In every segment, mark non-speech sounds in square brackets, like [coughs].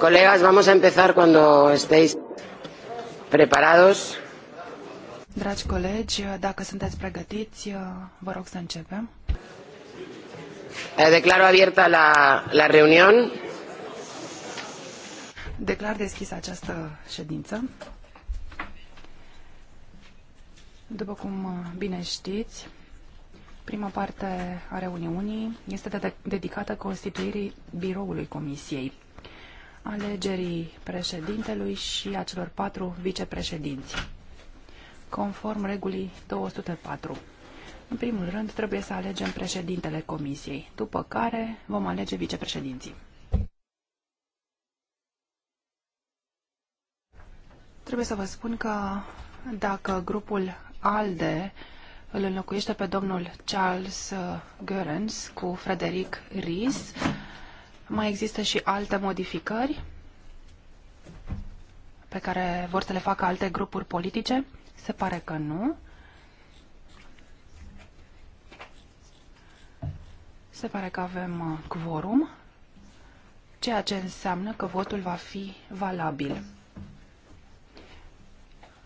Colegas, vamos a empezar cuando estéis preparados. Dragi colegi, dacă sunteți pregătiți, vă rog să începem. Eh, declaro abierta la, la reunión. Declar deschis această ședință. După cum bine știți, Prima parte a reuniunii este de dedicată constituirii biroului Comisiei, alegerii președintelui și a celor patru vicepreședinți, conform regulii 204. În primul rând, trebuie să alegem președintele Comisiei, după care vom alege vicepreședinții. Trebuie să vă spun că dacă grupul ALDE îl înlocuiește pe domnul Charles Görens cu Frederic Ries. Mai există și alte modificări pe care vor să le facă alte grupuri politice? Se pare că nu. Se pare că avem uh, quorum, ceea ce înseamnă că votul va fi valabil.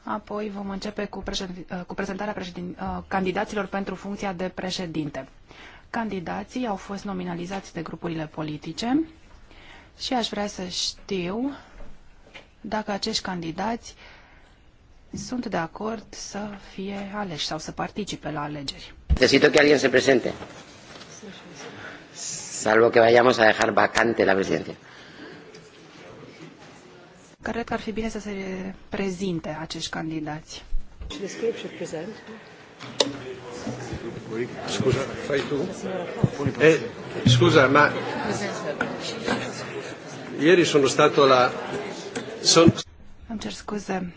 Apoi vom începe cu, președ... Eh, cu prezentarea președin... Eh, candidaților pentru funcția de președinte. Candidații au fost nominalizați de grupurile politice și aș vrea să știu dacă acești candidați sunt de acord să fie aleși sau să participe la alegeri. Necesito que alguien se presente. Salvo que vayamos a dejar vacante la presidencia. Cred că ar fi bine să se prezinte acești candidați. Scuza, fai tu? Eh, ma ieri sono stato la... Son... Îmi cer scuze.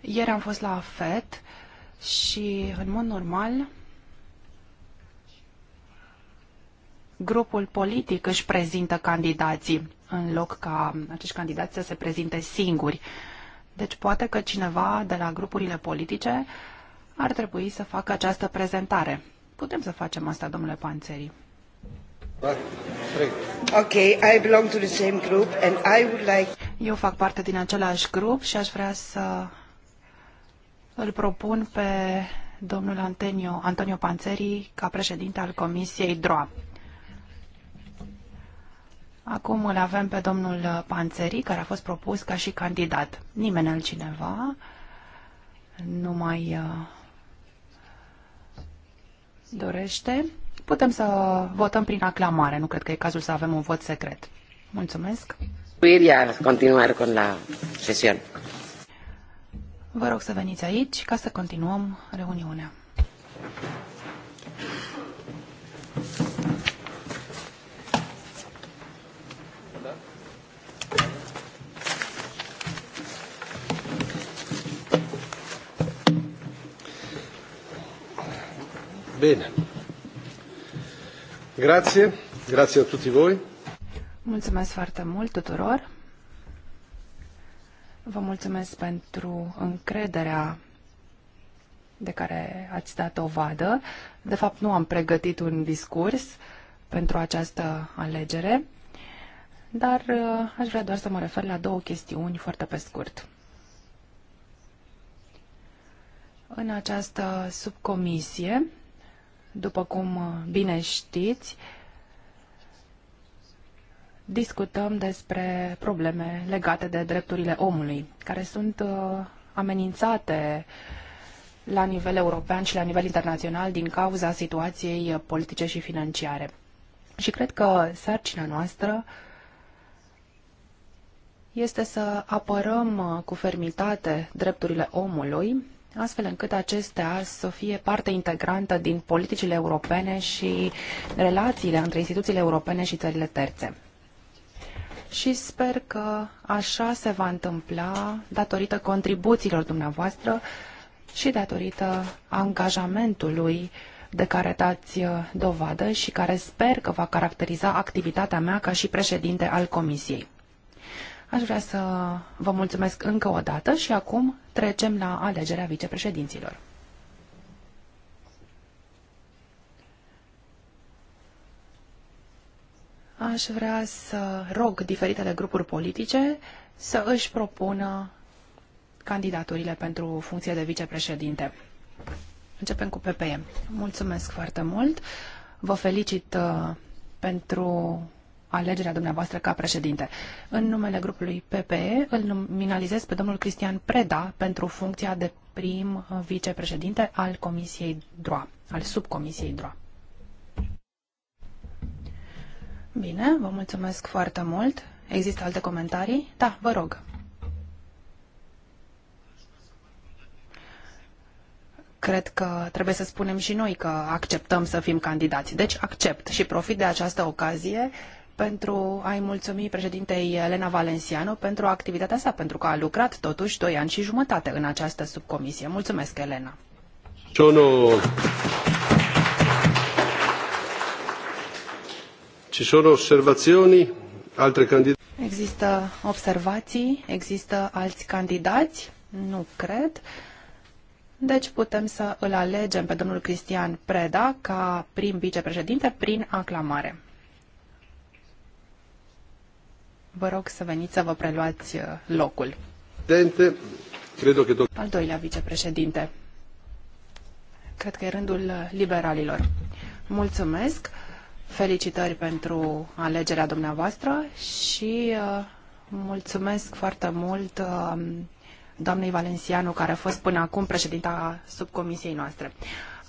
Ieri am fost la FET și, în mod normal, grupul politic își prezintă candidații în loc ca acești candidați să se prezinte singuri. Deci poate că cineva de la grupurile politice ar trebui să facă această prezentare. Putem să facem asta, domnule Panțeri. Ok, I belong to the same group and I would like... Eu fac parte din același grup și aș vrea să îl propun pe domnul Antonio, Antonio Panțeri ca președinte al Comisiei DROA. Acum îl avem pe domnul Panțeri, care a fost propus ca și candidat. Nimeni altcineva, nu mai uh, dorește. Putem să votăm prin aclamare, nu cred că e cazul să avem un vot secret. Mulțumesc. Iar continuar cu la sesiune. Vă rog să veniți aici ca să continuăm reuniunea. Grazie, grazie a tutti voi. Mulțumesc foarte mult tuturor. Vă mulțumesc pentru încrederea de care ați dat o vadă. De fapt, nu am pregătit un discurs pentru această alegere, dar uh, aș vrea doar să mă refer la două chestiuni foarte pe scurt. În această subcomisie după cum uh, bine știți, discutăm despre probleme legate de drepturile omului, care sunt uh, amenințate la nivel european și la nivel internațional din cauza situației uh, politice și financiare. Și cred că sarcina noastră este să apărăm cu fermitate drepturile omului astfel încât acestea să fie parte integrantă din politicile europene și relațiile între instituțiile europene și țările terțe. Și sper că așa se va întâmpla datorită contribuțiilor dumneavoastră și datorită angajamentului de care dați uh, dovadă și care sper că va caracteriza activitatea mea ca și președinte al Comisiei. Aș vrea să vă mulțumesc încă o dată și acum trecem la alegerea vicepreședinților. Aș vrea să rog diferitele grupuri politice să își propună candidaturile pentru funcție de vicepreședinte. Începem cu PPM. Mulțumesc foarte mult. Vă felicit uh, pentru alegerea dumneavoastră ca președinte. În numele grupului PPE îl nominalizez pe domnul Cristian Preda pentru funcția de prim vicepreședinte al Comisiei DROA, al subcomisiei DROA. Bine, vă mulțumesc foarte mult. Există alte comentarii? Da, vă rog. cred că trebuie să spunem și noi că acceptăm să fim candidați. Deci accept și profit de această ocazie pentru a-i mulțumi președintei Elena Valenciano pentru activitatea sa, pentru că a lucrat totuși doi ani și jumătate în această subcomisie. Mulțumesc, Elena! Sono... Ci sono osservazioni, altre candidate? Există observații, există alți candidați? Nu cred. Deci putem să îl alegem pe domnul Cristian Preda ca prim vicepreședinte prin aclamare. Vă rog să veniți să vă preluați uh, locul. că. Al doilea vicepreședinte. Cred că e rândul uh, liberalilor. Mulțumesc, felicitări pentru alegerea dumneavoastră și uh, mulțumesc foarte mult um, doamnei Valencianu, care a fost până acum președinta subcomisiei noastre.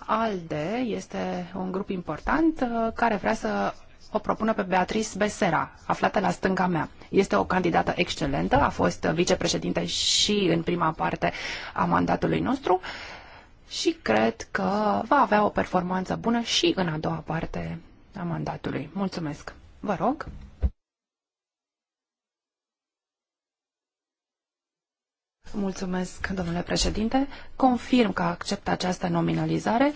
ALDE este un grup important care vrea să o propună pe Beatrice Besera, aflată la stânga mea. Este o candidată excelentă, a fost vicepreședinte și în prima parte a mandatului nostru și cred că va avea o performanță bună și în a doua parte a mandatului. Mulțumesc! Vă rog! Mulțumesc, domnule președinte. Confirm că accept această nominalizare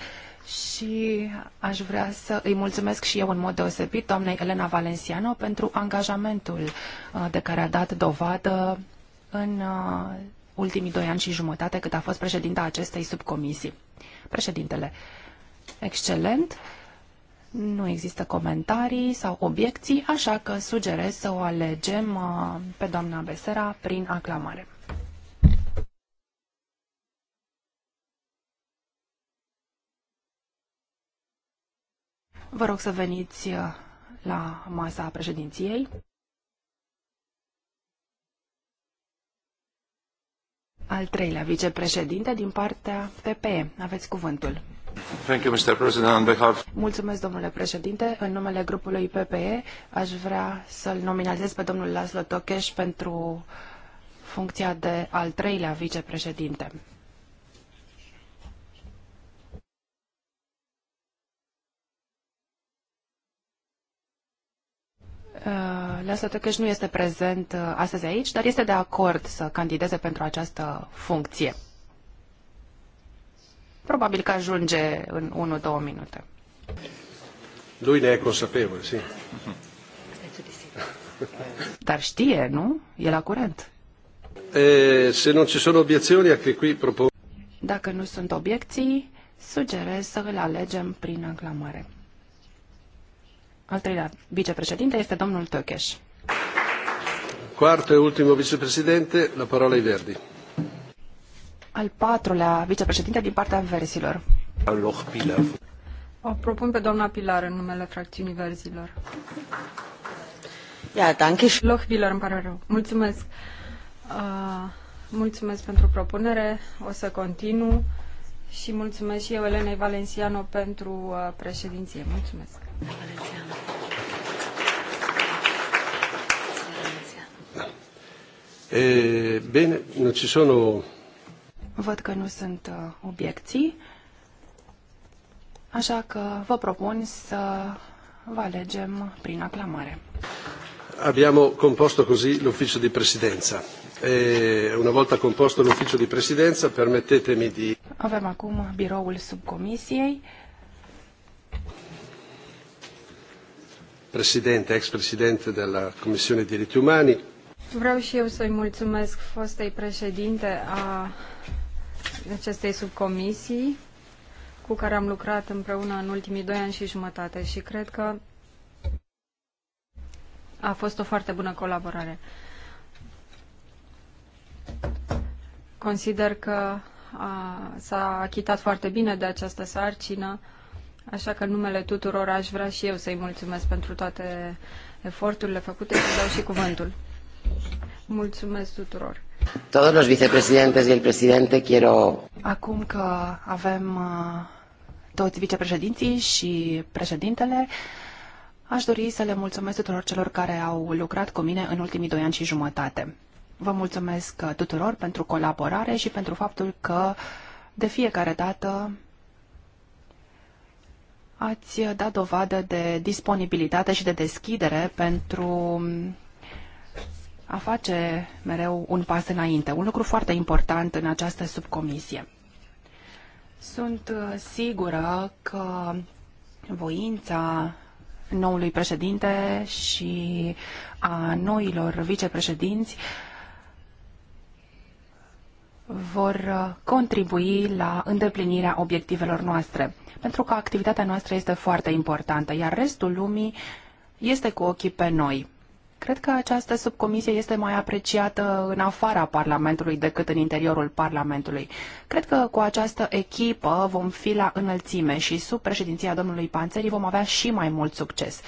și aș vrea să îi mulțumesc și eu în mod deosebit doamnei Elena Valenciano pentru angajamentul uh, de care a dat dovadă în uh, ultimii doi ani și jumătate cât a fost președinta acestei subcomisii. Președintele, excelent, nu există comentarii sau obiecții, așa că sugerez să o alegem uh, pe doamna Besera prin aclamare. Vă rog să veniți uh, la masa președinției. Al treilea vicepreședinte din partea PPE. Aveți cuvântul. Thank you, Mr. President. On behalf... Mulțumesc, domnule președinte. În numele grupului PPE aș vrea să-l nominalizez pe domnul Laszlo Tokes pentru funcția de al treilea vicepreședinte. Uh, Lasă că nu este prezent uh, astăzi aici, dar este de acord să candideze pentru această funcție. Probabil că ajunge în 1-2 minute. Lui ne e consapevole, sì. [laughs] Dar știe, nu? E la curent. E, se nu ci sono obiezioni, anche qui Dacă nu sunt obiecții, sugerez să îl alegem prin aclamare al treilea vicepreședinte este domnul Tăcheș. Quarto e ultimo vicepreședinte, la parola ai Verdi. Al patrulea vicepreședinte din partea versilor. O propun pe doamna Pilar în numele fracțiunii verzilor. Ia, danke. Lochbiller, îmi pare rău. Mulțumesc. Uh, mulțumesc pentru propunere. O să continu. Și mulțumesc și eu, Elenei Valenciano, pentru uh, președinție. Mulțumesc. Da. E, bine, nu ci sono... Văd că nu sunt uh, obiecții, așa că vă propun să vă alegem prin aclamare. Abbiamo composto così l'ufficio di presidenza. E una volta composto l'ufficio di presidenza, permettetemi di... Avem acum biroul subcomisiei. președinte, ex-președinte de la pentru Diritti Umani. Vreau și eu să-i mulțumesc fostei președinte a acestei subcomisii cu care am lucrat împreună în ultimii doi ani și jumătate și cred că a fost o foarte bună colaborare. Consider că s-a achitat foarte bine de această sarcină Așa că în numele tuturor aș vrea și eu să-i mulțumesc pentru toate eforturile făcute și dau și cuvântul. Mulțumesc tuturor. Todos los vicepresidentes y el presidente quiero... Acum că avem uh, toți vicepreședinții și președintele, aș dori să le mulțumesc tuturor celor care au lucrat cu mine în ultimii doi ani și jumătate. Vă mulțumesc uh, tuturor pentru colaborare și pentru faptul că de fiecare dată ați dat dovadă de disponibilitate și de deschidere pentru a face mereu un pas înainte, un lucru foarte important în această subcomisie. Sunt uh, sigură că voința noului președinte și a noilor vicepreședinți vor uh, contribui la îndeplinirea obiectivelor noastre pentru că activitatea noastră este foarte importantă, iar restul lumii este cu ochii pe noi. Cred că această subcomisie este mai apreciată în afara Parlamentului decât în interiorul Parlamentului. Cred că cu această echipă vom fi la înălțime și sub președinția domnului Panțării vom avea și mai mult succes.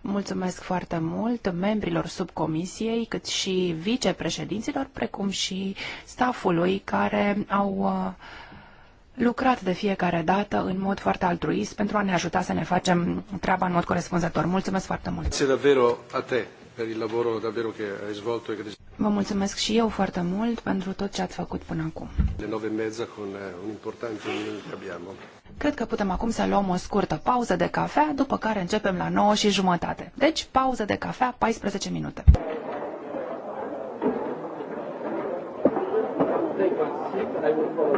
Mulțumesc foarte mult membrilor subcomisiei, cât și vicepreședinților, precum și staffului care au uh, lucrat de fiecare dată în mod foarte altruist pentru a ne ajuta să ne facem treaba în mod corespunzător. Mulțumesc foarte mult! Vă mulțumesc și eu foarte mult pentru tot ce ați făcut până acum. Eh, Cred că putem acum să luăm o scurtă pauză de cafea, după care începem la 9 și jumătate. Deci, pauză de cafea, 14 minute. I will follow.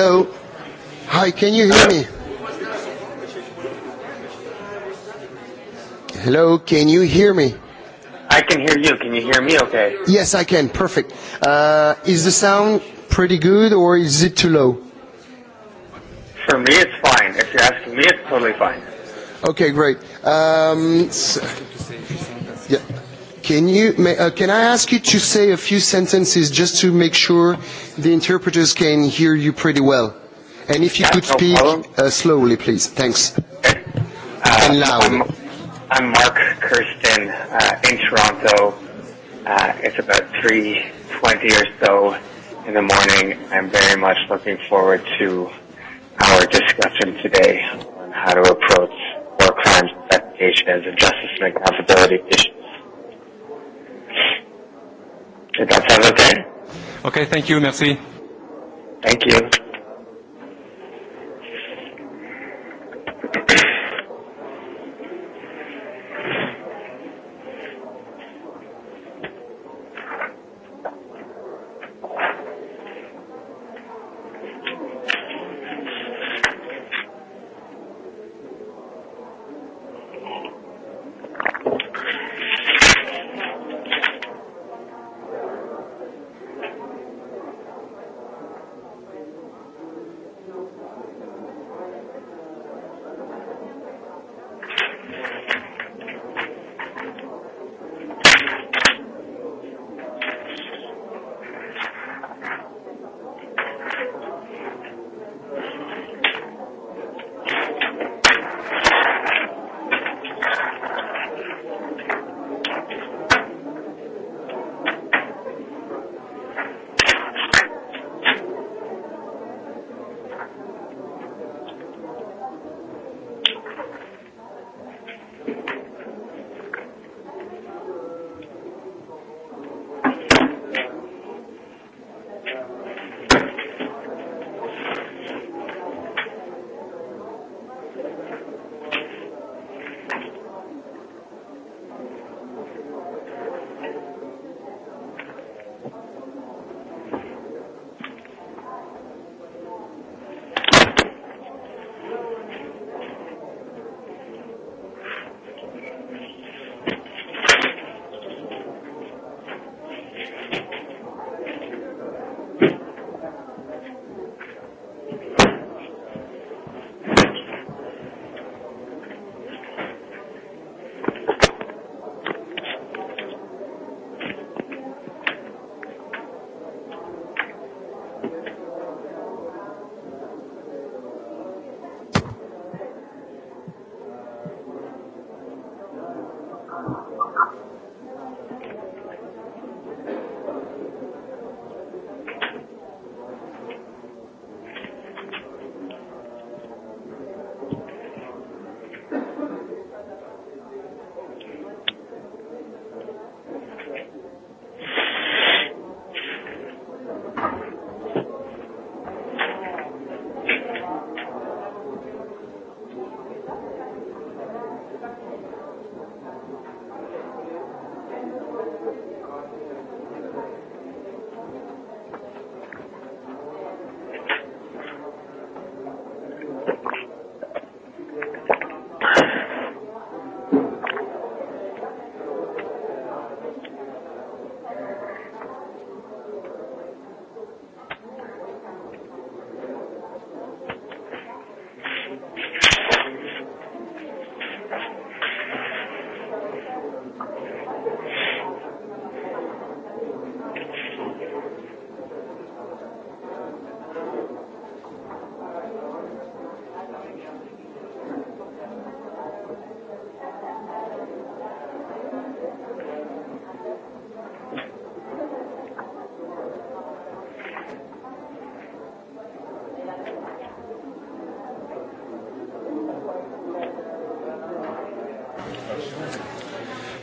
Hello? Hi, can you hear me? Hello, can you hear me? I can hear you. Can you hear me okay? Yes, I can. Perfect. Uh, is the sound pretty good or is it too low? For me, it's fine. If you're asking me, it's totally fine. Okay, great. Um, so Can, you, uh, can I ask you to say a few sentences just to make sure the interpreters can hear you pretty well? And if you yeah, could no speak uh, slowly, please. Thanks. Okay. Uh, and loud. I'm, I'm Mark Kirsten uh, in Toronto. Uh, it's about 3.20 or so in the morning. I'm very much looking forward to our discussion today on how to approach war crimes investigations and justice and accountability issues Did that okay? Okay, thank you, merci. Thank you.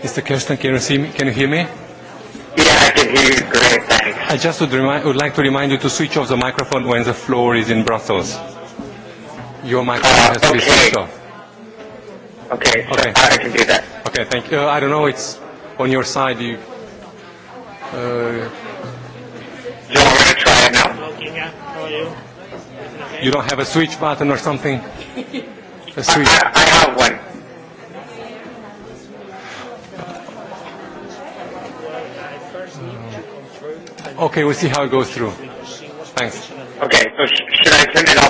Mr. Kirsten, can you, see me? can you hear me? Yeah, I can hear you. Great, thanks. I just would, remind, would like to remind you to switch off the microphone when the floor is in Brussels. Your microphone uh, has okay. to be switched off. Okay, okay. So I can do that. Okay, thank you. Uh, I don't know, it's on your side. You, uh, you want me to try it now? you? You don't have a switch button or something? [laughs] A switch. I, I, I have Okay, we'll see how it goes through. Thanks. Okay, so sh should I send it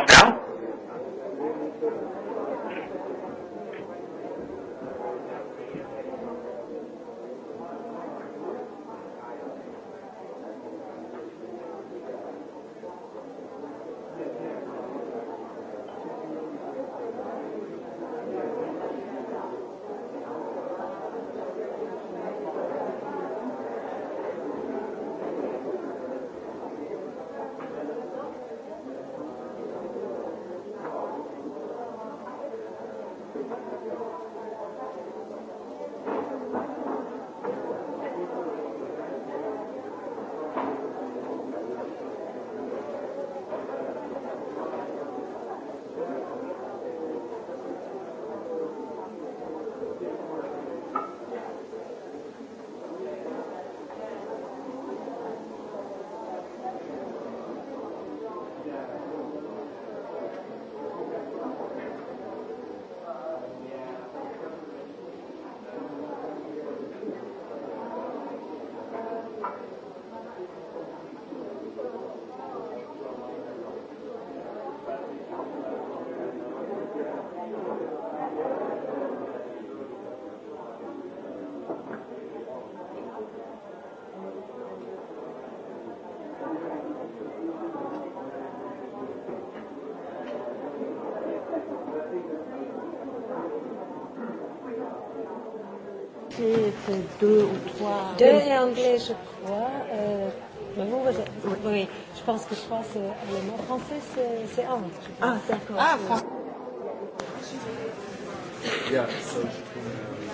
fait deux ou trois. Deux et anglais, je crois. Euh, mais vous, vous oui. oui, je pense que je que le mot Français, c'est un. Ah, d'accord. Ah, français. Yeah, so, uh,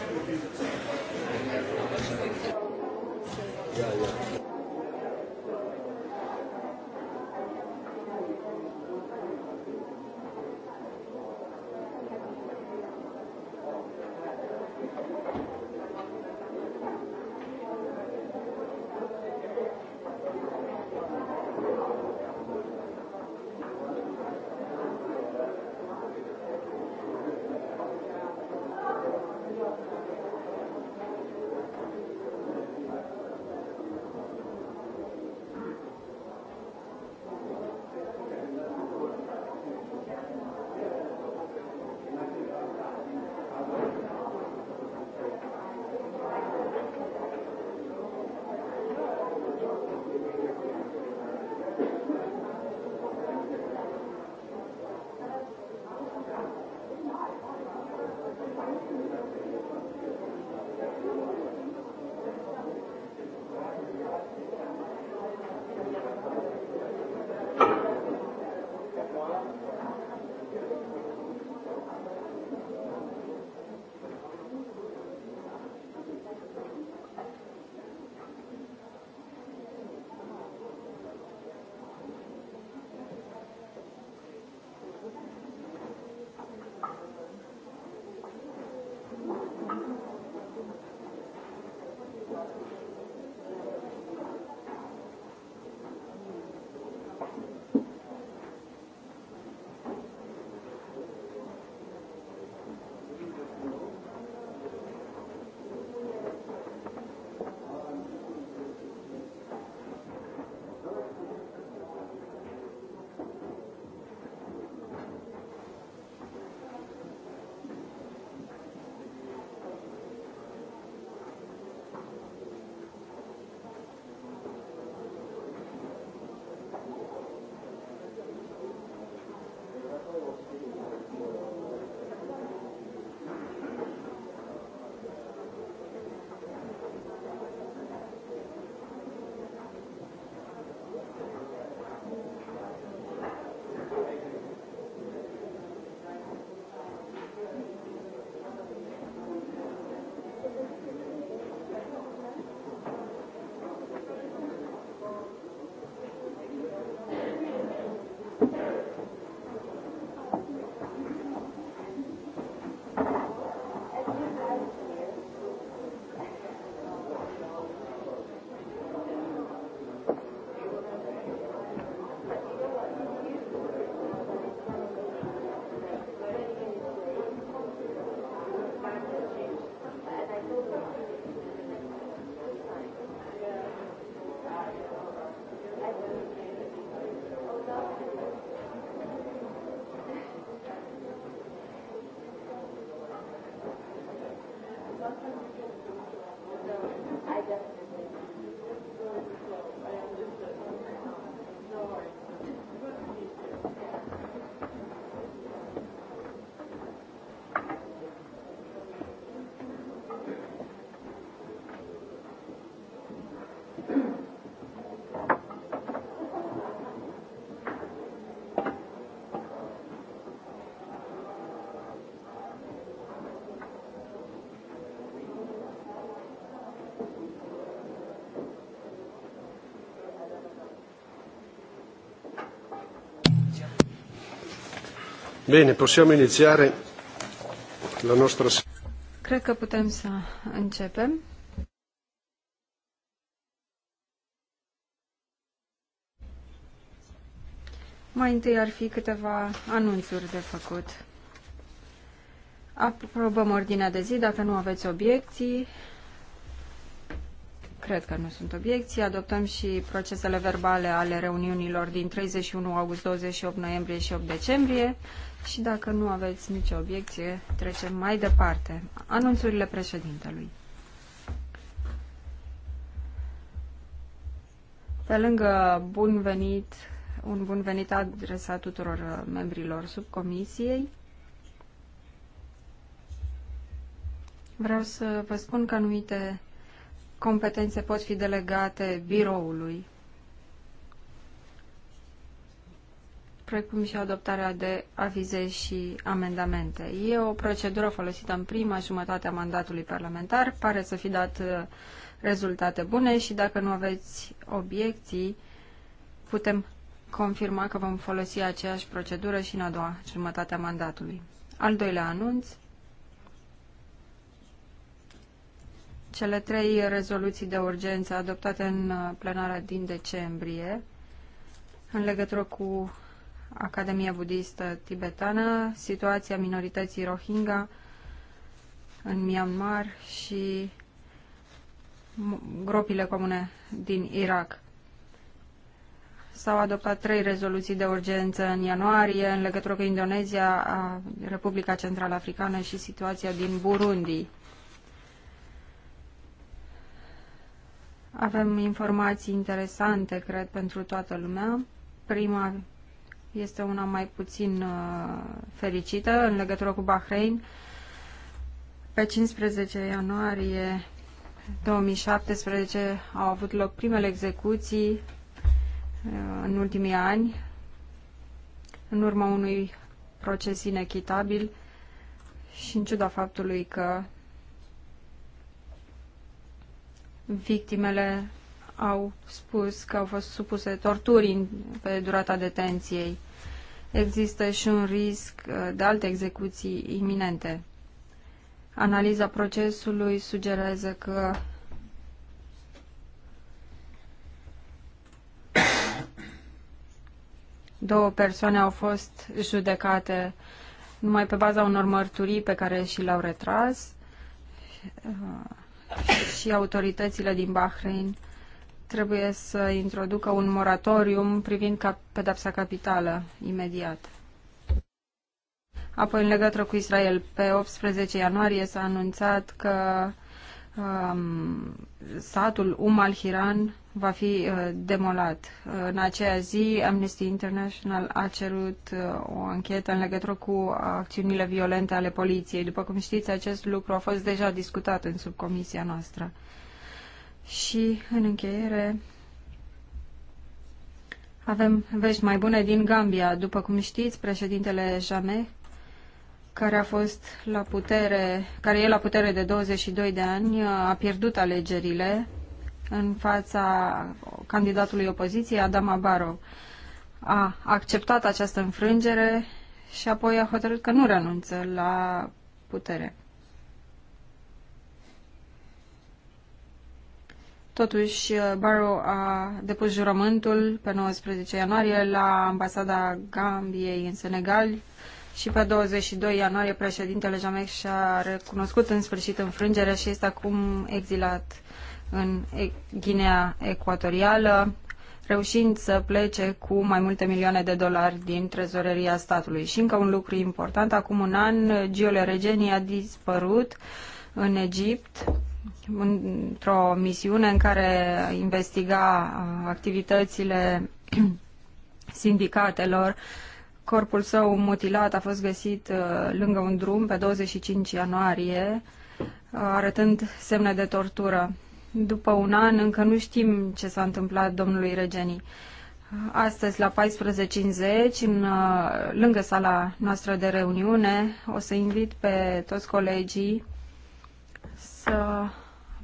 Bine, possiamo iniziare la nostra... Cred că putem să începem. Mai întâi ar fi câteva anunțuri de făcut. Aprobăm ordinea de zi dacă nu aveți obiecții. Cred că nu sunt obiecții. Adoptăm și procesele verbale ale reuniunilor din 31 august, 28 noiembrie și 8 decembrie. Și dacă nu aveți nicio obiecție, trecem mai departe. Anunțurile președintelui. Pe lângă bun venit, un bun venit adresat tuturor uh, membrilor subcomisiei, vreau să vă spun că anumite competențe pot fi delegate biroului, precum și adoptarea de avize și amendamente. E o procedură folosită în prima jumătate a mandatului parlamentar, pare să fi dat uh, rezultate bune și dacă nu aveți obiecții, putem confirma că vom folosi aceeași procedură și în a doua jumătate a mandatului. Al doilea anunț cele trei rezoluții de urgență adoptate în uh, plenara din decembrie în legătură cu Academia Budistă Tibetană, situația minorității Rohingya în Myanmar și gropile comune din Irak. S-au adoptat trei rezoluții de urgență în ianuarie în legătură cu Indonezia, Republica Central Africană și situația din Burundi. Avem informații interesante, cred, pentru toată lumea. Prima este una mai puțin uh, fericită în legătură cu Bahrain. Pe 15 ianuarie 2017 au avut loc primele execuții uh, în ultimii ani, în urma unui proces inechitabil și în ciuda faptului că Victimele au spus că au fost supuse torturii pe durata detenției. Există și un risc uh, de alte execuții iminente. Analiza procesului sugerează că două persoane au fost judecate numai pe baza unor mărturii pe care și le-au retras uh, și autoritățile din Bahrain trebuie să introducă un moratorium privind cap pedapsa capitală imediat. Apoi, în legătură cu Israel, pe 18 ianuarie s-a anunțat că um, satul Umal al-Hiran va fi uh, demolat. Uh, în aceea zi, Amnesty International a cerut uh, o anchetă în legătură cu acțiunile violente ale poliției. După cum știți, acest lucru a fost deja discutat în subcomisia noastră. Și, în încheiere, avem vești mai bune din Gambia. După cum știți, președintele Jame, care a fost la putere, care e la putere de 22 de ani, a pierdut alegerile în fața candidatului opoziției, Adama Barov. A acceptat această înfrângere și apoi a hotărât că nu renunță la putere. Totuși, Barrow a depus jurământul pe 19 ianuarie la ambasada Gambiei în Senegal și pe 22 ianuarie președintele Jamex și-a recunoscut în sfârșit înfrângerea și este acum exilat în Guinea Ecuatorială, reușind să plece cu mai multe milioane de dolari din trezoreria statului. Și încă un lucru important, acum un an, Giole Regeni a dispărut în Egipt într-o misiune în care investiga activitățile [clears throat] sindicatelor. Corpul său mutilat a fost găsit uh, lângă un drum pe 25 ianuarie, uh, arătând semne de tortură. După un an încă nu știm ce s-a întâmplat domnului Regeni. Astăzi la 14.50, în, uh, lângă sala noastră de reuniune, o să invit pe toți colegii să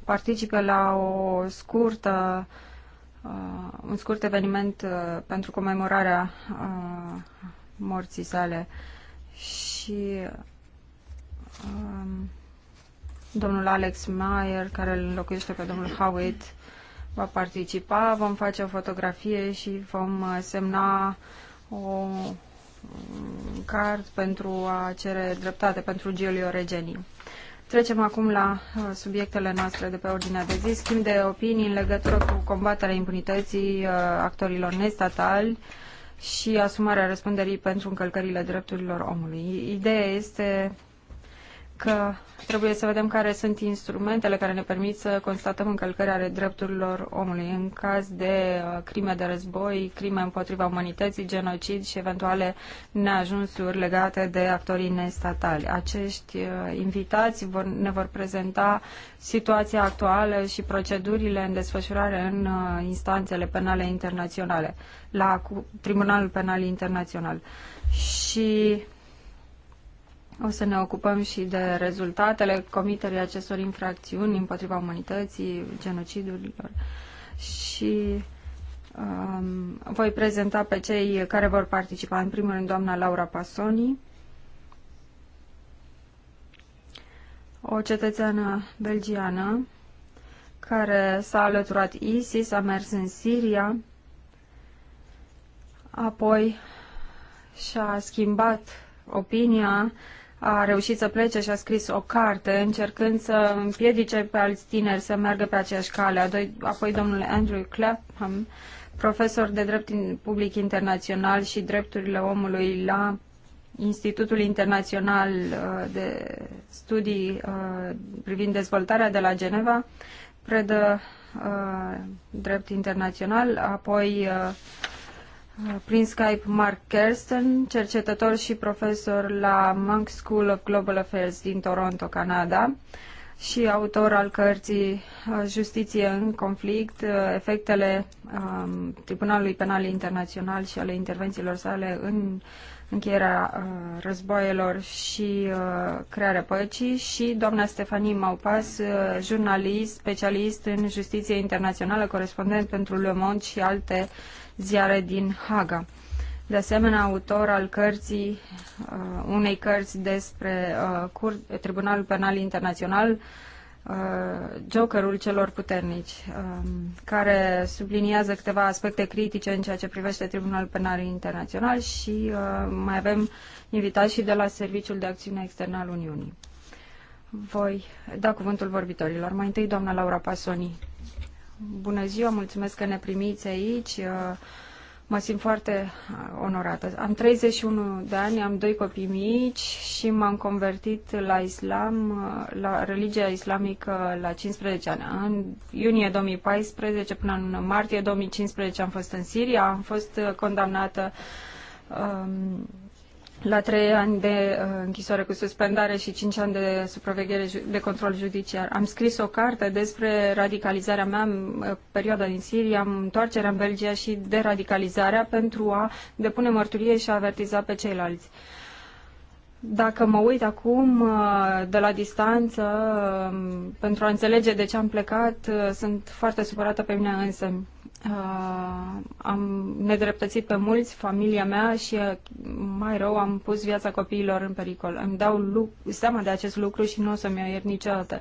participe la o scurtă, uh, un scurt eveniment uh, pentru comemorarea uh, morții sale și Uh, Domnul Alex Mayer, care îl înlocuiește pe domnul Howitt, va participa, vom face o fotografie și vom uh, semna o card pentru a cere dreptate pentru Giulio Regeni. Trecem acum la uh, subiectele noastre de pe ordinea de zi. Schimb de opinii în legătură cu combaterea impunității uh, actorilor nestatali și asumarea răspunderii pentru încălcările drepturilor omului. Ideea este că trebuie să vedem care sunt instrumentele care ne permit să constatăm încălcări ale drepturilor omului în caz de uh, crime de război, crime împotriva umanității, genocid și eventuale neajunsuri legate de actorii nestatali. Acești uh, invitați vor, ne vor prezenta situația actuală și procedurile în desfășurare în uh, instanțele penale internaționale, la Tribunalul Penal Internațional. Și o să ne ocupăm și de rezultatele comiterii acestor infracțiuni împotriva umanității, genocidurilor și um, voi prezenta pe cei care vor participa. În primul rând, doamna Laura Pasoni, o cetățeană belgiană care s-a alăturat ISIS, a mers în Siria, apoi și-a schimbat opinia a reușit să plece și a scris o carte încercând să împiedice pe alți tineri să meargă pe aceeași cale. Apoi domnul Andrew Clapham, profesor de drept public internațional și drepturile omului la Institutul Internațional uh, de Studii uh, privind dezvoltarea de la Geneva, predă uh, drept internațional, apoi Ah, prin Skype Mark Kersten, cercetător și profesor la Monk School of Global Affairs din Toronto, Canada și autor al cărții ah, Justiție în conflict, ah, efectele um, Tribunalului Penal Internațional și ale intervențiilor sale în încheierea uh, războaielor și uh, crearea păcii și doamna Stefanie Maupas, uh, jurnalist, specialist în justiție internațională, corespondent pentru Le Monde și alte uh, ziare din Haga. De asemenea, autor al cărții, uh, unei cărți despre uh, Cur- Tribunalul Penal Internațional, uh, Jokerul celor puternici, uh, care subliniază câteva aspecte critice în ceea ce privește Tribunalul Penal Internațional și uh, mai avem invitați și de la Serviciul de Acțiune Externă al Uniunii. Voi da cuvântul vorbitorilor. Mai întâi, doamna Laura Pasoni. Bună ziua, mulțumesc că ne primiți aici. Uh, mă simt foarte uh, onorată. Am 31 de ani, am doi copii mici și m-am convertit la islam, uh, la religia islamică la 15 ani. În iunie 2014 până în martie 2015 am fost în Siria, am fost condamnată um, la trei ani de uh, închisoare cu suspendare și cinci ani de supraveghere de control judiciar. Am scris o carte despre radicalizarea mea în uh, perioada din Siria, întoarcerea în Belgia și deradicalizarea pentru a depune mărturie și a avertiza pe ceilalți. Dacă mă uit acum uh, de la distanță um, pentru a înțelege de ce am plecat, sunt foarte supărată pe mine însă. Uh, am nedreptățit pe mulți, familia mea și uh, mai rău am pus viața copiilor în pericol. Îmi dau seama de acest lucru și nu o să-mi iert niciodată.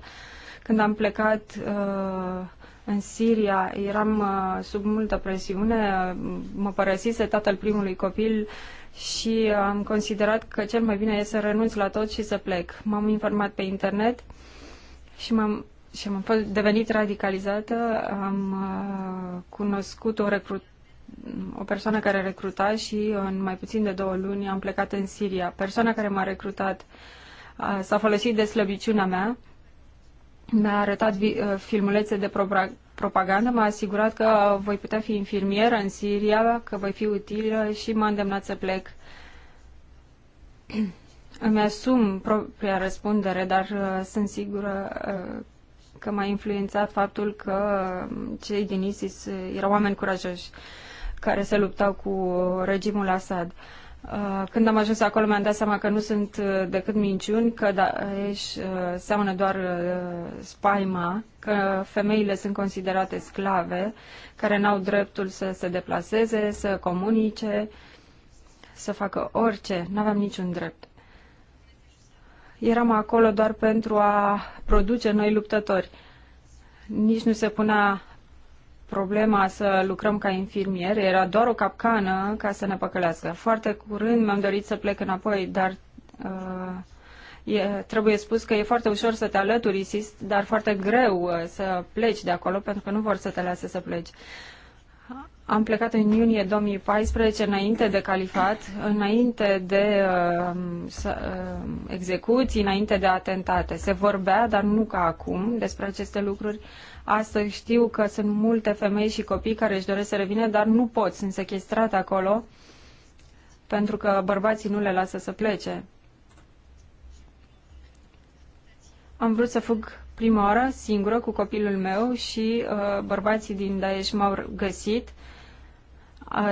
Când am plecat uh, în Siria, eram uh, sub multă presiune, uh, mă părăsise tatăl primului copil și uh, am considerat că cel mai bine e să renunț la tot și să plec. M-am informat pe internet și m-am și am devenit radicalizată, am uh, cunoscut o, recrut, o persoană care recruta și în mai puțin de două luni am plecat în Siria. Persoana care m-a recrutat uh, s-a folosit de slăbiciunea mea, mi-a arătat uh, filmulețe de propagandă, m-a asigurat că voi putea fi infirmieră în Siria, că voi fi utilă și m-a îndemnat să plec. [clears throat] Îmi asum propria răspundere, dar uh, sunt sigură uh, că m-a influențat faptul că cei din ISIS erau oameni curajoși care se luptau cu regimul Assad. Uh, când am ajuns acolo mi-am dat seama că nu sunt uh, decât minciuni, că Daesh uh, seamănă doar spaima, că femeile sunt considerate sclave, care n-au dreptul să se deplaseze, să comunice, să facă orice, n-aveam niciun drept eram acolo doar pentru a produce noi luptători. Nici nu se punea problema să lucrăm ca infirmier, era doar o capcană ca să ne păcălească. Foarte curând mi-am dorit să plec înapoi, dar uh, e, trebuie spus că e foarte ușor să te alături ISIS, dar foarte greu uh, să pleci de acolo pentru că nu vor să te lase să pleci. Am plecat în iunie 2014, înainte de califat, înainte de uh, execuții, înainte de atentate. Se vorbea, dar nu ca acum, despre aceste lucruri. Astăzi știu că sunt multe femei și copii care își doresc să revină, dar nu pot, sunt sequestrate acolo pentru că bărbații nu le lasă să plece. Am vrut să fug prima oară, singură, cu copilul meu și uh, bărbații din Daesh m-au găsit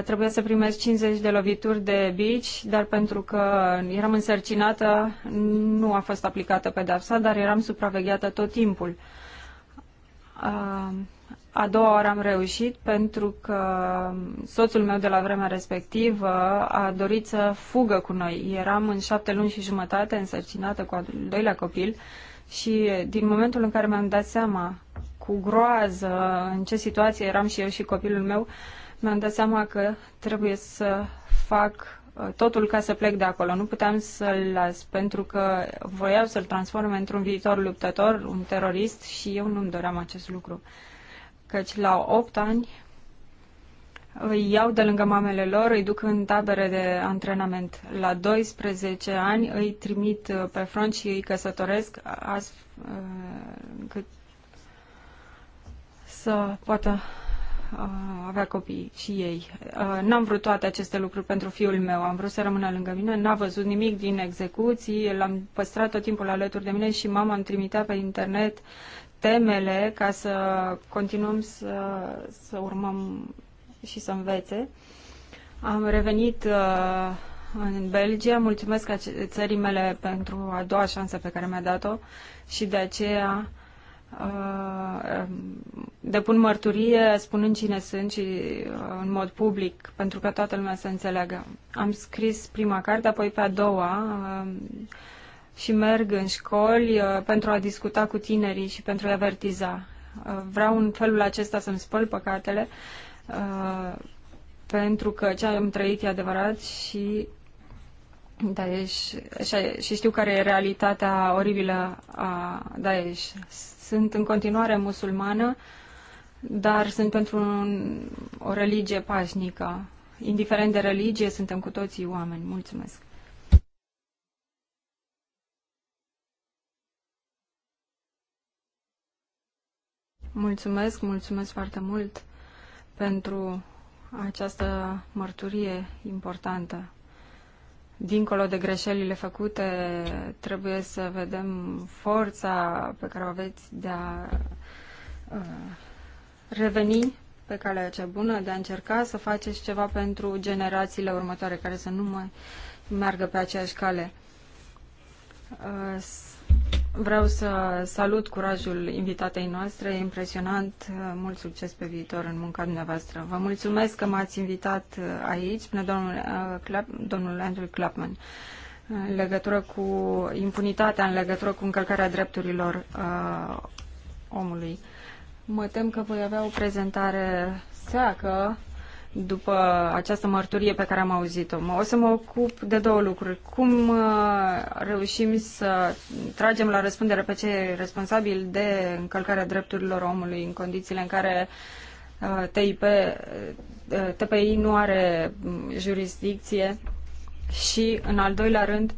Trebuia să primesc 50 de lovituri de bici, dar pentru că eram însărcinată, nu a fost aplicată pedapsa, dar eram supravegheată tot timpul. A doua oară am reușit pentru că soțul meu de la vremea respectivă a dorit să fugă cu noi. Eram în șapte luni și jumătate însărcinată cu al doilea copil și din momentul în care mi-am dat seama cu groază în ce situație eram și eu și copilul meu, uh, mi-am dat seama că trebuie să fac uh, totul ca să plec de acolo. Nu puteam să-l las pentru că voiau să-l transform într-un viitor luptător, un terorist și eu nu-mi doream acest lucru. Căci la 8 ani îi iau de lângă mamele lor, îi duc în tabere de antrenament. La 12 ani îi trimit uh, pe front și îi căsătoresc astfel uh, cât să poată Uh, avea copii și ei. Uh, n-am vrut toate aceste lucruri pentru fiul meu, am vrut să rămână lângă mine, n-a văzut nimic din execuții, l-am păstrat tot timpul alături de mine și mama îmi trimitea pe internet temele ca să continuăm să, să urmăm și să învețe. Am revenit uh, în Belgia, mulțumesc țării mele pentru a doua șansă pe care mi-a dat-o și de aceea Uh, um, depun mărturie spunând cine sunt și uh, în mod public, pentru că toată lumea să înțeleagă. Am scris prima carte, apoi pe a doua um, și merg în școli uh, pentru a discuta cu tinerii și pentru a avertiza. Vreau în felul acesta să-mi spăl păcatele, pentru că ce am trăit e adevărat și Daesh și, și știu care e realitatea oribilă a Daesh. Sunt în continuare musulmană, dar sunt pentru un, o religie pașnică. Indiferent de religie, suntem cu toții oameni. Mulțumesc! Mulțumesc, mulțumesc foarte mult pentru această mărturie importantă dincolo de greșelile făcute, trebuie să vedem forța pe care o aveți de a reveni pe calea cea bună, de a încerca să faceți ceva pentru generațiile următoare care să nu mai meargă pe aceeași cale. Vreau să salut curajul invitatei noastre, E impresionant, uh, mult succes pe viitor în munca dumneavoastră. Vă mulțumesc că m-ați invitat uh, aici, până domnul, uh, Clap, domnul Andrew Clapman, în legătură cu impunitatea, în legătură cu încălcarea drepturilor uh, omului. Mă tem că voi avea o prezentare seacă, după această mărturie pe care am auzit-o. O să mă ocup de două lucruri. Cum uh, reușim să tragem la răspundere pe cei responsabili de încălcarea drepturilor omului în condițiile în care uh, TIP, uh, TPI nu are mm, jurisdicție și, în al doilea rând,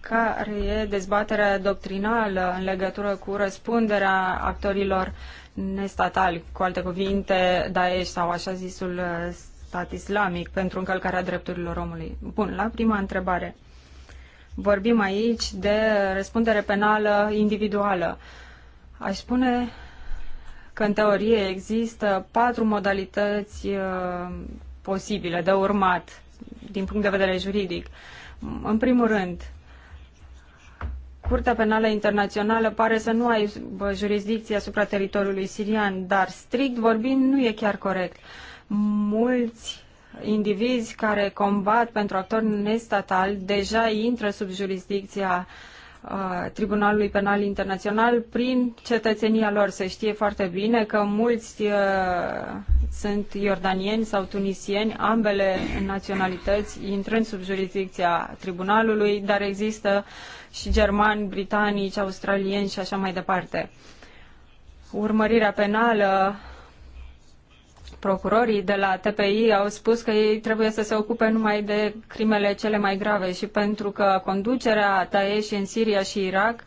care e dezbaterea doctrinală în legătură cu răspunderea actorilor nestatali, cu alte cuvinte, Daesh sau așa zisul uh, stat islamic pentru încălcarea drepturilor omului. Bun, la prima întrebare. Vorbim aici de răspundere penală individuală. Aș spune că în teorie există patru modalități uh, posibile de urmat din punct de vedere juridic. În primul rând, Curtea Penală Internațională pare să nu aibă jurisdicție asupra teritoriului sirian, dar strict vorbind nu e chiar corect. Mulți indivizi care combat pentru actor nestatali deja intră sub jurisdicția uh, Tribunalului Penal Internațional prin cetățenia lor. Se știe foarte bine că mulți uh, sunt iordanieni sau tunisieni, ambele naționalități intrând sub jurisdicția tribunalului, dar există și germani, britanici, australieni și așa mai departe. Urmărirea penală, procurorii de la TPI au spus că ei trebuie să se ocupe numai de crimele cele mai grave și pentru că conducerea Daesh în Siria și Irak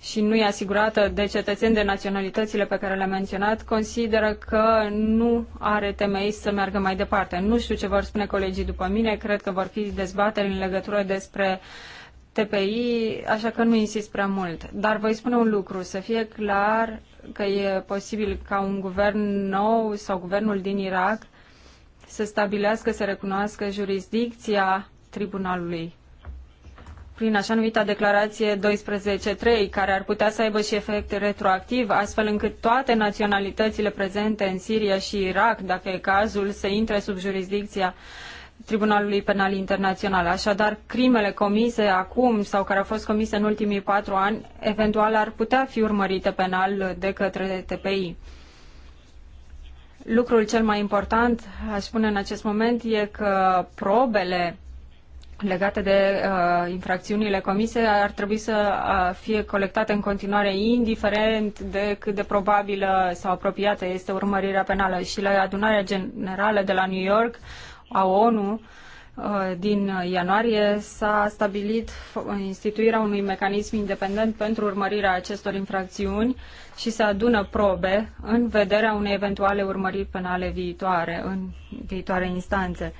și nu e asigurată de cetățeni de naționalitățile pe care le-am menționat, consideră că nu are temei să meargă mai departe. Nu știu ce vor spune colegii după mine, cred că vor fi dezbateri în legătură despre uh, TPI, așa că nu insist prea mult. Dar voi spune un lucru, să fie clar că e posibil ca un guvern nou sau guvernul din Irak să stabilească, să recunoască jurisdicția tribunalului prin așa numita declarație 12.3, care ar putea să aibă și efect retroactiv, astfel încât toate naționalitățile prezente în Siria și Irak, dacă e cazul, să intre sub jurisdicția Tribunalului Penal Internațional. Așadar, crimele comise acum sau care au fost comise în ultimii patru ani, eventual ar putea fi urmărite penal de către TPI. Lucrul cel mai important, aș spune în acest moment, e că probele legate de uh, infracțiunile comise ar trebui să uh, fie colectate în continuare, indiferent de cât de probabilă sau apropiată este urmărirea penală. Și la adunarea generală de la New York a ONU uh, din ianuarie s-a stabilit instituirea unui mecanism independent pentru urmărirea acestor infracțiuni și să adună probe în vederea unei eventuale urmăriri penale viitoare, în viitoare instanțe.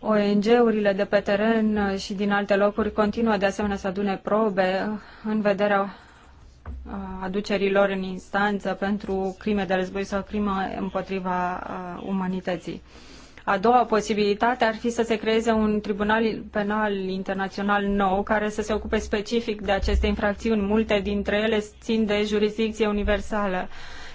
ONG-urile de pe teren și din alte locuri continuă de asemenea să adune probe în vederea uh, aducerii lor în instanță pentru crime de război sau crime împotriva uh, umanității. A doua posibilitate ar fi să se creeze un tribunal penal internațional nou care să se ocupe specific de aceste infracțiuni. Multe dintre ele țin de jurisdicție universală.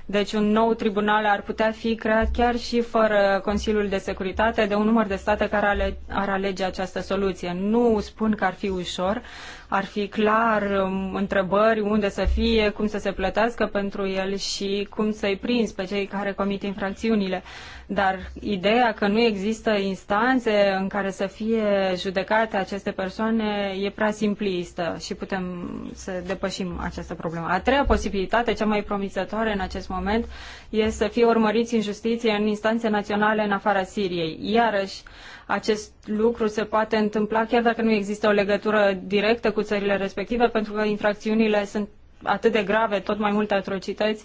Deci un nou tribunal ar putea fi creat chiar și fără Consiliul de Securitate de un număr de state care ale, ar alege această soluție. Nu spun că ar fi ușor, ar fi clar um, întrebări unde să fie, cum să se plătească pentru el și cum să-i prinzi pe cei care comit infracțiunile. Dar ideea că nu există instanțe în care să fie judecate aceste persoane e prea simplistă și putem să depășim această problemă. A treia posibilitate, cea mai promițătoare în acest moment moment e să fie urmăriți în justiție în instanțe naționale în afara Siriei. Iarăși, acest lucru se poate întâmpla chiar dacă nu există o legătură directă cu țările respective, pentru că infracțiunile sunt atât de grave, tot mai multe atrocități,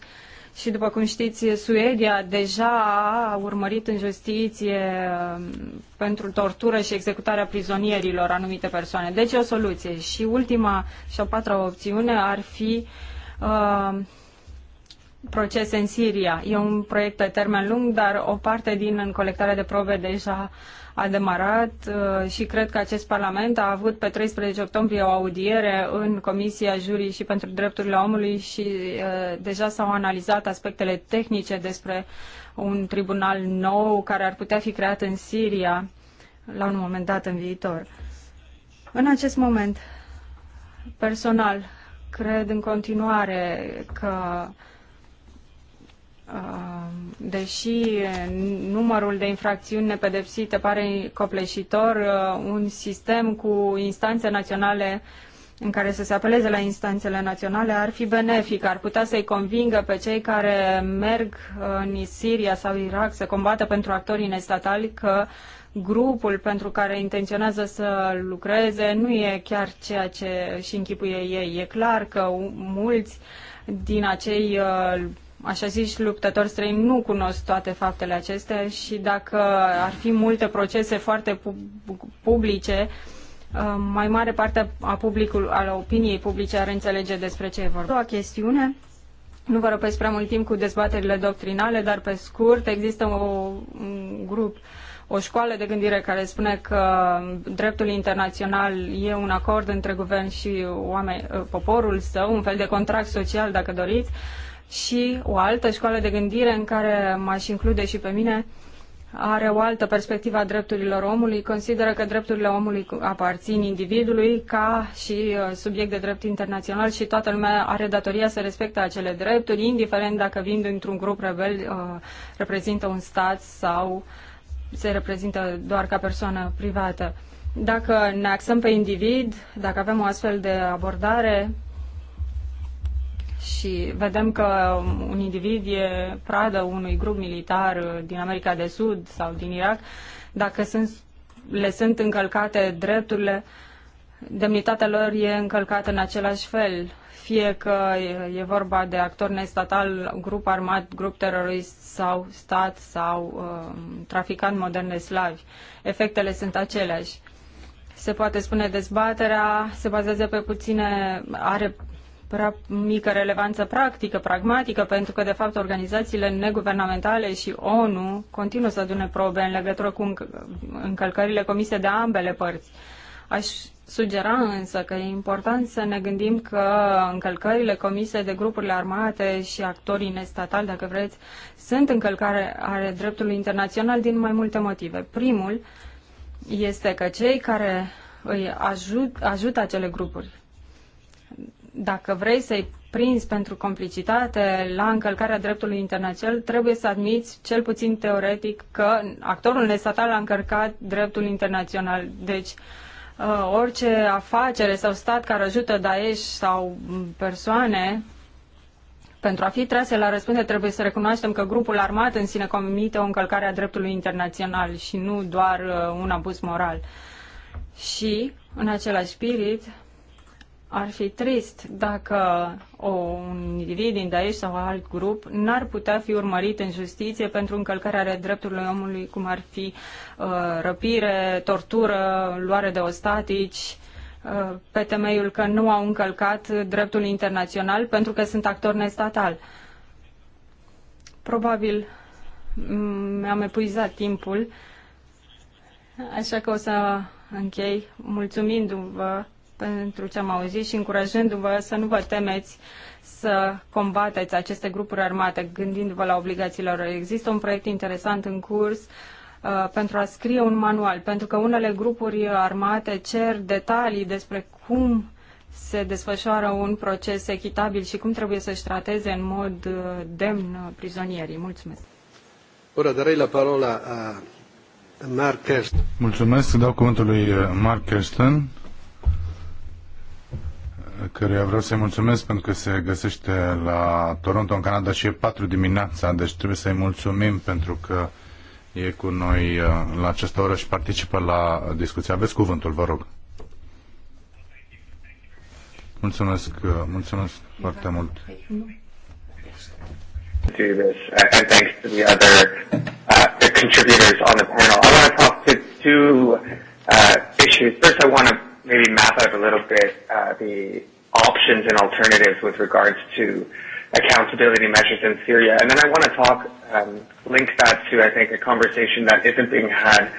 și după cum știți, Suedia deja a urmărit în justiție um, pentru tortură și executarea prizonierilor anumite persoane. Deci e o soluție. Și ultima și a patra opțiune ar fi uh, procese în Siria. E un proiect pe termen lung, dar o parte din colectarea de probe deja a demarat uh, și cred că acest Parlament a avut pe 13 octombrie o audiere în Comisia Jurii și pentru Drepturile Omului și uh, deja s-au analizat aspectele tehnice despre un tribunal nou care ar putea fi creat în Siria la un moment dat în viitor. În acest moment, personal, cred în continuare că Uh, deși numărul de infracțiuni nepedepsite pare copleșitor, uh, un sistem cu instanțe naționale în care să se apeleze la instanțele naționale ar fi benefic, ar putea să-i convingă pe cei care merg uh, în Siria sau Irak să combată pentru actorii nestatali că grupul pentru care intenționează să lucreze nu e chiar ceea ce și închipuie ei. E clar că mulți din acei așa zis, luptători străini nu cunosc toate faptele acestea și dacă ar fi multe procese foarte publice, uh, mai mare parte a publicului, al opiniei publice ar înțelege despre ce e vorba. O chestiune, nu vă răpesc prea mult timp cu dezbaterile doctrinale, dar pe scurt există o, un grup o școală de gândire care spune că dreptul internațional e un acord între guvern și oameni, uh, poporul său, un fel de contract social, dacă doriți, și o altă școală de gândire în care m-aș include și pe mine are o altă perspectivă a drepturilor omului, consideră că drepturile omului aparțin individului ca și uh, subiect de drept internațional și toată lumea are datoria să respecte acele drepturi, indiferent dacă vin dintr-un grup rebel, uh, reprezintă un stat sau se reprezintă doar ca persoană privată. Dacă ne axăm pe individ, dacă avem o astfel de abordare, și vedem că un individ e pradă unui grup militar uh, din America de Sud sau din Irak, dacă sunt, le sunt încălcate drepturile, demnitatea lor e încălcată în același fel. Fie că e vorba de actor nestatal, grup armat, grup terorist sau stat sau uh, traficant modern de slavi. Efectele sunt aceleași. Se poate spune dezbaterea se bazează pe puține, are pra- mică relevanță practică, pragmatică, pentru că, de fapt, organizațiile neguvernamentale și ONU continuă să adune probe în legătură cu încălcările comise de ambele părți. Aș sugera însă că e important să ne gândim că încălcările comise de grupurile armate și actorii nestatali, dacă vreți, sunt încălcare ale dreptului internațional din mai multe motive. Primul este că cei care îi ajut, ajută acele grupuri dacă vrei să-i prins pentru complicitate la încălcarea dreptului internațional, trebuie să admiți, cel puțin teoretic, că actorul nestatal a încărcat dreptul internațional. Deci, uh, orice afacere sau stat care ajută Daesh sau mm, persoane pentru a fi trase la răspundere trebuie să recunoaștem că grupul armat în sine comite o încălcare a dreptului internațional și nu doar uh, un abuz moral. Și, în același spirit, ar fi trist dacă o, un individ din Daesh sau alt grup n-ar putea fi urmărit în justiție pentru încălcarea drepturilor omului, cum ar fi uh, răpire, tortură, luare de ostatici, uh, pe temeiul că nu au încălcat dreptul internațional pentru că sunt actori nestatal. Probabil mm, mi-am epuizat timpul, așa că o să închei mulțumindu-vă pentru ce am auzit și încurajându-vă să nu vă temeți să combateți aceste grupuri armate, gândindu-vă la obligațiile lor. Există un proiect interesant în curs uh, pentru a scrie un manual, pentru că unele grupuri armate cer detalii despre cum se desfășoară un proces echitabil și cum trebuie să-și trateze în mod uh, demn prizonierii. Mulțumesc. Ora darei la parola a uh, Mark Kirsten. Mulțumesc, dau cuvântul lui Mark Kirsten căruia vreau să-i mulțumesc pentru că se găsește la Toronto, în Canada și e 4 dimineața, deci trebuie să-i mulțumim pentru că e cu noi uh, la această oră și participă la discuție. Aveți cuvântul, vă rog. Mulțumesc, uh, mulțumesc foarte mult. Do this, and thanks to the other uh, the contributors on the panel. I want to talk to two uh, issues. First, I want to maybe map out a little bit uh, the options and alternatives with regards to accountability measures in Syria. And then I want to talk, um, link that to, I think, a conversation that isn't being had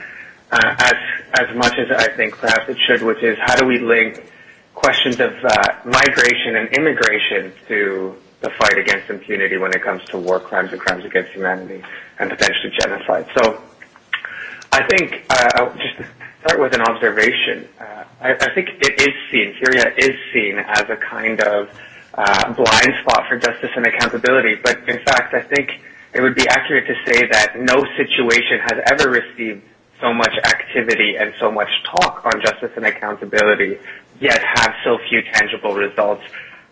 uh, as, as much as I think perhaps it should, which is how do we link questions of uh, migration and immigration to the fight against impunity when it comes to war crimes and crimes against humanity and potentially genocide. So I think uh, just start with an observation. Uh, I, I think it is seen, Syria is seen as a kind of uh, blind spot for justice and accountability. But in fact, I think it would be accurate to say that no situation has ever received so much activity and so much talk on justice and accountability, yet have so few tangible results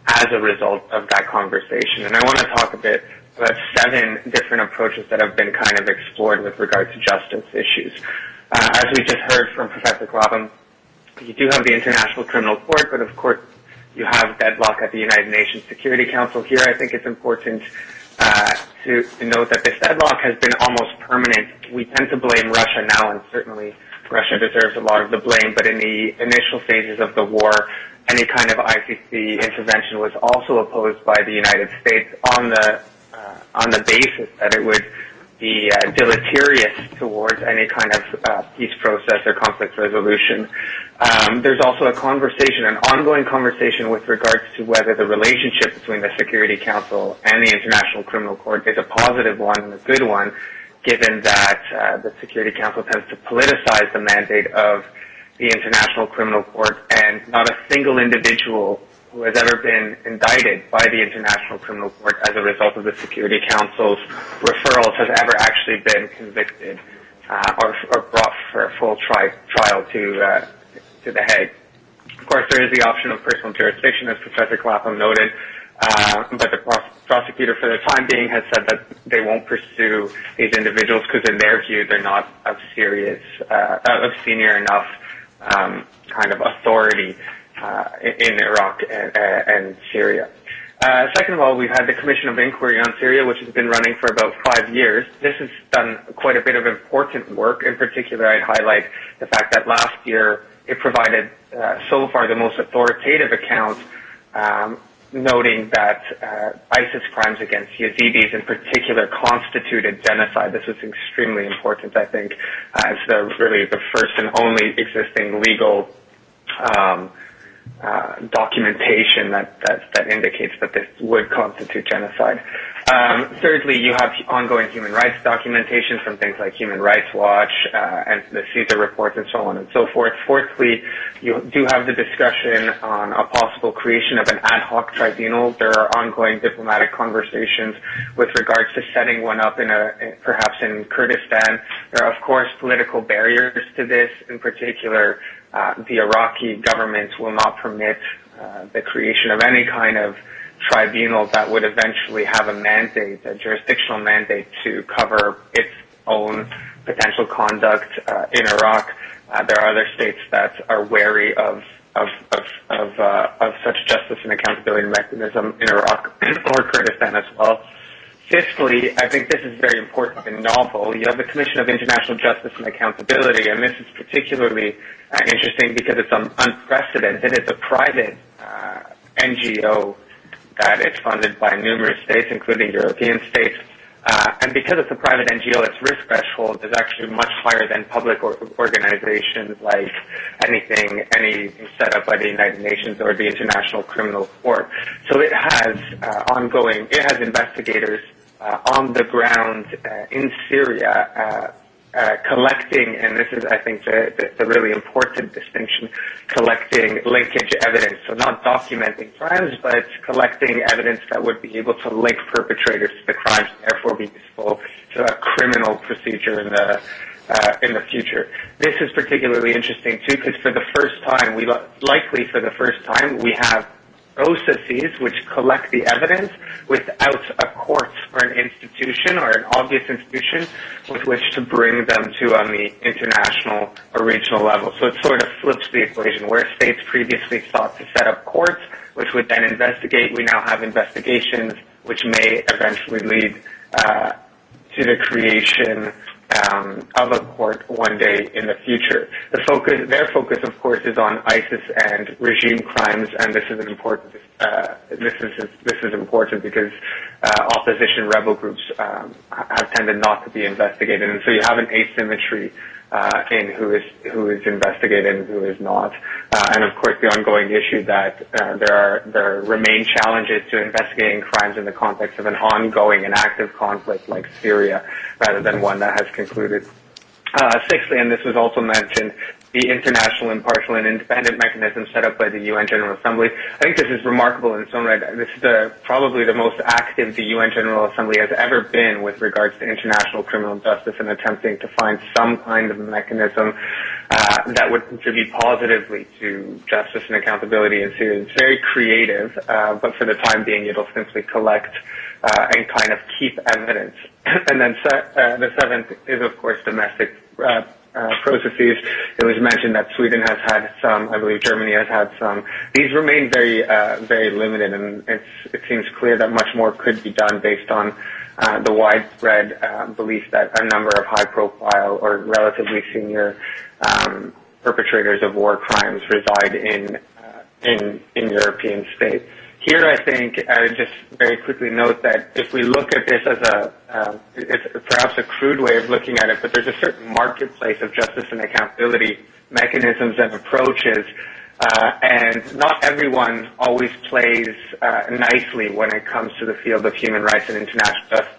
as a result of that conversation. And I want to talk a bit about seven different approaches that have been kind of explored with regard to justice issues. Uh, as we just heard from Professor Kalam, you do have the International Criminal Court, but of course you have deadlock at the United Nations Security Council. Here, I think it's important uh, to, to note that this deadlock has been almost permanent. We tend to blame Russia now, and certainly Russia deserves a lot of the blame, but in the initial phases of the war, any kind of ICC intervention was also opposed by the United States on the uh, on the basis that it would be uh, deleterious towards any kind of uh, peace process or conflict resolution. Um, there's also a conversation, an ongoing conversation with regards to whether the relationship between the Security Council and the International Criminal Court is a positive one and a good one, given that uh, the Security Council tends to politicize the mandate of the International Criminal Court and not a single individual who has ever been indicted by the International Criminal Court as a result of the Security Council's referrals has ever actually been convicted uh, or, or brought for a full tri- trial to, uh, to The Hague. Of course, there is the option of personal jurisdiction, as Professor Clapham noted, uh, but the pros- prosecutor for the time being has said that they won't pursue these individuals because in their view they're not of serious, uh, of senior enough um, kind of authority uh, in Iraq and, uh, and Syria. Uh, second of all, we've had the Commission of Inquiry on Syria, which has been running for about five years. This has done quite a bit of important work. In particular, I'd highlight the fact that last year it provided uh, so far the most authoritative account, um, noting that uh, ISIS crimes against Yazidis in particular constituted genocide. This was extremely important, I think, as the, really the first and only existing legal um, uh, documentation that, that, that indicates that this would constitute genocide. Um, thirdly, you have ongoing human rights documentation from things like Human Rights Watch uh, and the CISA reports and so on and so forth. Fourthly, you do have the discussion on a possible creation of an ad hoc tribunal. There are ongoing diplomatic conversations with regards to setting one up in a perhaps in Kurdistan. There are of course political barriers to this, in particular Uh, the Iraqi government will not permit uh, the creation of any kind of tribunal that would eventually have a mandate, a jurisdictional mandate to cover its own potential conduct uh, in Iraq. There are other states that are wary of of of of, uh, of such justice and accountability mechanism in Iraq [clears throat] or Kurdistan as well. Fifthly, I think this is very important and novel. You have the Commission of International Justice and Accountability, and this is particularly uh, interesting because it's un- unprecedented. It's a private uh, NGO that is funded by numerous states, including European states. Uh, and because it's a private NGO, its risk threshold is actually much higher than public or- organizations like anything, any set up by the United Nations or the International Criminal Court. So it has uh, ongoing, it has investigators uh, on the ground uh, in Syria uh, uh, collecting, and this is, I think, the, the, the really important distinction, collecting linkage evidence. So not documenting crimes, but collecting evidence that would be able to link perpetrators to the crimes, and therefore be useful to a criminal procedure in the uh, in the future. This is particularly interesting too, because for the first time, we li- likely for the first time, we have OSISes, which collect the evidence without a court or an institution or an obvious institution with which to bring them to on um, the international or regional level. So it sort of flips the equation where states previously sought to set up courts, which would then investigate. We now have investigations, which may eventually lead uh, to the creation Um, of a court one day in the future. The focus, their focus, of course, is on ISIS and regime crimes, and this is an important. Uh, this is this is important because uh, opposition rebel groups um, have tended not to be investigated, and so you have an asymmetry uh, uh, in who is who is investigated and who is not, uh, and of course the ongoing issue that uh, there are there remain challenges to investigating crimes in the context of an ongoing and active conflict like Syria, rather than one that has concluded. Uh, sixthly, and this was also mentioned, the international, impartial, and independent mechanism set up by the UN General Assembly. I think this is remarkable in its own right. This is the, probably the most active the UN General Assembly has ever been with regards to international criminal justice and attempting to find some kind of mechanism uh, that would contribute positively to justice and accountability in Syria. It's very creative, uh, but for the time being, it'll simply collect uh, and kind of keep evidence. [clears throat] and then se- uh, the seventh is, of course, domestic uh, uh, processes. It was mentioned that Sweden has had some, I believe Germany has had some. These remain very, uh, very limited, and it's, it seems clear that much more could be done based on uh, the widespread uh, belief that a number of high-profile or relatively senior um, perpetrators of war crimes reside in uh, in in European states. Here, I think I would just very quickly note that if we look at this as a, uh, it's perhaps a crude way of looking at it, but there's a certain marketplace of justice and accountability mechanisms and approaches, uh, and not everyone always plays uh, nicely when it comes to the field of human rights and international justice.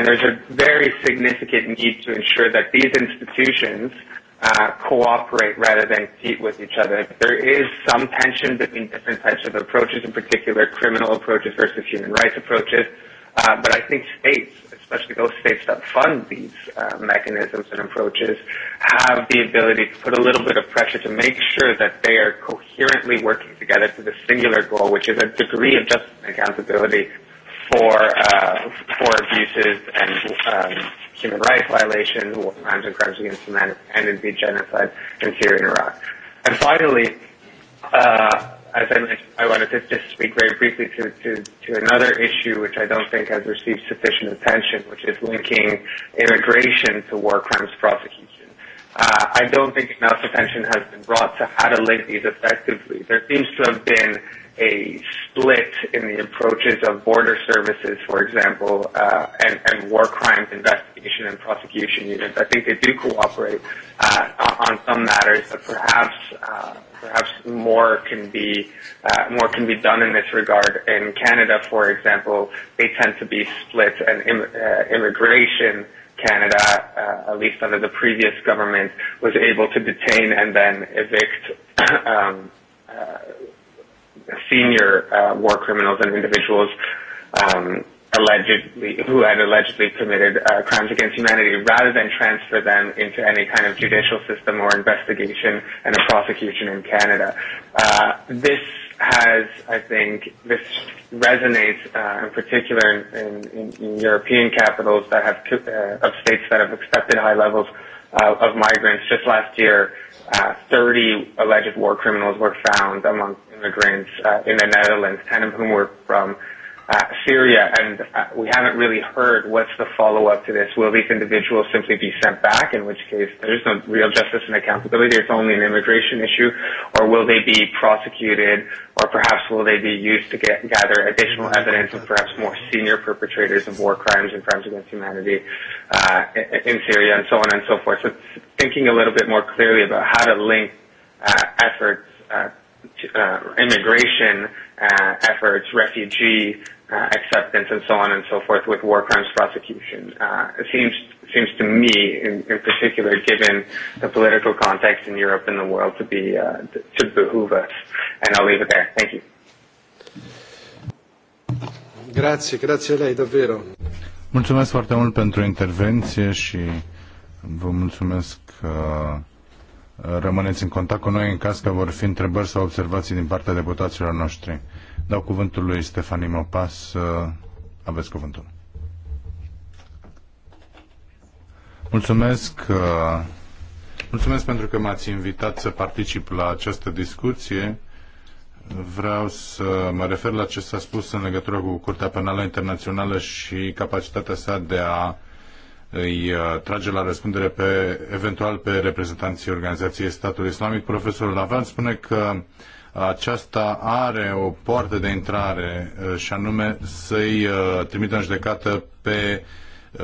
And there's a very significant need to ensure that these institutions, uh, Uh, cooperate rather than compete with each other. There is some tension between different types of approaches, in particular criminal approaches versus human rights approaches. Uh, but I think states, especially those states that fund these uh, mechanisms and approaches, have the ability to put a little bit of pressure to make sure that they are coherently working together to the singular goal, which is a degree of justice and accountability Uh, for abuses and um, human rights violations, war crimes and crimes against humanity, and indeed genocide in Syria and Iraq. And finally, uh, as I mentioned, I wanted to just speak very briefly to, to, to another issue which I don't think has received sufficient attention, which is linking immigration to war crimes prosecution. Uh, I don't think enough attention has been brought to how to link these effectively. There seems to have been a split in the approaches of border services, for example, uh, and, and war crimes investigation and prosecution units. I think they do cooperate uh, on some matters, but perhaps uh, perhaps more can be uh, more can be done in this regard. In Canada, for example, they tend to be split, and Im- uh, immigration. Canada, uh, at least under the previous government, was able to detain and then evict [clears throat] um, uh, senior uh, war criminals and individuals um, allegedly who had allegedly committed uh, crimes against humanity, rather than transfer them into any kind of judicial system or investigation and a prosecution in Canada. Uh, this has, I think, this resonates uh, in particular in, in, in European capitals that have uh, of states that have accepted high levels uh, of migrants. Just last year, uh, 30 alleged war criminals were found among immigrants uh, in the Netherlands, 10 of whom were from uh, Syria, and uh, we haven't really heard what's the follow-up to this. Will these individuals simply be sent back, in which case there's no real justice and accountability, it's only an immigration issue, or will they be prosecuted, or perhaps will they be used to get, gather additional evidence of perhaps more senior perpetrators of war crimes and crimes against humanity uh, in Syria, and so on and so forth. So thinking a little bit more clearly about how to link uh, efforts uh, Uh, immigration uh, efforts, refugee uh, acceptance, and so on and so forth with war crimes prosecution. Uh, it seems seems to me, in, in particular, given the political context in Europe and the world, to be uh, to behoove us. And I'll leave it there. Thank you. Grazie, grazie a lei davvero. Mulțumesc foarte mult pentru intervenție și vă mulțumesc că rămâneți în contact cu noi în caz că vor fi întrebări sau observații din partea deputaților noștri. Dau cuvântul lui Stefani Mopas. Aveți cuvântul. Mulțumesc, uh, mulțumesc pentru că m-ați invitat să particip la această discuție. Vreau să mă refer la ce s-a spus în legătură cu Curtea Penală Internațională și capacitatea sa de a îi uh, trage la răspundere pe, eventual pe reprezentanții Organizației Statului Islamic. Profesorul Lavan spune că aceasta are o poartă de intrare uh, și anume să-i uh, trimită în judecată pe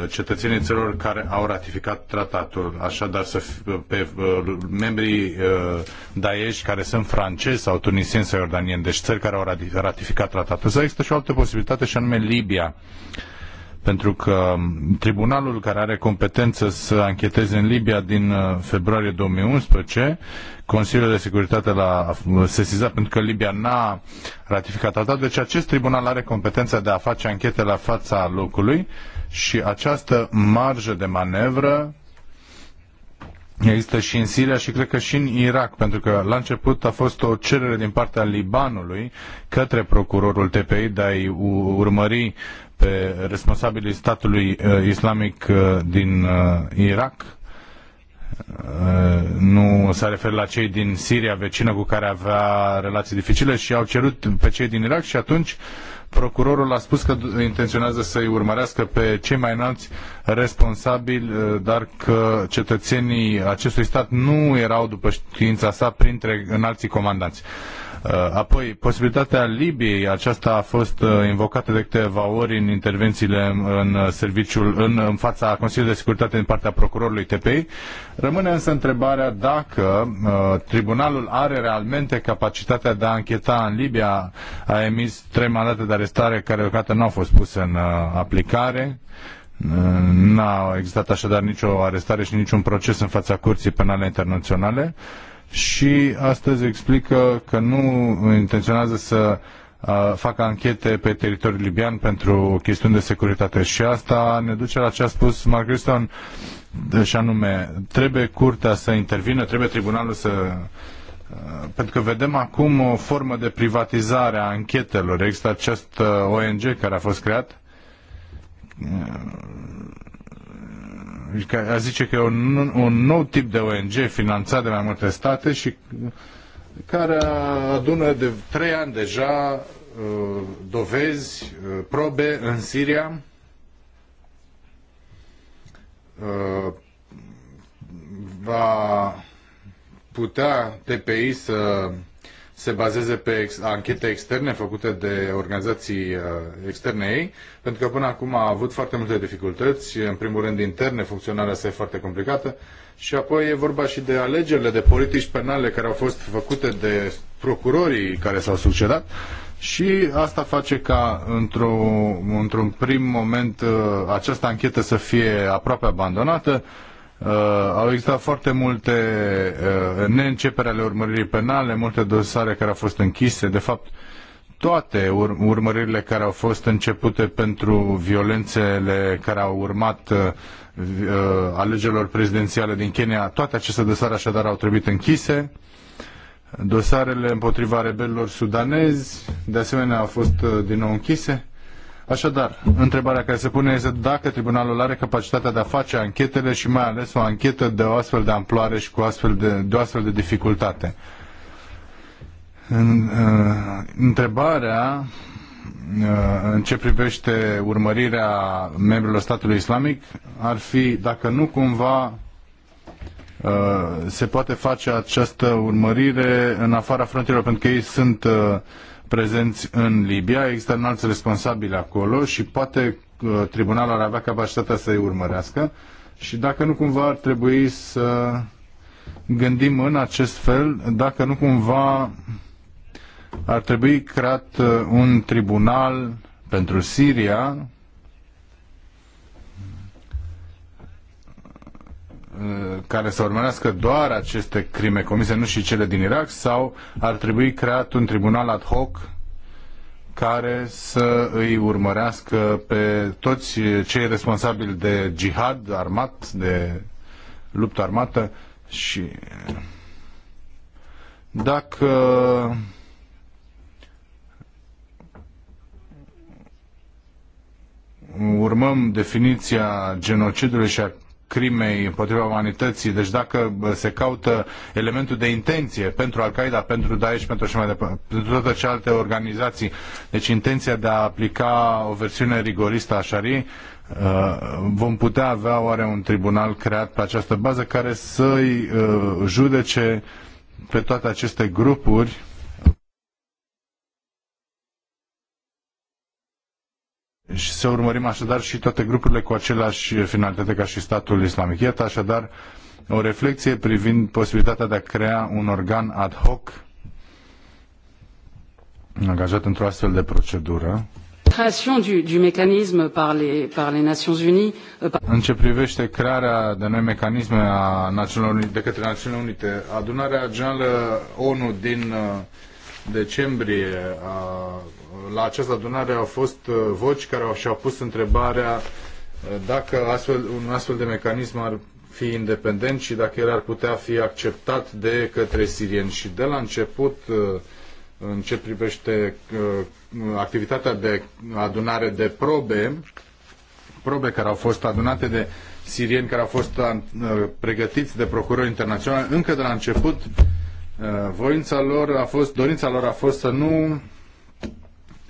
cetățenii țărilor care au ratificat tratatul, așadar să pe membrii Daesh care sunt francezi sau tunisieni sau iordanieni, deci țări care au ratificat tratatul. Să există și o altă posibilitate și anume Libia pentru că tribunalul care are competență să ancheteze în Libia din uh, februarie 2011, Consiliul de Securitate l-a sesizat pentru că Libia n-a ratificat tratatul, deci acest tribunal are competența de a face anchete la fața locului și această marjă de manevră Există și în Siria și cred că și în Irak, pentru că la început a fost o cerere din partea Libanului către procurorul TPI de a-i urmări pe responsabilii statului uh, islamic uh, din uh, Irak. Nu s-a referit la cei din Siria, vecină cu care avea relații dificile și au cerut pe cei din Irak și atunci procurorul a spus că intenționează să-i urmărească pe cei mai înalți responsabili, dar că cetățenii acestui stat nu erau, după știința sa, printre înalții comandanți. Uh, apoi, posibilitatea Libiei, aceasta a fost uh, invocată de câteva ori în intervențiile în serviciul, în, în fața Consiliului de Securitate din partea procurorului TPI. Rămâne însă întrebarea dacă uh, tribunalul are realmente capacitatea de a încheta în Libia. A emis trei mandate de arestare care deocamdată nu au fost puse în uh, aplicare. N-a existat așadar nicio arestare și niciun proces în fața Curții Penale Internaționale. Uh, și astăzi explică că nu intenționează să uh, facă anchete pe teritoriul libian pentru chestiuni de securitate. Și asta ne duce la ce a spus Mark Griston, și anume, trebuie curtea să intervină, trebuie tribunalul să uh, pentru că vedem acum o formă de privatizare a anchetelor. Există acest uh, ONG care a fost creat a zice că e un, un nou tip de ONG finanțat de mai multe state și care adună de trei ani deja uh, dovezi, uh, probe în Siria uh, va putea TPI să se bazeze pe ex- anchete externe făcute de organizații uh, externe ei, pentru că până acum a avut foarte multe dificultăți, în primul rând interne, funcționarea sa e foarte complicată, și apoi e vorba și de alegerile de politici penale care au fost făcute de procurorii care s-au succedat și asta face ca într-un într prim moment uh, această anchetă să fie aproape abandonată Uh, au existat foarte multe uh, neîncepere ale urmăririi penale, multe dosare care au fost închise. De fapt, toate ur- urmăririle care au fost începute pentru violențele care au urmat uh, uh alegerilor prezidențiale din Kenya, toate aceste dosare așadar au trebuit închise. Dosarele împotriva rebelilor sudanezi, de asemenea, au fost uh, din nou închise. Așadar, întrebarea care se pune este dacă tribunalul are capacitatea de a face anchetele și mai ales o anchetă de o astfel de amploare și cu astfel de, de o astfel de dificultate. În, uh, întrebarea uh, în ce privește urmărirea membrilor statului islamic ar fi dacă nu cumva uh, se poate face această urmărire în afara frontierelor, pentru că ei sunt uh, prezenți în Libia, există înalți responsabili acolo și poate uh, tribunalul ar avea capacitatea să-i urmărească și dacă nu cumva ar trebui să gândim în acest fel, dacă nu cumva ar trebui creat uh, un tribunal pentru Siria Uh, care să urmărească doar aceste crime comise, nu și cele din Irak, sau ar trebui creat un tribunal ad hoc care să îi urmărească pe toți cei responsabili de jihad armat, de luptă armată și uh, dacă urmăm definiția genocidului și a crimei împotriva umanității, deci dacă se caută elementul de intenție pentru Al-Qaeda, pentru Daesh, pentru așa mai departe, pentru toate celelalte organizații, deci intenția de a aplica o versiune rigoristă a șarii, uh, vom putea avea oare un tribunal creat pe această bază care să-i uh, judece pe toate aceste grupuri și să urmărim așadar și toate grupurile cu aceleași finalitate ca și statul islamic. Iată așadar o reflexie privind posibilitatea de a crea un organ ad hoc angajat într-o astfel de procedură. Euh, În ce privește crearea de noi mecanisme a Națiunilor Unite, de către Națiunile Unite, adunarea generală ONU din uh, decembrie a la această adunare au fost uh, voci care și-au pus întrebarea uh, dacă astfel, un astfel de mecanism ar fi independent și dacă el ar putea fi acceptat de către sirieni. Și de la început, uh, în ce privește activitatea de adunare de probe, probe care au fost adunate de sirieni care au fost pregătiți de procurori internaționali, încă de la început, voința lor a fost, dorința lor a fost să nu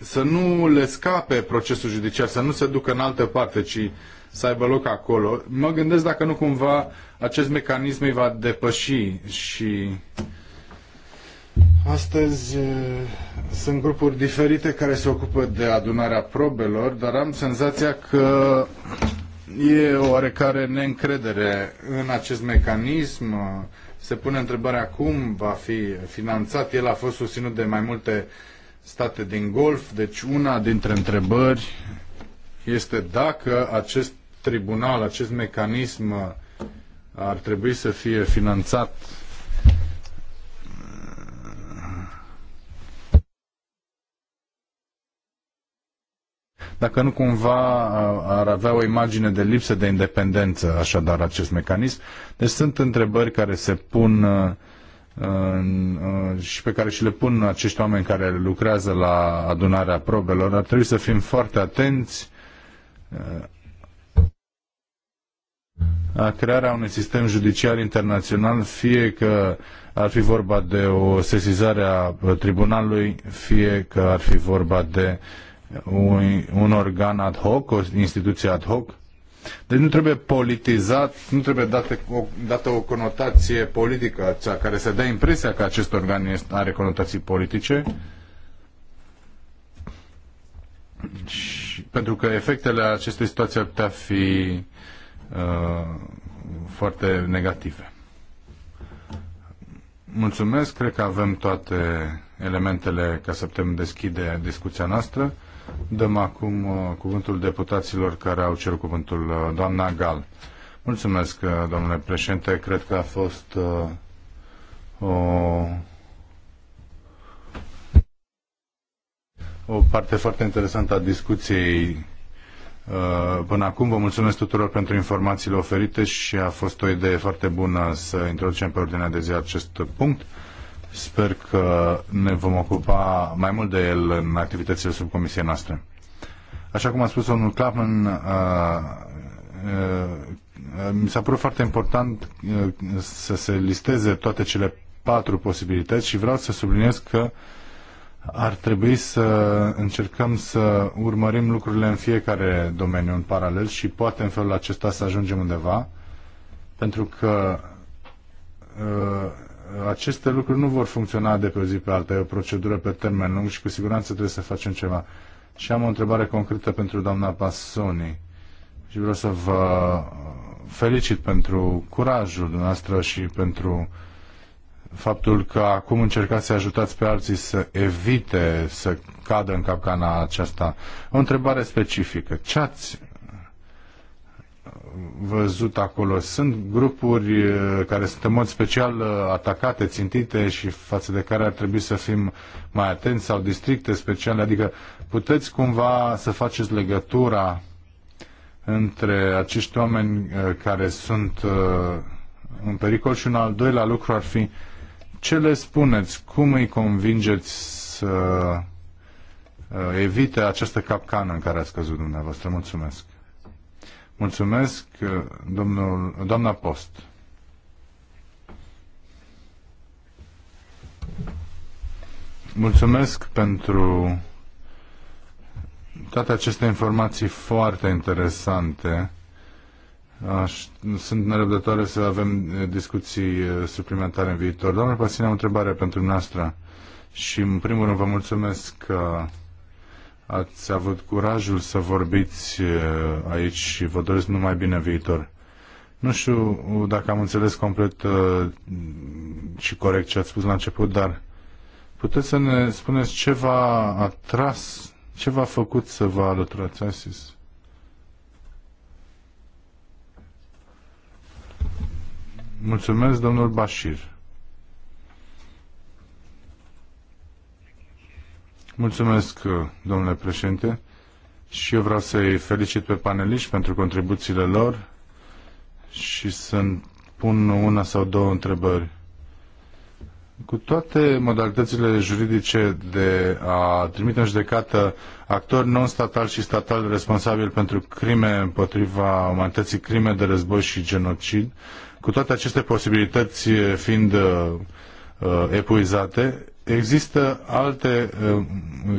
să nu le scape procesul judiciar, să nu se ducă în altă parte, ci să aibă loc acolo. Mă gândesc dacă nu cumva acest mecanism îi va depăși și Astăzi sunt grupuri diferite care se ocupă de adunarea probelor, dar am senzația că e oarecare neîncredere în acest mecanism. Se pune întrebarea cum va fi finanțat. El a fost susținut de mai multe state din Golf. Deci una dintre întrebări este dacă acest tribunal, acest mecanism ar trebui să fie finanțat uh, dacă nu cumva uh, ar avea o imagine de lipsă de independență, așadar, acest mecanism. Deci sunt întrebări care se pun uh, Uh, și pe care și le pun acești oameni care lucrează la adunarea probelor, ar trebui să fim foarte atenți uh, a crearea unui sistem judiciar internațional, fie că ar fi vorba de o sesizare a tribunalului, fie că ar fi vorba de un, un organ ad hoc, o instituție ad hoc, deci nu trebuie politizat, nu trebuie dată o, dată o conotație politică, cea care să dă impresia că acest organ are conotații politice. Și, pentru că efectele acestei situații ar putea fi uh, foarte negative. Mulțumesc, cred că avem toate elementele ca să putem deschide discuția noastră. Dăm acum uh, cuvântul deputaților care au cerut cuvântul. Uh, doamna Gal. Mulțumesc, uh, domnule președinte. Cred că a fost o, o parte foarte interesantă a discuției Până acum vă mulțumesc tuturor pentru informațiile oferite și a fost o idee foarte bună să introducem pe ordinea de zi acest punct. Sper că ne vom ocupa mai mult de el în activitățile subcomisiei noastre. Așa cum a spus domnul Clapman, uh, uh, mi s-a părut foarte important uh, să se listeze toate cele patru posibilități și vreau să subliniez că ar trebui să încercăm să urmărim lucrurile în fiecare domeniu în paralel și poate în felul acesta să ajungem undeva, pentru că aceste lucruri nu vor funcționa de pe o zi pe alta, e o procedură pe termen lung și cu siguranță trebuie să facem ceva. Și am o întrebare concretă pentru doamna Passoni și vreau să vă felicit pentru curajul dumneavoastră și pentru faptul că acum încercați să ajutați pe alții să evite să cadă în capcana aceasta. O întrebare specifică. Ce ați văzut acolo. Sunt grupuri uh, care sunt în mod special uh, atacate, țintite și față de care ar trebui să fim mai atenți sau districte speciale? Adică puteți cumva să faceți legătura între acești oameni uh, care sunt în pericol și un al doilea lucru ar fi ce le spuneți, cum îi convingeți să evite această capcană în care ați căzut dumneavoastră. Mulțumesc. Mulțumesc, domnul, doamna Post. Mulțumesc pentru toate aceste informații foarte interesante. Aș, sunt nerăbdătoare să avem discuții eh, suplimentare în viitor. Doamne Pasine, am o întrebare pentru noastră și în primul rând vă mulțumesc că eh, ați avut curajul să vorbiți aici și vă doresc numai bine viitor. Nu știu dacă am înțeles complet și corect ce ați spus la început, dar puteți să ne spuneți ce v-a atras, ce v-a făcut să vă alăturați ASIS? Mulțumesc, domnul Bashir. Mulțumesc, uh, domnule președinte, și eu vreau să-i felicit pe paneliști pentru contribuțiile lor și să pun una sau două întrebări. Cu toate modalitățile juridice de a trimite în judecată actori non-statali și statali responsabili pentru crime împotriva umanității, crime de război și genocid, cu toate aceste posibilități fiind uh, uh epuizate, Există alte uh,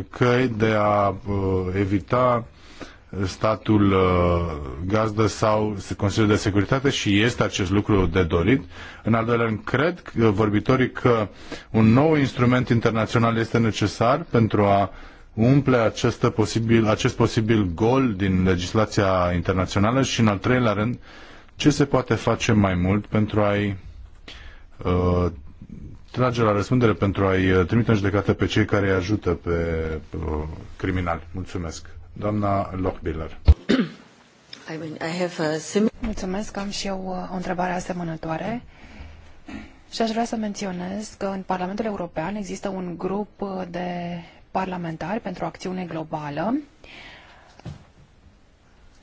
căi de a uh, evita statul uh, gazdă sau Consiliul de Securitate și este acest lucru de dorit. În al doilea rând, cred că vorbitorii că un nou instrument internațional este necesar pentru a umple acest posibil, acest posibil gol din legislația internațională și în al treilea rând, ce se poate face mai mult pentru a-i uh, trage la răspundere pentru a-i uh, trimite în judecată pe cei care îi ajută pe uh, criminali. Mulțumesc. Doamna Lochbiller. Mulțumesc, am și eu uh, o întrebare asemănătoare. Și aș vrea să menționez că în Parlamentul European există un grup uh, de parlamentari pentru acțiune globală uh,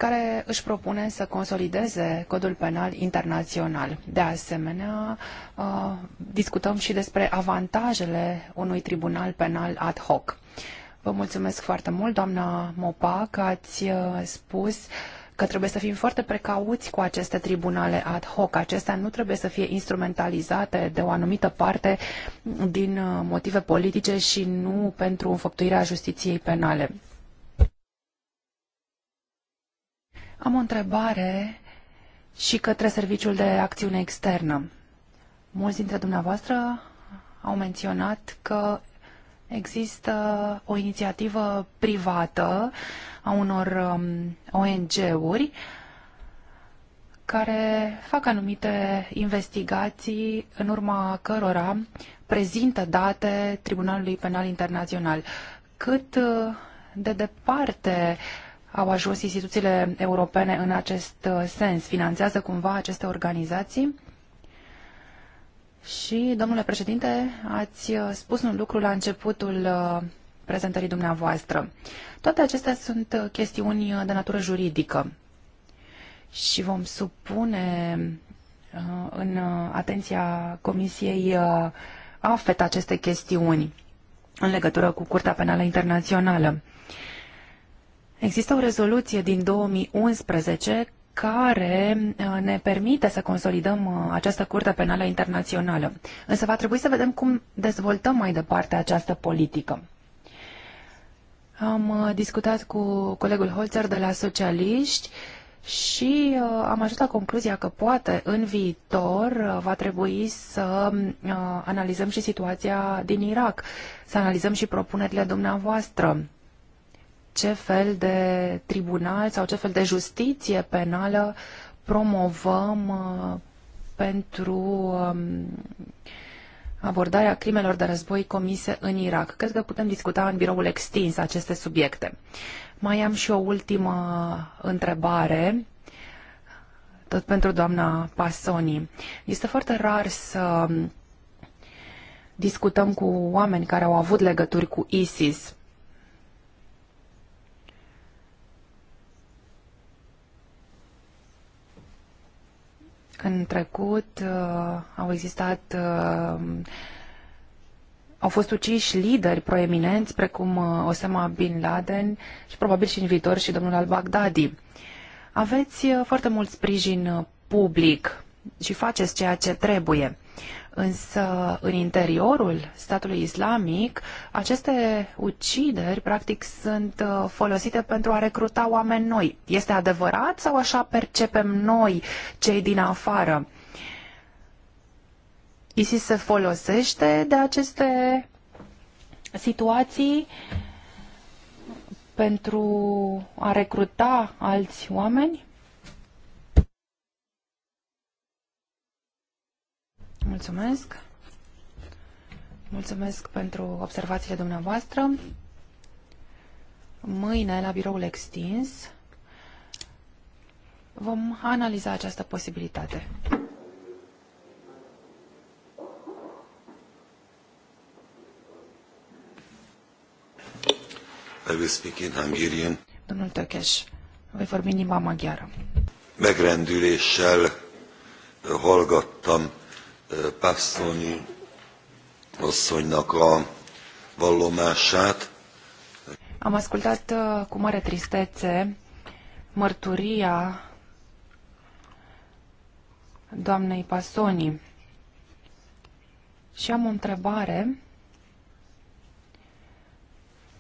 care își propune să consolideze codul penal internațional. De asemenea, uh, discutăm și despre avantajele unui tribunal penal ad hoc. Vă mulțumesc foarte mult, doamna Mopa, că ați uh, spus că trebuie să fim foarte precauți cu aceste tribunale ad hoc. Acestea nu trebuie să fie instrumentalizate de o anumită parte din uh, motive politice și nu pentru înfăptuirea justiției penale. Am o întrebare și către Serviciul de Acțiune Externă. Mulți dintre dumneavoastră au menționat că există o inițiativă privată a unor um, ONG-uri care fac anumite investigații în urma cărora prezintă date Tribunalului Penal Internațional. Cât uh, de departe uh, au ajuns instituțiile europene în acest uh, sens? Finanțează cumva aceste organizații? Și, domnule președinte, ați uh, spus un lucru la începutul uh, prezentării dumneavoastră. Toate acestea sunt chestiuni de natură juridică și vom supune în atenția Comisiei AFET aceste chestiuni în legătură cu Curtea Penală Internațională. Există o rezoluție din 2011 care uh, ne permite să consolidăm uh, această curte penală internațională. Însă va trebui să vedem cum dezvoltăm mai departe această politică. Am uh, discutat cu colegul Holzer de la Socialiști și am ajuns la concluzia că poate în viitor va trebui să analizăm și situația din Irak, să analizăm și propunerile dumneavoastră ce fel de tribunal sau ce fel de justiție penală promovăm uh, pentru um, abordarea crimelor de război comise în Irak. Cred că putem discuta în biroul extins aceste subiecte. Mai am și o ultimă întrebare, tot pentru doamna Pasoni. Este foarte rar să um, discutăm cu oameni care au avut legături cu ISIS În trecut uh, au existat uh, au fost uciși lideri proeminenți precum uh, Osama Bin Laden și probabil și în viitor și domnul al-Baghdadi. Aveți foarte mult sprijin public și faceți ceea ce trebuie. Însă, în interiorul statului islamic, aceste ucideri, practic, sunt uh, folosite pentru a recruta oameni noi. Este adevărat sau așa percepem noi, cei din afară? ISIS se folosește de aceste situații pentru a recruta alți oameni? Mulțumesc. Mulțumesc pentru observațiile dumneavoastră. Mâine, la biroul extins, vom analiza această posibilitate. I will speak in Hungarian. Domnul Tökes, voi vorbi în limba maghiară. Megrendüléssel hallgattam asszonynak a vallomását. Am ascultat uh, cu mare tristețe mărturia doamnei Pasoni și am o întrebare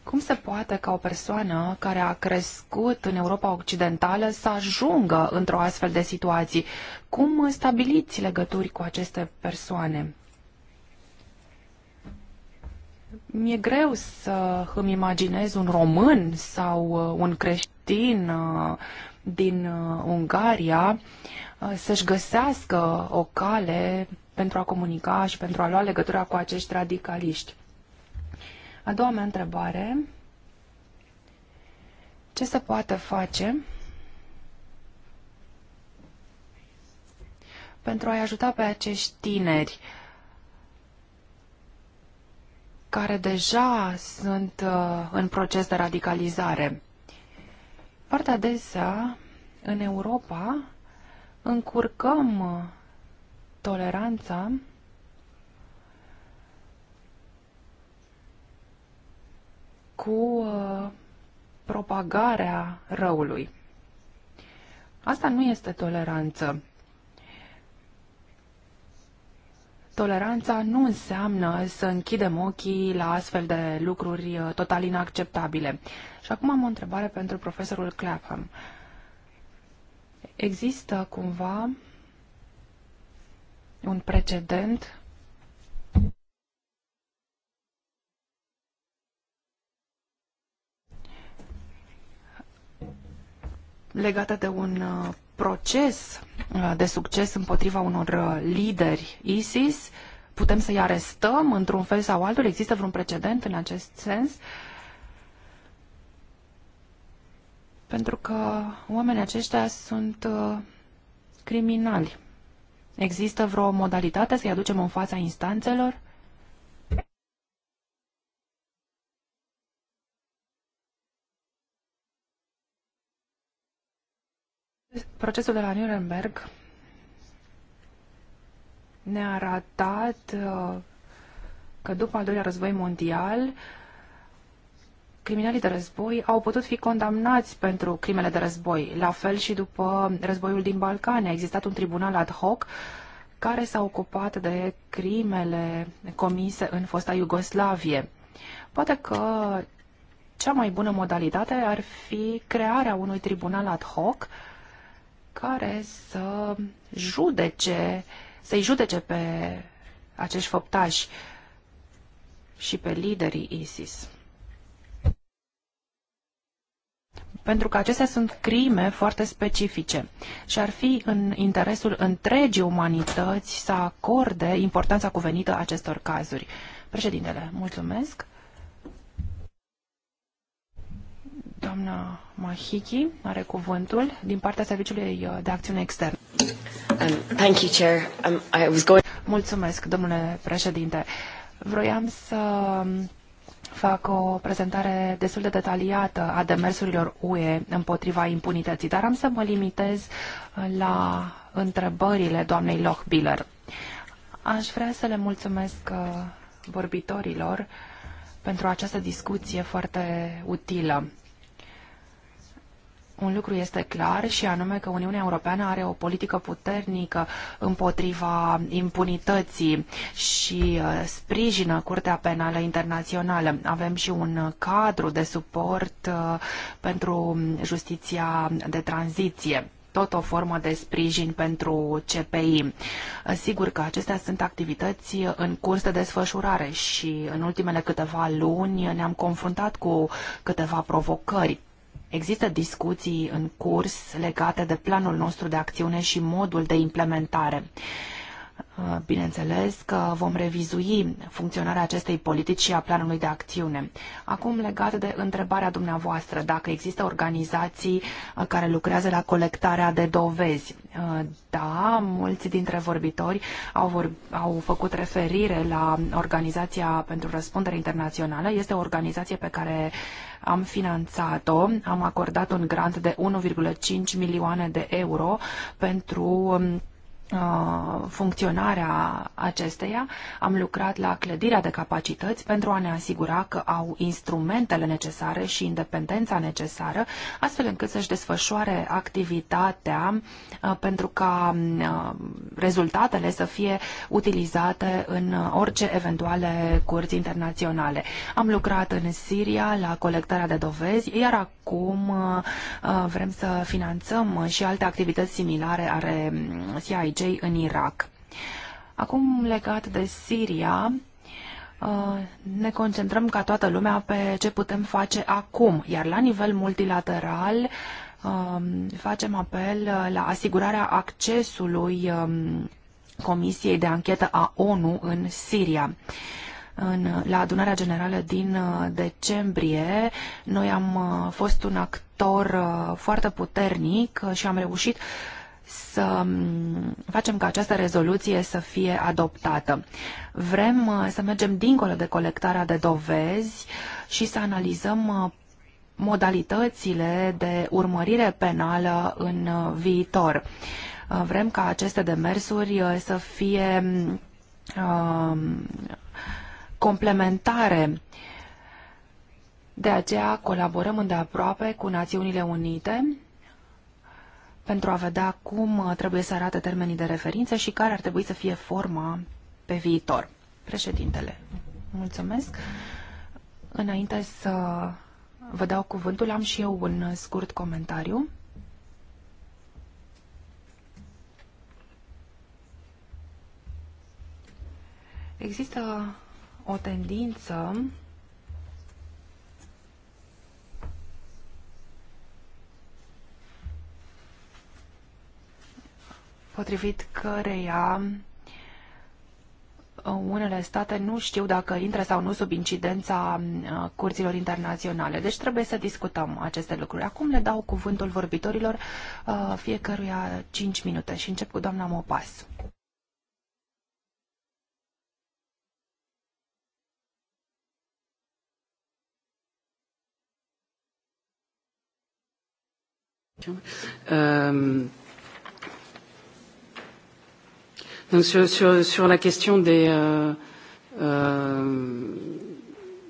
cum se poate ca o persoană care a crescut în Europa Occidentală să ajungă într-o astfel de situație? Cum stabiliți legături cu aceste persoane? Mi-e greu să îmi imaginez un român sau uh, un creștin uh, din uh, Ungaria să-și găsească o cale pentru a comunica și pentru a lua legătura cu acești radicaliști. A doua mea întrebare, ce se poate face pentru a-i ajuta pe acești tineri care deja sunt uh, în proces de radicalizare. Foarte adesea, în Europa, încurcăm toleranța cu uh, propagarea răului. Asta nu este toleranță. Toleranța nu înseamnă să închidem ochii la astfel de lucruri uh, total inacceptabile. Și acum am o întrebare pentru profesorul Clapham. Există cumva un precedent legată de un uh, proces uh, de succes împotriva unor uh, lideri ISIS. Putem să-i arestăm într-un fel sau altul? Există vreun precedent în acest sens? Pentru că oamenii aceștia sunt criminali. Există vreo modalitate să-i aducem în fața instanțelor? Procesul de la Nuremberg ne-a arătat uh, că după al doilea război mondial, criminalii de război au putut fi condamnați pentru crimele de război. La fel și după războiul din Balcane a existat un tribunal ad hoc care s-a ocupat de crimele comise în fosta Iugoslavie. Poate că cea mai bună modalitate ar fi crearea unui tribunal ad hoc care să judece, să-i judece pe acești făptași și pe liderii ISIS. Pentru că acestea sunt crime foarte specifice și ar fi în interesul întregii umanități să acorde importanța cuvenită acestor cazuri. Președintele, mulțumesc. Doamna Mahiki are cuvântul din partea Serviciului uh, de Acțiune Externă. Um, thank you, Chair. Um, I was going... Mulțumesc, domnule președinte. Vroiam să um, fac o prezentare destul de detaliată a demersurilor UE împotriva impunității, dar am să mă limitez uh, la întrebările doamnei Lochbiller. Aș vrea să le mulțumesc uh, vorbitorilor pentru această discuție foarte utilă un lucru este clar și anume că Uniunea Europeană are o politică puternică împotriva impunității și uh, sprijină Curtea Penală Internațională. Avem și un cadru de suport uh, pentru justiția de tranziție tot o formă de sprijin pentru CPI. Uh, sigur că acestea sunt activități în curs de desfășurare și în ultimele câteva luni ne-am confruntat cu câteva provocări Există discuții în curs legate de planul nostru de acțiune și modul de implementare. Bineînțeles că vom revizui funcționarea acestei politici și a planului de acțiune. Acum, legat de întrebarea dumneavoastră, dacă există organizații care lucrează la colectarea de dovezi. Da, mulți dintre vorbitori au, vor, au făcut referire la Organizația pentru Răspundere Internațională. Este o organizație pe care am finanțat-o, am acordat un grant de 1,5 milioane de euro pentru um, Uh, funcționarea acesteia, am lucrat la clădirea de capacități pentru a ne asigura că au instrumentele necesare și independența necesară, astfel încât să-și desfășoare activitatea uh, pentru ca uh, rezultatele să fie utilizate în orice eventuale curți internaționale. Am lucrat în Siria la colectarea de dovezi, iar acum vrem să finanțăm și alte activități similare ale CIG cei în Irak. Acum, legat de Siria, uh, ne concentrăm ca toată lumea pe ce putem face acum, iar la nivel multilateral um, facem apel uh, la asigurarea accesului um, Comisiei de Anchetă a ONU în Siria. În, la adunarea generală din uh, decembrie, noi am fost un actor foarte puternic și am reușit să mm, facem ca această rezoluție să fie adoptată. Vrem uh, să mergem dincolo de colectarea de dovezi și să analizăm uh, modalitățile de urmărire penală în uh, viitor. Vrem ca aceste demersuri să fie um, complementare. De aceea colaborăm îndeaproape cu Națiunile Unite pentru a vedea cum uh, trebuie să arate termenii de referință și care ar trebui să fie forma pe viitor. Președintele, mulțumesc. Înainte să vă dau cuvântul, am și eu un scurt comentariu. Există o tendință potrivit căreia uh, unele state nu știu dacă intră sau nu sub incidența uh, curților internaționale. Deci trebuie să discutăm aceste lucruri. Acum le dau cuvântul vorbitorilor uh, fiecăruia 5 minute și încep cu doamna Mopas. Um... Donc sur, sur, sur la question des... Euh, euh,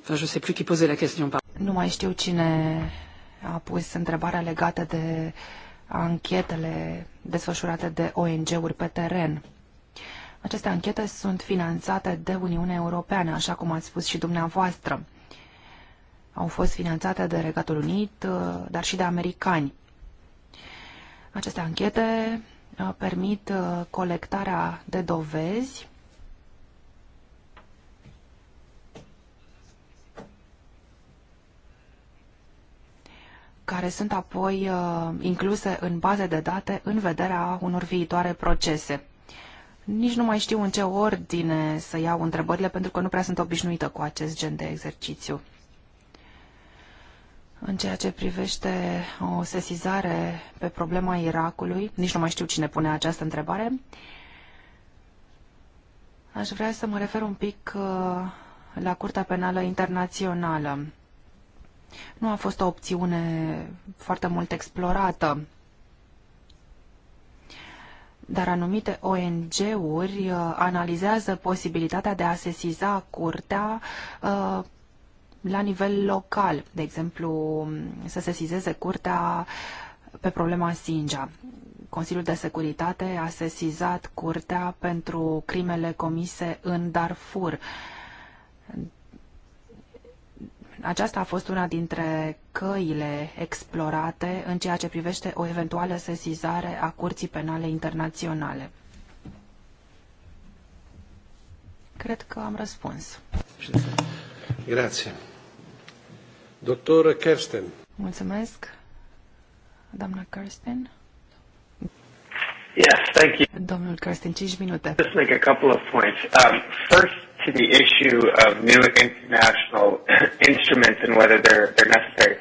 enfin, je sais plus qui posait la question. Nu mai știu cine a pus întrebarea legată de anchetele desfășurate de ONG-uri pe teren. Aceste anchete sunt finanțate de Uniunea Europeană, așa cum ați spus și dumneavoastră. Au fost finanțate de Regatul Unit, uh, dar și de americani. Aceste anchete Uh, permit uh, colectarea de dovezi care sunt apoi uh, incluse în baze de date în vederea unor viitoare procese. Nici nu mai știu în ce ordine să iau întrebările, pentru că nu prea sunt obișnuită cu acest gen de exercițiu. În ceea ce privește o sesizare pe problema Irakului, nici nu mai știu cine pune această întrebare, aș vrea să mă refer un pic uh, la Curtea Penală Internațională. Nu a fost o opțiune foarte mult explorată, dar anumite ONG-uri uh, analizează posibilitatea de a sesiza curtea uh, la nivel local, de exemplu, să se sizeze curtea pe problema Sinja. Consiliul de Securitate a sesizat curtea pentru crimele comise în Darfur. Aceasta a fost una dintre căile explorate în ceea ce privește o eventuală sesizare a Curții Penale Internaționale. Cred că am răspuns. Grazie. Doctor Kersten. Mulțumesc. Doamna Kersten. Yes, thank you. Domnul Kersten, 5 minute. Just make a couple of points. Um, first, to the issue of new international [coughs] instruments and whether they're, they're necessary.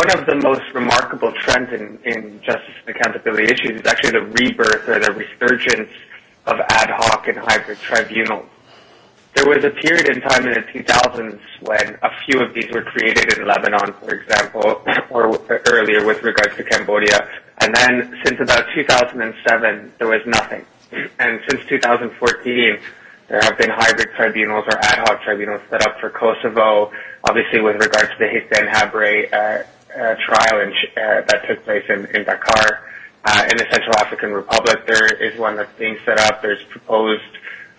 One of the most remarkable trends in, in justice and accountability issues is actually the rebirth or the resurgence of ad hoc and hybrid tribunals. There was a period in time in the 2000s when a few of these were created in Lebanon, for example, [clears throat] or uh, earlier with regards to Cambodia. And then since about 2007, there was nothing. [clears throat] And since 2014, there have been hybrid tribunals or ad hoc tribunals set up for Kosovo, obviously with regards to the Hissène Habre uh, uh, trial in, uh, that took place in, in Dakar. Uh, in the Central African Republic, there is one that's being set up. There's proposed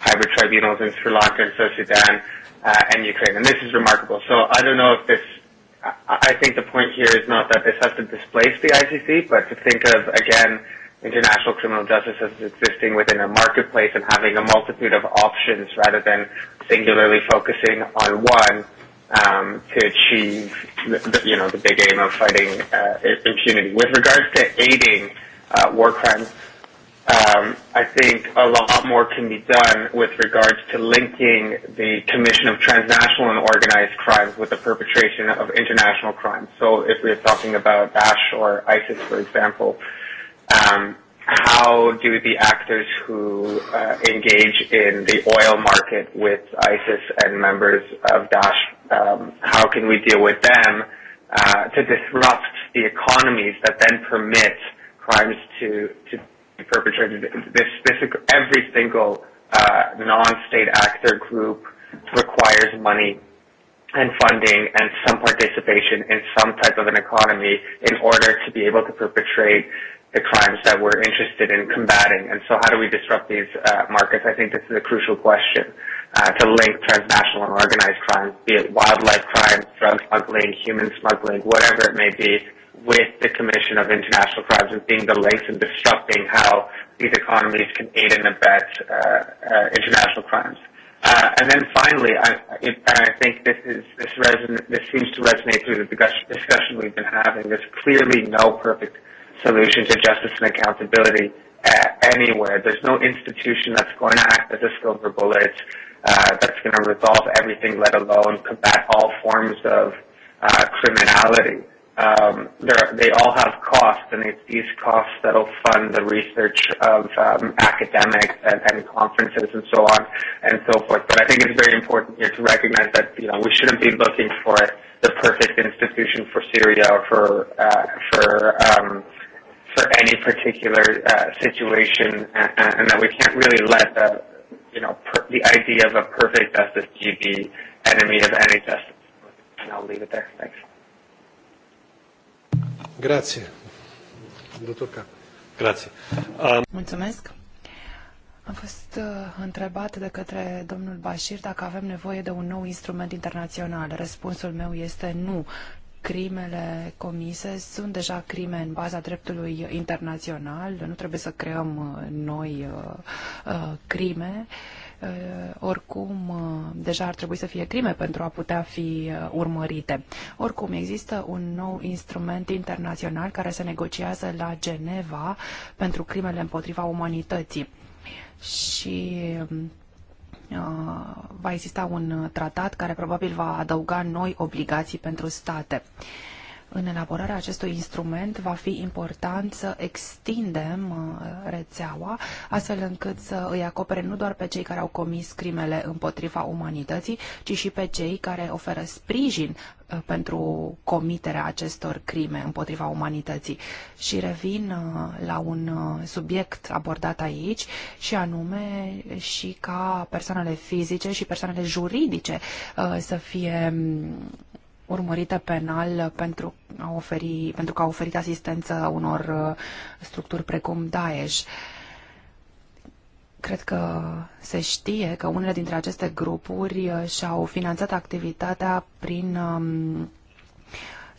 hybrid tribunals in Sri Lanka and South Sudan uh, and Ukraine. And this is remarkable. So I don't know if this, I think the point here is not that this has to displace the ICC, but to think of, again, international criminal justice as existing within a marketplace and having a multitude of options rather than singularly focusing on one um, to achieve, the, the, you know, the big aim of fighting uh, impunity. With regards to aiding uh, war crimes, Um, I think a lot more can be done with regards to linking the commission of transnational and organized crimes with the perpetration of international crimes. So if we're talking about Daesh or ISIS, for example, um, how do the actors who uh, engage in the oil market with ISIS and members of Daesh, um, how can we deal with them uh, to disrupt the economies that then permit crimes to, to perpetrated this, this every single uh, non-state actor group requires money and funding and some participation in some type of an economy in order to be able to perpetrate the crimes that we're interested in combating. And so how do we disrupt these uh, markets? I think this is a crucial question uh, to link transnational and organized crimes, be it wildlife crimes, drug smuggling, human smuggling, whatever it may be, with the Commission of International Crimes and being the links and disrupting how these economies can aid and abet uh, uh, international crimes. Uh, and then finally, I, and I think this is this reson- this seems to resonate through the discussion we've been having. There's clearly no perfect solution to justice and accountability uh, anywhere. There's no institution that's going to act as a silver bullet uh, that's going to resolve everything, let alone combat all forms of uh, criminality um, they all have costs, and it's these costs that'll fund the research of um, academics and, and conferences and so on and so forth. But I think it's very important here to recognize that you know we shouldn't be looking for the perfect institution for Syria or for uh, for um, for any particular uh, situation, and, and that we can't really let the you know per- the idea of a perfect justice be enemy of any justice. And I'll leave it there. Thanks. Grație. Dr. K. Grație. Um... Mulțumesc. Am fost uh, întrebat de către domnul Bashir dacă avem nevoie de un nou instrument internațional. Răspunsul meu este nu. Crimele comise sunt deja crime în baza dreptului internațional, nu trebuie să creăm uh, noi uh, uh, crime. Uh, Eh, oricum eh, deja ar trebui să fie crime pentru a putea fi eh, urmărite. Oricum, există un nou instrument internațional care se negociază la Geneva pentru crimele împotriva umanității. Și mm, va exista un tratat care probabil va adăuga noi obligații pentru state. Uh, în elaborarea acestui instrument va fi important să extindem uh, rețeaua astfel încât să îi acopere nu doar pe cei care au comis crimele împotriva umanității, ci și pe cei care oferă sprijin uh, pentru comiterea acestor crime împotriva umanității. Și revin uh, la un subiect abordat aici și anume și ca persoanele fizice și persoanele juridice să fie mm, urmărite penal pentru a oferi, pentru că a oferit asistență unor uh, structuri precum Daesh. Cred că se știe că unele dintre aceste grupuri uh, și-au finanțat activitatea prin um,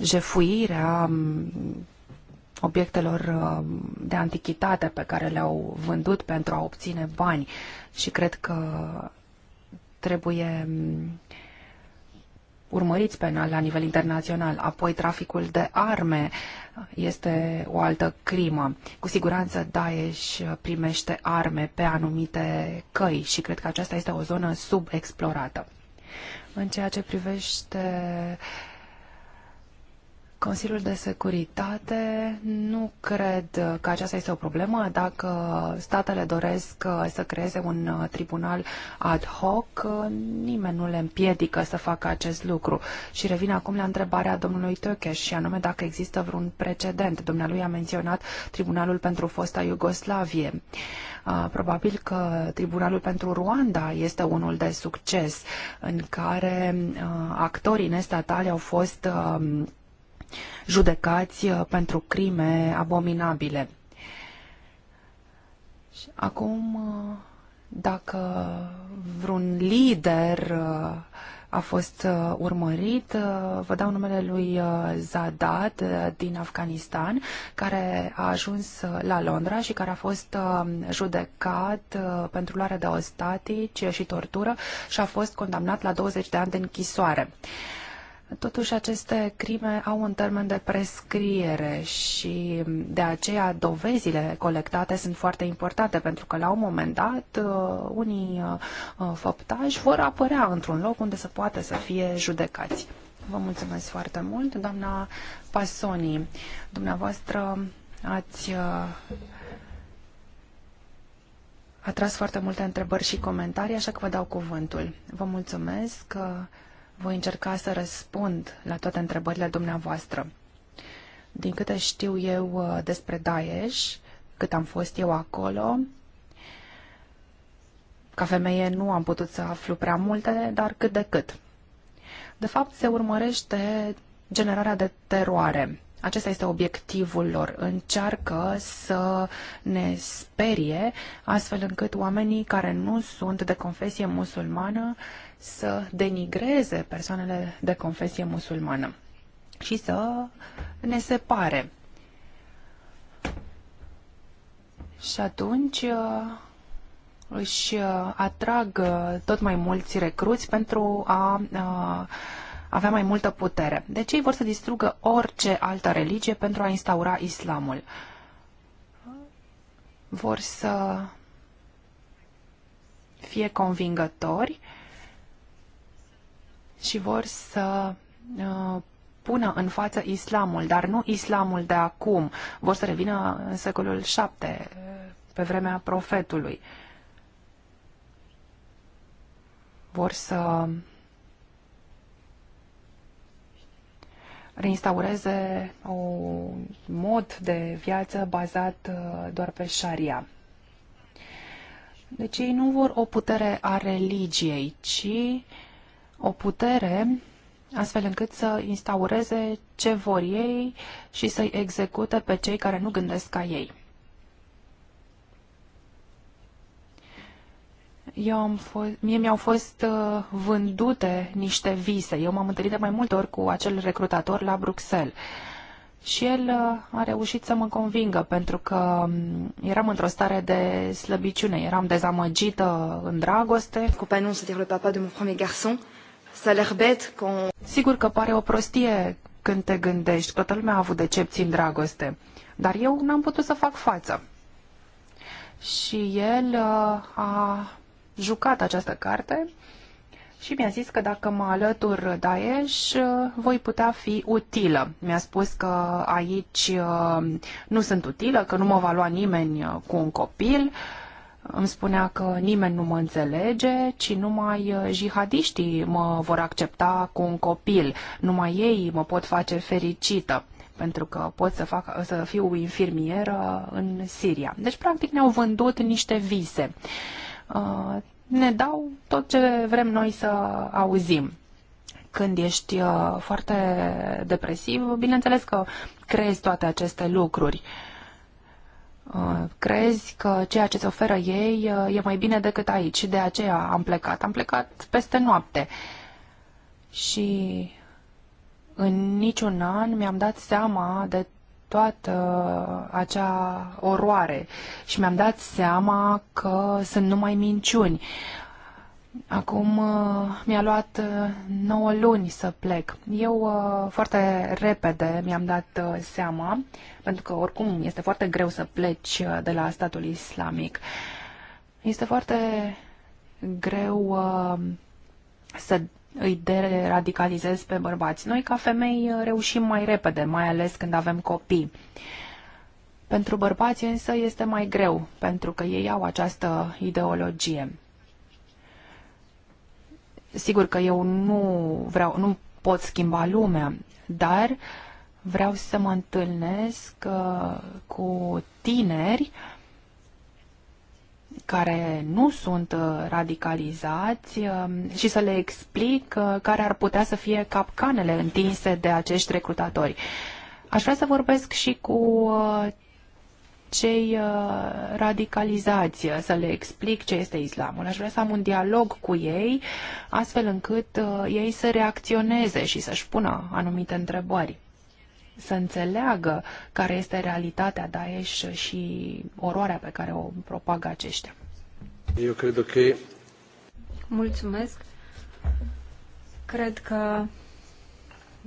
jefuirea um, obiectelor um, de antichitate pe care le-au vândut pentru a obține bani și cred că trebuie urmăriți penal la nivel internațional. Apoi traficul de arme este o altă crimă. Cu siguranță Daesh primește arme pe anumite căi și cred că aceasta este o zonă subexplorată. În ceea ce privește uh, Consiliul de Securitate nu cred că aceasta este o problemă dacă statele doresc uh, să creeze un uh, tribunal ad hoc, uh, nimeni nu le împiedică să facă acest lucru. Și revin acum la întrebarea domnului Tökeș și anume dacă există vreun precedent. Dumnealui a menționat Tribunalul pentru fosta Iugoslavie. Probabil că Tribunalul pentru Ruanda este unul de succes în care actorii nestatali au fost judecați uh, pentru crime abominabile. Și acum, uh, dacă vreun lider uh, a fost urmărit. Vă dau numele lui Zadat din Afganistan, care a ajuns la Londra și care a fost judecat pentru luarea de ostatici și tortură și a fost condamnat la 20 de ani de închisoare. Totuși, aceste crime au un termen de prescriere și de aceea dovezile colectate sunt foarte importante, pentru că la un moment dat uh, unii uh, uh, făptași vor apărea într-un loc unde să poate să fie judecați. Vă mulțumesc foarte mult, doamna Pasoni. Dumneavoastră ați atras foarte multe întrebări și comentarii, așa că vă dau cuvântul. Vă mulțumesc. Că voi încerca să răspund la toate întrebările dumneavoastră. Din câte știu eu uh, despre Daesh, cât am fost eu acolo, ca femeie nu am putut să aflu prea multe, dar cât de cât. De fapt, se urmărește generarea de teroare. Acesta este obiectivul lor. Încearcă să ne sperie astfel încât oamenii care nu sunt de confesie musulmană să denigreze persoanele de confesie musulmană și să ne separe. Și atunci uh, își uh, atrag uh, tot mai mulți recruți pentru a avea mai multă putere. Deci ei vor să distrugă orice altă religie pentru a instaura islamul. Vor să fie convingători și vor să uh, pună în față islamul, dar nu islamul de acum. Vor să revină în secolul 7, uh, pe vremea profetului. Vor să reinstaureze un mod de viață bazat uh, doar pe șaria. Deci ei nu vor o putere a religiei, ci o putere astfel încât să instaureze ce vor ei și să-i execute pe cei care nu gândesc ca ei. Eu am fost, mie mi-au fost uh, vândute niște vise. Eu m-am întâlnit de mai multe ori cu acel recrutator la Bruxelles. Și el uh, a reușit să mă convingă, pentru că um, eram într-o stare de slăbiciune, eram dezamăgită în dragoste. Compagnon, c'était le papa de mon premier garçon. Sigur că pare o prostie când te gândești. Toată lumea a avut decepții în dragoste. Dar eu n-am putut să fac față. Și el uh, a jucat această carte și mi-a zis că dacă mă alătur Daesh, uh, voi putea fi utilă. Mi-a spus că aici uh, nu sunt utilă, că nu mă va lua nimeni cu un copil îmi spunea că nimeni nu mă înțelege, ci numai uh, jihadiștii mă vor accepta cu un copil. Numai ei mă pot face fericită pentru că pot să, fac, să fiu infirmieră în Siria. Deci, practic, ne-au vândut niște vise. Uh, ne dau tot ce vrem noi să auzim când ești uh, foarte depresiv, bineînțeles că crezi toate aceste lucruri. Uh, crezi că ceea ce se oferă ei uh, e mai bine decât aici și de aceea am plecat. Am plecat peste noapte și în niciun an mi-am dat seama de toată acea oroare și mi-am dat seama că sunt numai minciuni. Acum uh, mi-a luat 9 uh, luni să plec. Eu uh, foarte repede mi-am dat seama, pentru că oricum este foarte greu să pleci de la statul islamic. Este foarte greu să îi deradicalizezi pe bărbați. Noi, ca femei, reușim mai repede, mai ales când avem copii. Pentru bărbați însă este mai greu, pentru că ei au această ideologie. Sigur că eu nu vreau, nu pot schimba lumea, dar vreau să mă întâlnesc uh, cu tineri care nu sunt uh, radicalizați uh, și să le explic care ar putea să fie capcanele întinse de acești recrutatori. Aș vrea să vorbesc și cu cei uh, radicalizați, uh, să le explic ce este islamul. Aș vrea să am un dialog cu ei, astfel încât uh, ei să reacționeze și să-și pună anumite întrebări să înțeleagă care este realitatea Daesh și oroarea pe care o propagă aceștia. Eu cred că... Okay. Mulțumesc. Cred că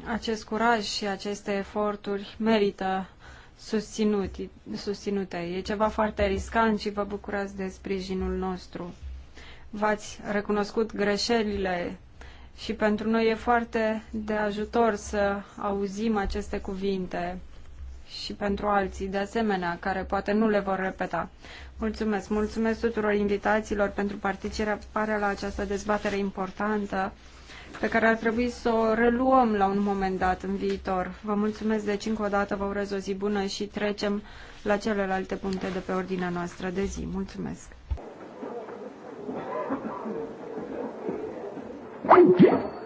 acest curaj și aceste eforturi merită susținut, susținute. E ceva foarte riscant și vă bucurați de sprijinul nostru. V-ați recunoscut greșelile și pentru noi e foarte de ajutor să auzim aceste cuvinte și pentru alții de asemenea, care poate nu le vor repeta. Mulțumesc! Mulțumesc tuturor invitațiilor pentru participarea la această dezbatere importantă pe care ar trebui să o reluăm la un moment dat în viitor. Vă mulțumesc deci încă o dată, vă urez o zi bună și trecem la celelalte puncte de pe ordinea noastră de zi. Mulțumesc! Thank you.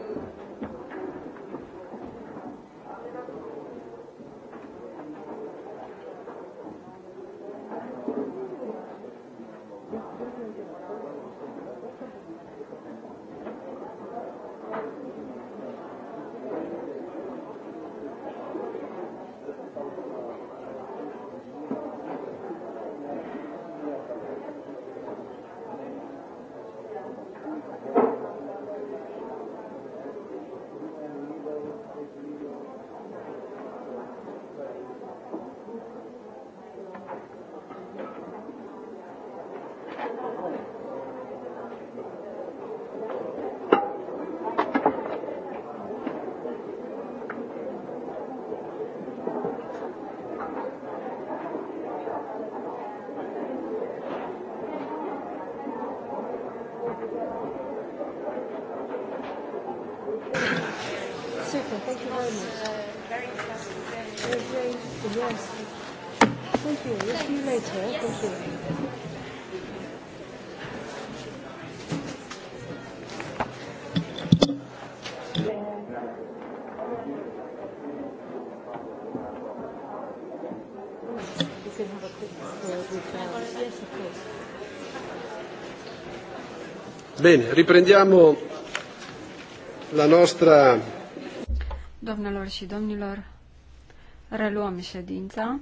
Bine, riprendiamo la nostra... Domnilor și domnilor, reluăm ședința.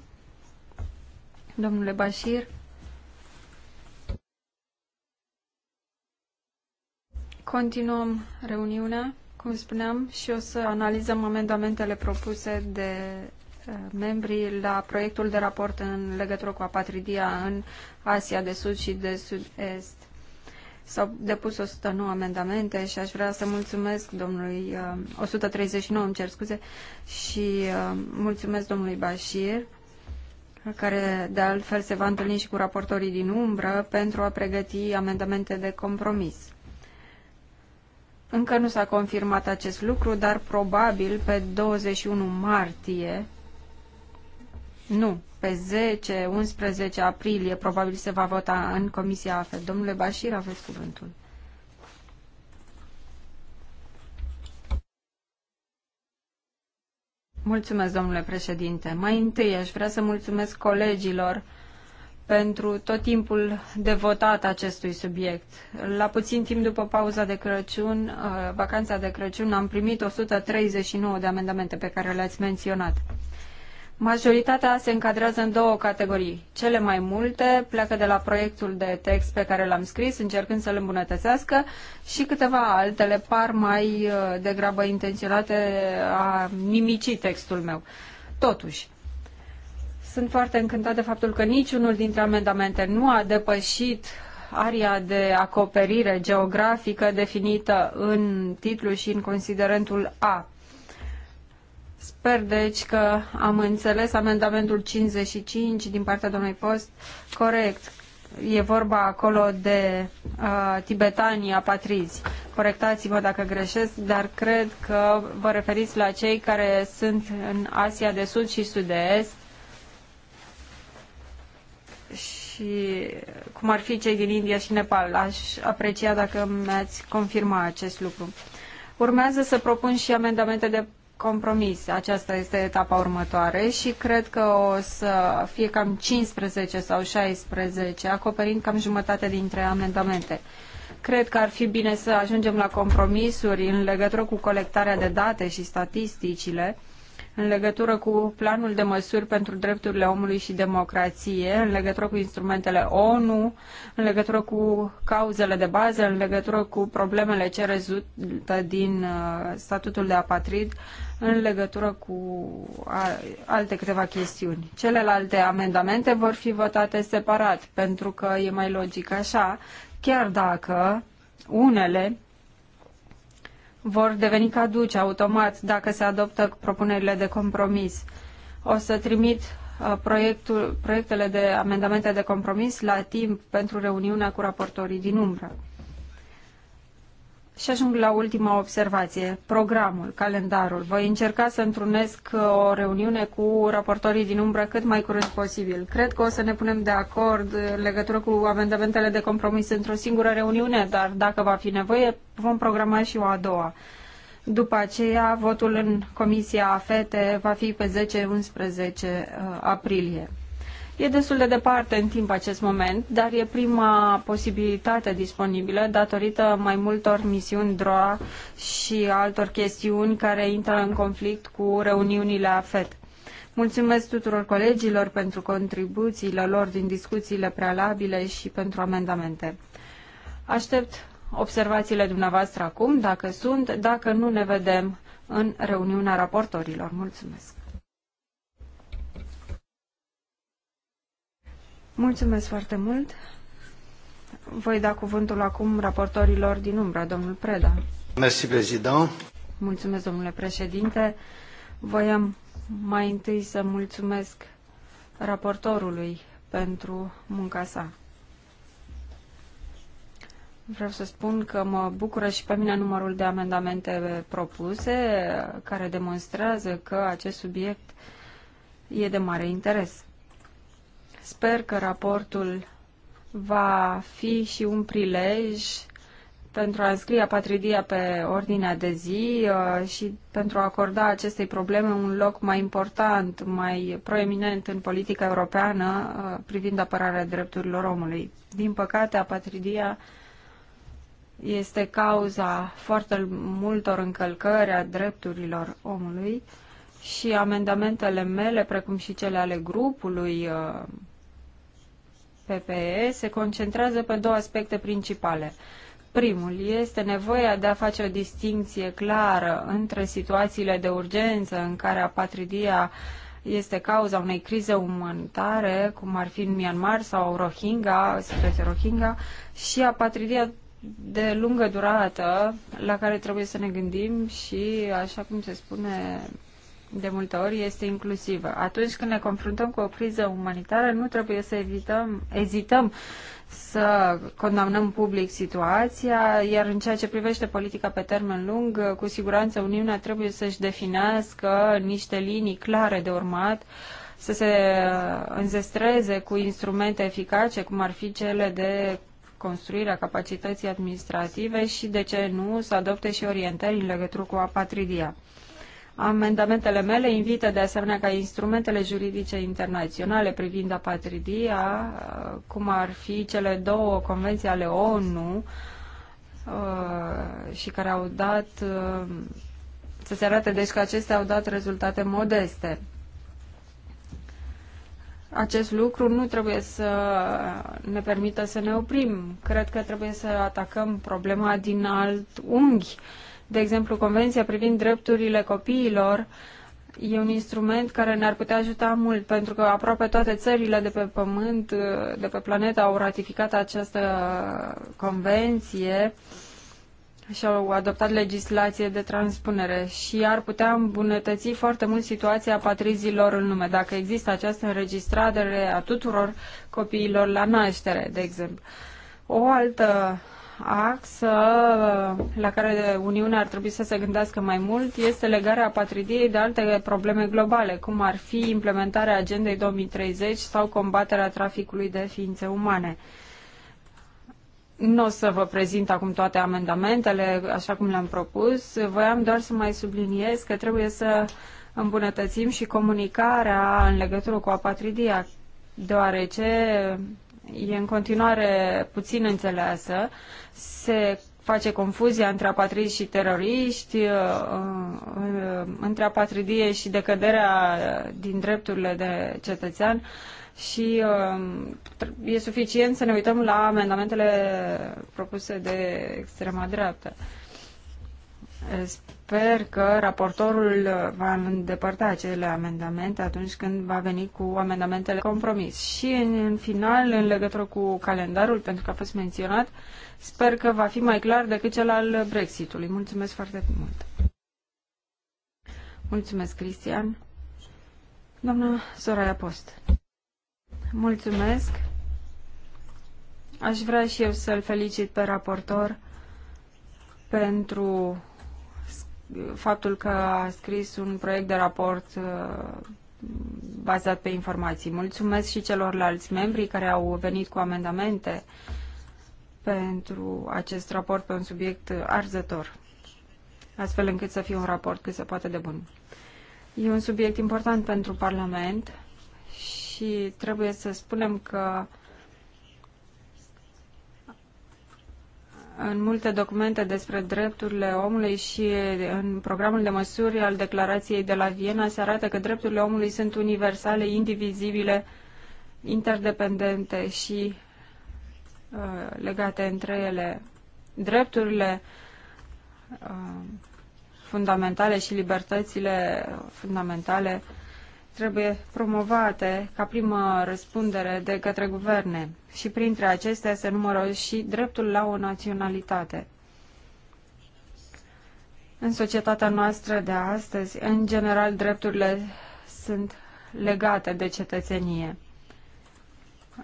Domnule Bashir, continuăm reuniunea, cum spuneam, și o să analizăm amendamentele propuse de eh, membrii la proiectul de raport în legătură cu apatridia în Asia de Sud și de Sud-Est. S-au depus 109 amendamente și aș vrea să mulțumesc domnului, 139 uh, îmi cer scuze, și uh, mulțumesc domnului Bashir, care de altfel se va întâlni și cu raportorii din umbră pentru a pregăti amendamente de compromis. Încă nu s-a confirmat acest lucru, dar probabil pe 21 martie nu, pe 10-11 aprilie probabil se va vota în Comisia AFE. Domnule Bașir, aveți cuvântul. Mulțumesc, domnule președinte. Mai întâi aș vrea să mulțumesc colegilor pentru tot timpul de votat acestui subiect. La puțin timp după pauza de Crăciun, uh, vacanța de Crăciun, am primit 139 de amendamente pe care le-ați menționat. Majoritatea se încadrează în două categorii. Cele mai multe pleacă de la proiectul de text pe care l-am scris, încercând să-l îmbunătățească, și câteva altele par mai uh, degrabă intenționate a nimici textul meu. Totuși, sunt foarte încântat de faptul că niciunul dintre amendamente nu a depășit aria de acoperire geografică definită în titlu și în considerentul A Sper deci că am înțeles amendamentul 55 din partea domnului Post corect. E vorba acolo de uh, tibetanii apatrizi. Corectați-mă dacă greșesc, dar cred că vă referiți la cei care sunt în Asia de Sud și Sud-Est și cum ar fi cei din India și Nepal. Aș aprecia dacă mi-ați confirma acest lucru. Urmează să propun și amendamente de compromis. Aceasta este etapa următoare și cred că o să fie cam 15 sau 16, acoperind cam jumătate dintre amendamente. Cred că ar fi bine să ajungem la compromisuri în legătură cu colectarea de date și statisticile, uh, în legătură cu planul de măsuri pentru drepturile omului și democrație, în legătură cu instrumentele ONU, în legătură cu cauzele de bază, în legătură cu problemele ce rezultă din uh, statutul de apatrid, în legătură cu alte câteva chestiuni. Celelalte amendamente vor fi votate separat, pentru că e mai logic așa, chiar dacă unele vor deveni caduci automat dacă se adoptă propunerile de compromis. O să trimit uh, proiectul, proiectele de amendamente de compromis la timp pentru reuniunea cu raportorii din umbră. Și ajung la ultima observație, programul, calendarul. Voi încerca să întrunesc uh, o reuniune cu raportorii din umbră cât mai curând posibil. Cred că o să ne punem de acord uh, în legătură cu amendamentele de compromis într-o singură reuniune, dar dacă va fi nevoie, vom programa și o a doua. După aceea, votul în Comisia Fete va fi pe 10-11 uh, aprilie. E destul de departe în timp acest moment, dar e prima posibilitate disponibilă datorită mai multor misiuni DROA și altor chestiuni care intră în conflict cu reuniunile AFET. Mulțumesc tuturor colegilor pentru contribuțiile lor din discuțiile prealabile și pentru amendamente. Aștept observațiile dumneavoastră acum, dacă sunt, dacă nu ne vedem în reuniunea raportorilor. Mulțumesc! Mulțumesc foarte mult. Voi da cuvântul acum raportorilor din umbra, domnul Preda. Mersi, prezident. Mulțumesc, domnule președinte. Voiam mai întâi să mulțumesc raportorului pentru munca sa. Vreau să spun că mă bucură și pe mine numărul de amendamente propuse, care demonstrează că acest subiect e de mare interes. Sper că raportul va fi și un prilej pentru a înscrie apatridia pe ordinea de zi uh, și pentru a acorda acestei probleme un loc mai important, mai proeminent în politica europeană uh, privind apărarea drepturilor omului. Din păcate, apatridia este cauza foarte multor încălcări a drepturilor omului și amendamentele mele, precum și cele ale grupului uh, PPE se concentrează pe două aspecte principale. Primul este nevoia de a face o distinție clară între situațiile de urgență în care apatridia este cauza unei crize umanitare, cum ar fi în Myanmar sau Rohingya, situația Rohingya, și apatridia de lungă durată la care trebuie să ne gândim și, așa cum se spune de multe ori este inclusivă. Atunci când ne confruntăm cu o criză umanitară, nu trebuie să evităm, ezităm să condamnăm public situația, iar în ceea ce privește politica pe termen lung, cu siguranță Uniunea trebuie să-și definească niște linii clare de urmat, să se înzestreze cu instrumente eficace, cum ar fi cele de construirea capacității administrative și, de ce nu, să adopte și orientări în legătură cu apatridia. Amendamentele mele invită de asemenea ca instrumentele juridice internaționale privind apatridia, cum ar fi cele două convenții ale ONU uh, și care au dat, uh, să se arate deci că acestea au dat rezultate modeste. Acest lucru nu trebuie să ne permită să ne oprim. Cred că trebuie să atacăm problema din alt unghi de exemplu, Convenția privind drepturile copiilor e un instrument care ne-ar putea ajuta mult, pentru că aproape toate țările de pe pământ, de pe planetă, au ratificat această convenție și au adoptat legislație de transpunere și ar putea îmbunătăți foarte mult situația patrizilor în lume, dacă există această înregistrare a tuturor copiilor la naștere, de exemplu. O altă axă la care Uniunea ar trebui să se gândească mai mult este legarea apatridiei de alte probleme globale, cum ar fi implementarea Agendei 2030 sau combaterea traficului de ființe umane. Nu o să vă prezint acum toate amendamentele, așa cum le-am propus. Voiam doar să mai subliniez că trebuie să îmbunătățim și comunicarea în legătură cu apatridia, deoarece e în continuare puțin înțeleasă. Se face confuzia între apatrizi și teroriști, uh, uh, între apatridie și decăderea din drepturile de cetățean și uh, e suficient să ne uităm la amendamentele propuse de extrema dreaptă. Sper că raportorul va îndepărta acele amendamente atunci când va veni cu amendamentele compromis. Și în final, în legătură cu calendarul, pentru că a fost menționat, sper că va fi mai clar decât cel al Brexitului. Mulțumesc foarte mult! Mulțumesc, Cristian! Doamna Soraya Post. Mulțumesc. Aș vrea și eu să-l felicit pe raportor pentru faptul că a scris un proiect de raport uh, bazat pe informații. Mulțumesc și celorlalți membri care au venit cu amendamente pentru acest raport pe un subiect arzător, astfel încât să fie un raport cât se poate de bun. E un subiect important pentru Parlament și trebuie să spunem că în multe documente despre drepturile omului și în programul de măsuri al declarației de la Viena se arată că drepturile omului sunt universale, indivizibile, interdependente și uh, legate între ele. Drepturile uh, fundamentale și libertățile fundamentale trebuie promovate ca primă răspundere de către guverne și printre acestea se numără și dreptul la o naționalitate. În societatea noastră de astăzi, în general, drepturile sunt legate de cetățenie.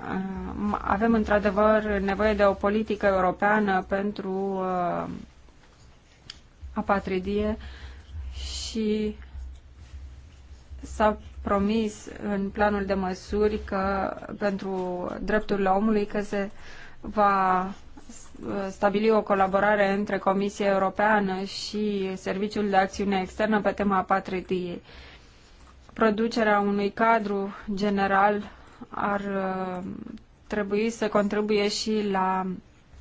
Uh, avem într-adevăr nevoie de o politică europeană pentru uh, apatridie și s-a promis în planul de măsuri că pentru drepturile omului că se va uh, stabili o colaborare între Comisia Europeană și Serviciul de Acțiune Externă pe tema patridiei. Producerea unui cadru general ar uh, trebui să contribuie și la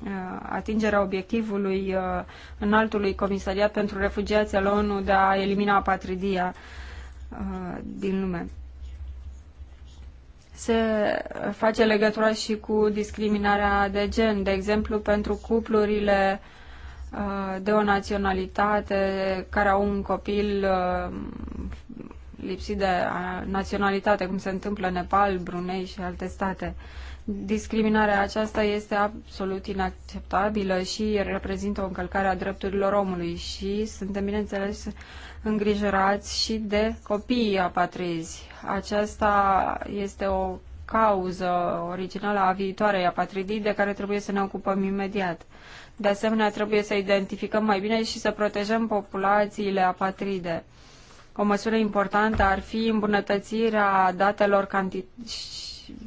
uh, atingerea obiectivului înaltului comisariat pentru Refugiații al ONU de a elimina apatridia Uh, din lume. Se face legătura și cu discriminarea de gen, de exemplu pentru cuplurile uh, de o naționalitate care au un copil uh, lipsit de naționalitate, cum se întâmplă în Nepal, Brunei și alte state. Discriminarea aceasta este absolut inacceptabilă și reprezintă o încălcare a drepturilor omului și suntem, bineînțeles, îngrijorați și de copiii apatrizi. Aceasta este o cauză originală a viitoarei apatridii de care trebuie să ne ocupăm imediat. De asemenea, trebuie să identificăm mai bine și să protejăm populațiile apatride. O măsură importantă ar fi îmbunătățirea datelor canti-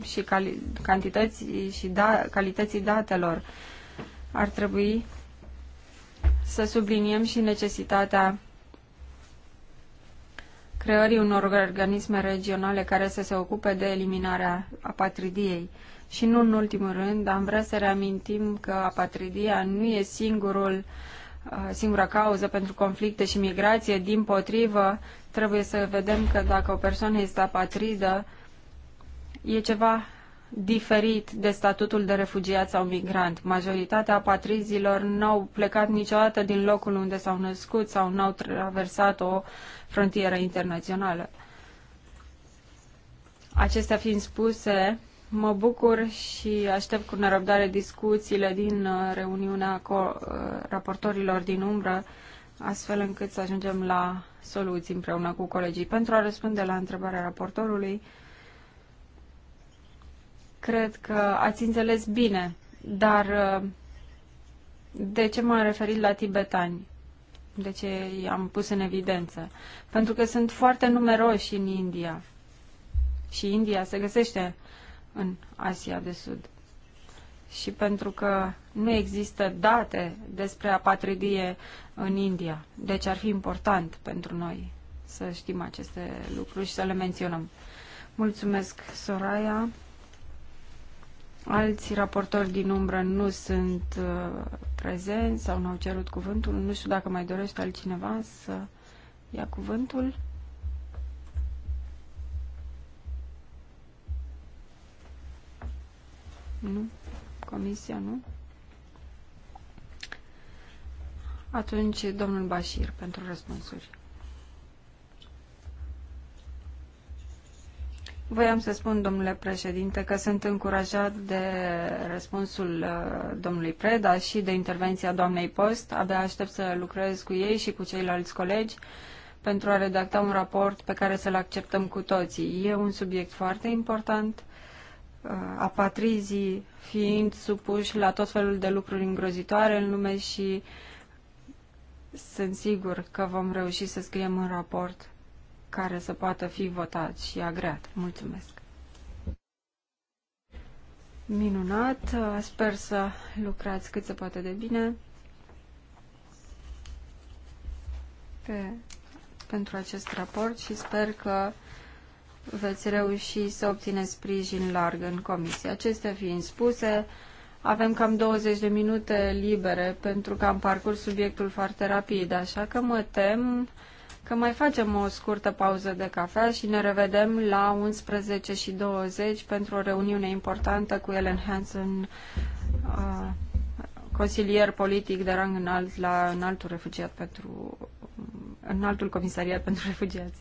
și cali- cantității și da- calității datelor. Ar trebui să subliniem și necesitatea creării unor organisme regionale care să se ocupe de eliminarea apatridiei. Și nu în ultimul rând, am vrea să reamintim că apatridia nu e singurul, uh, singura cauză pentru conflicte și migrație. Din potrivă, trebuie să vedem că dacă o persoană este apatridă, e ceva diferit de statutul de refugiat sau migrant. Majoritatea apatrizilor n-au plecat niciodată din locul unde s-au născut sau n-au traversat o uh, frontieră internațională. Acestea fiind spuse, mă bucur și aștept cu nerăbdare discuțiile din uh, reuniunea uh, raportorilor din umbră, astfel încât să ajungem la soluții împreună cu colegii. Pentru a răspunde la întrebarea raportorului, cred că ați înțeles bine, dar uh, de ce m-am referit la tibetani? de ce i-am pus în evidență. Pentru că sunt foarte numeroși în India. Și India se găsește în Asia de Sud. Și pentru că nu există date despre apatridie în India. Deci ar fi important pentru noi să știm aceste lucruri și să le menționăm. Mulțumesc, Soraya. Alți raportori din umbră nu sunt uh, prezenți sau nu au cerut cuvântul. Nu știu dacă mai dorește altcineva să ia cuvântul. Nu? Comisia, nu? Atunci, domnul Bașir, pentru răspunsuri. Voiam să spun, domnule președinte, că sunt încurajat de răspunsul uh, domnului Preda și de intervenția doamnei Post. Abia aștept să lucrez cu ei și cu ceilalți colegi pentru a redacta un raport pe care să-l acceptăm cu toții. E un subiect foarte important, uh, apatrizii fiind supuși la tot felul de lucruri îngrozitoare în lume și sunt sigur că vom reuși să scriem un raport care să poată fi votat și agreat. Mulțumesc! Minunat! Sper să lucrați cât se poate de bine pe, pentru acest raport și sper că veți reuși să obțineți sprijin larg în comisie. Acestea fiind spuse, avem cam 20 de minute libere pentru că am parcurs subiectul foarte rapid, așa că mă tem că mai facem o scurtă pauză de cafea și ne revedem la 11 și 20 pentru o reuniune importantă cu Ellen Hansen, uh, consilier politic de rang înalt la înaltul refugiat pentru înaltul comisariat pentru refugiați.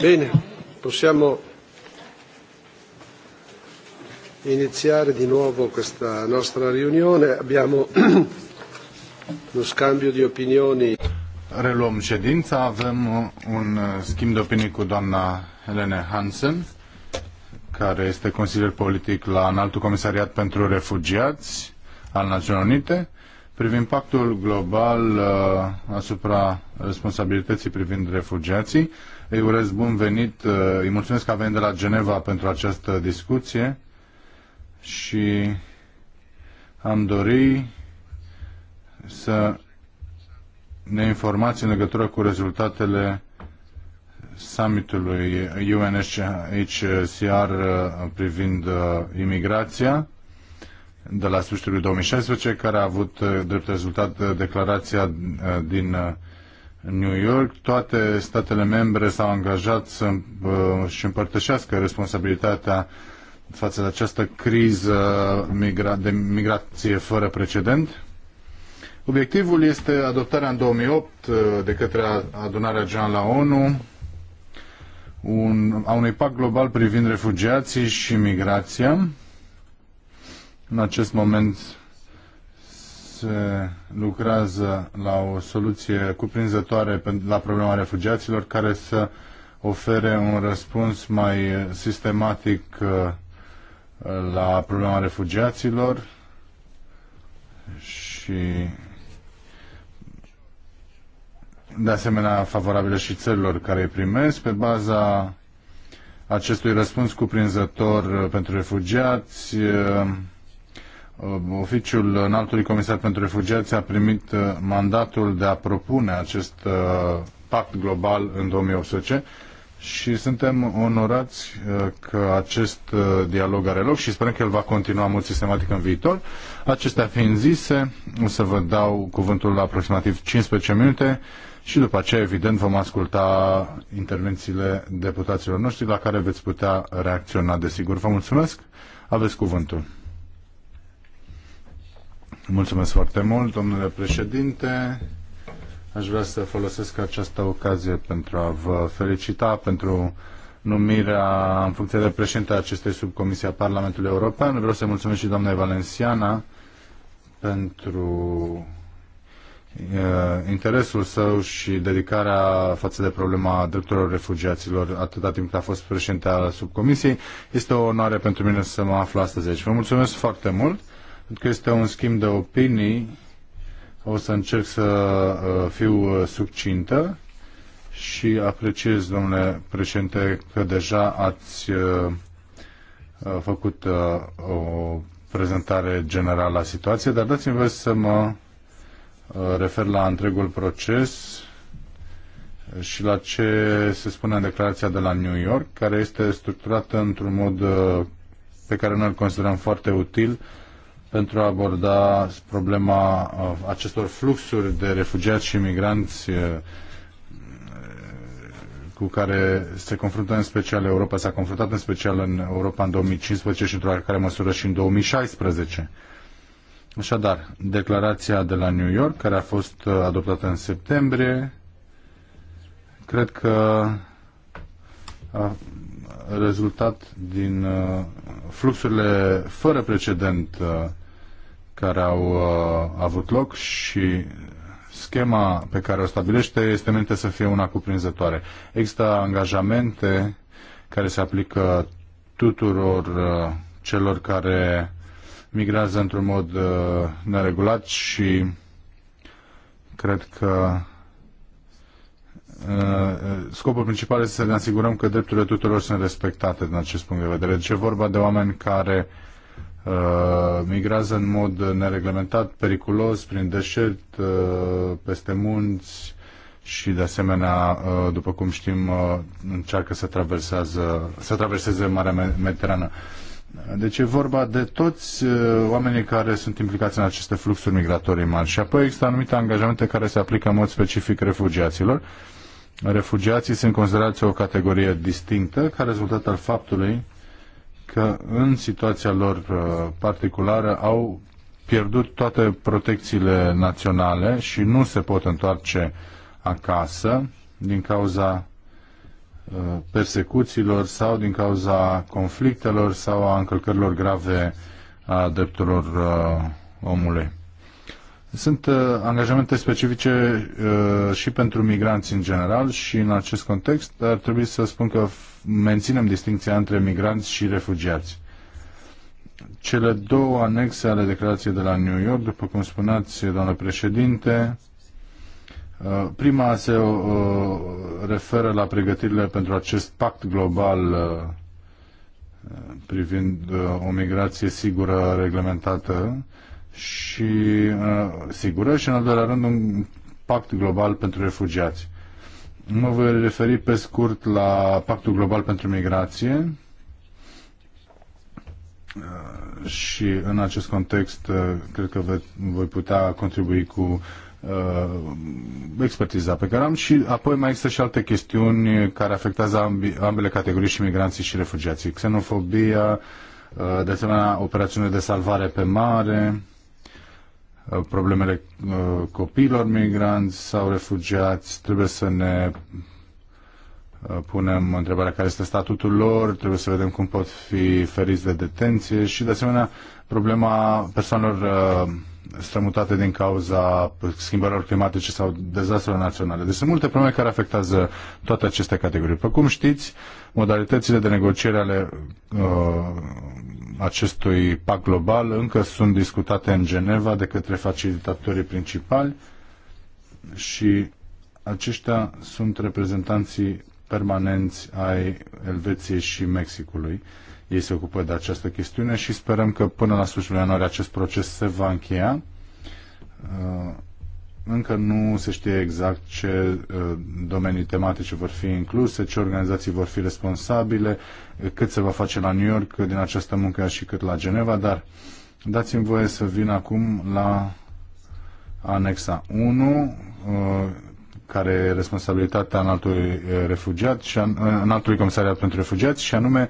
Bene, possiamo iniziare di nuovo questa nostra riunione. Abbiamo [clears throat] uno scambio di opinioni. Reluăm ședința, avem un schimb de opinii cu doamna Helene Hansen, care este consilier politic la Înaltul Comisariat pentru Refugiați al Națiunilor Unite, privind pactul global uh, asupra responsabilității privind refugiații îi urez bun venit, uh, îi mulțumesc că a venit de la Geneva pentru această discuție și am dori să ne informați în legătură cu rezultatele summitului UNHCR uh, privind uh, imigrația de la sfârșitul 2016, care a avut drept rezultat declarația din în New York, toate statele membre s-au angajat să își uh, împărtășească responsabilitatea față de această criză de migrație fără precedent. Obiectivul este adoptarea în 2008 uh, de către adunarea generală la ONU un, a unui pact global privind refugiații și migrația. În acest moment se lucrează la o soluție cuprinzătoare la problema refugiaților care să ofere un răspuns mai sistematic uh, la problema refugiaților și de asemenea favorabilă și țărilor care îi primesc pe baza acestui răspuns cuprinzător uh, pentru refugiați uh, Um, Oficiul Înaltului Comisar pentru Refugiați a primit uh, mandatul de a propune acest uh, pact global în 2018 și suntem onorați uh, că acest dialog are loc și sperăm că el va continua mult sistematic în viitor. Acestea fiind zise, o să vă dau cuvântul la aproximativ 15 minute și după aceea, evident, vom asculta intervențiile deputaților noștri la care veți putea reacționa, desigur. Vă mulțumesc, aveți cuvântul. Mulțumesc foarte mult, domnule președinte. Aș vrea să folosesc această ocazie pentru a vă felicita pentru numirea în funcție de președinte a acestei subcomisii a Parlamentului European. Vreau să mulțumesc și doamnei Valenciana pentru uh, interesul său și dedicarea față de problema drepturilor refugiaților atâta timp cât a fost președinte al subcomisiei. Este o onoare pentru mine să mă aflu astăzi aici. Vă mulțumesc foarte mult pentru că este un schimb de opinii, o să încerc să uh, fiu uh, succintă și apreciez, domnule președinte, că deja ați uh, făcut o prezentare generală a situației, dar dați-mi vă să mă refer la întregul proces și la ce se spune în declarația de la New York, care este structurată într-un mod pe care noi îl considerăm foarte util pentru a aborda problema uh, acestor fluxuri de refugiați și migranți uh, cu care se confruntă în special Europa, s-a confruntat în special în Europa în 2015 și într-o care măsură și în 2016. Așadar, declarația de la New York, care a fost uh, adoptată în septembrie, cred că a rezultat din fluxurile fără precedent care au uh, avut loc și schema pe care o stabilește este menită să fie una cuprinzătoare. Există angajamente care se aplică tuturor uh, celor care migrează într-un mod uh, neregulat și cred că uh, scopul principal este să ne asigurăm că drepturile tuturor sunt respectate din acest punct de vedere. Deci e vorba de oameni care uh, Uh, migrează în mod nereglementat, periculos, prin deșert, uh, peste munți și de asemenea, uh, după cum știm, încearcă să, traversează, să traverseze Marea Mediterană. Deci e vorba de toți oamenii care sunt implicați în aceste fluxuri migratorii mari și apoi există anumite angajamente care se aplică în mod specific refugiaților. Refugiații sunt considerați o categorie distinctă ca rezultat al faptului că în situația lor uh, particulară au pierdut toate protecțiile naționale și nu se pot întoarce acasă din cauza uh, persecuțiilor sau din cauza conflictelor sau a încălcărilor grave a drepturilor uh, omului. Sunt angajamente specifice și pentru migranți în general și în acest context ar trebui să spun că menținem distinția între migranți și refugiați. Cele două anexe ale declarației de la New York, după cum spuneați, doamnă președinte, uh, prima se uh, referă la pregătirile pentru acest pact global uh, privind o migrație sigură reglementată și sigură și, în al doilea rând, un pact global pentru refugiați. Mă voi referi pe scurt la Pactul Global pentru Migrație uh, și în acest context uh, cred că voi putea contribui cu uh, expertiza pe care am și apoi mai există și alte chestiuni care afectează ambele categorii și migranții și refugiații. Xenofobia, de asemenea operațiune de salvare pe mare, Uh, problemele uh, copiilor migranți sau refugiați, trebuie să ne uh, punem întrebarea care este statutul lor, trebuie să vedem cum pot fi feriți de detenție și, de asemenea, problema persoanelor strămutate din cauza schimbărilor climatice sau dezastrelor naționale. Deci sunt multe probleme care afectează toate aceste categorii. Pe cum știți, modalitățile de negociere ale uh, acestui pact global încă sunt discutate în Geneva de către facilitatorii principali și aceștia sunt reprezentanții permanenți ai Elveției și Mexicului. Uh, ei se ocupă de această chestiune și sperăm că până la sfârșitul ianuarie acest proces se va încheia. Uh, încă nu se știe exact ce uh, domenii tematice vor fi incluse, ce organizații vor fi responsabile, cât se va face la New York din această muncă și cât la Geneva, dar dați-mi voie să vin acum la anexa 1, uh, care e responsabilitatea înaltului refugiat și înaltului comisariat pentru refugiați și anume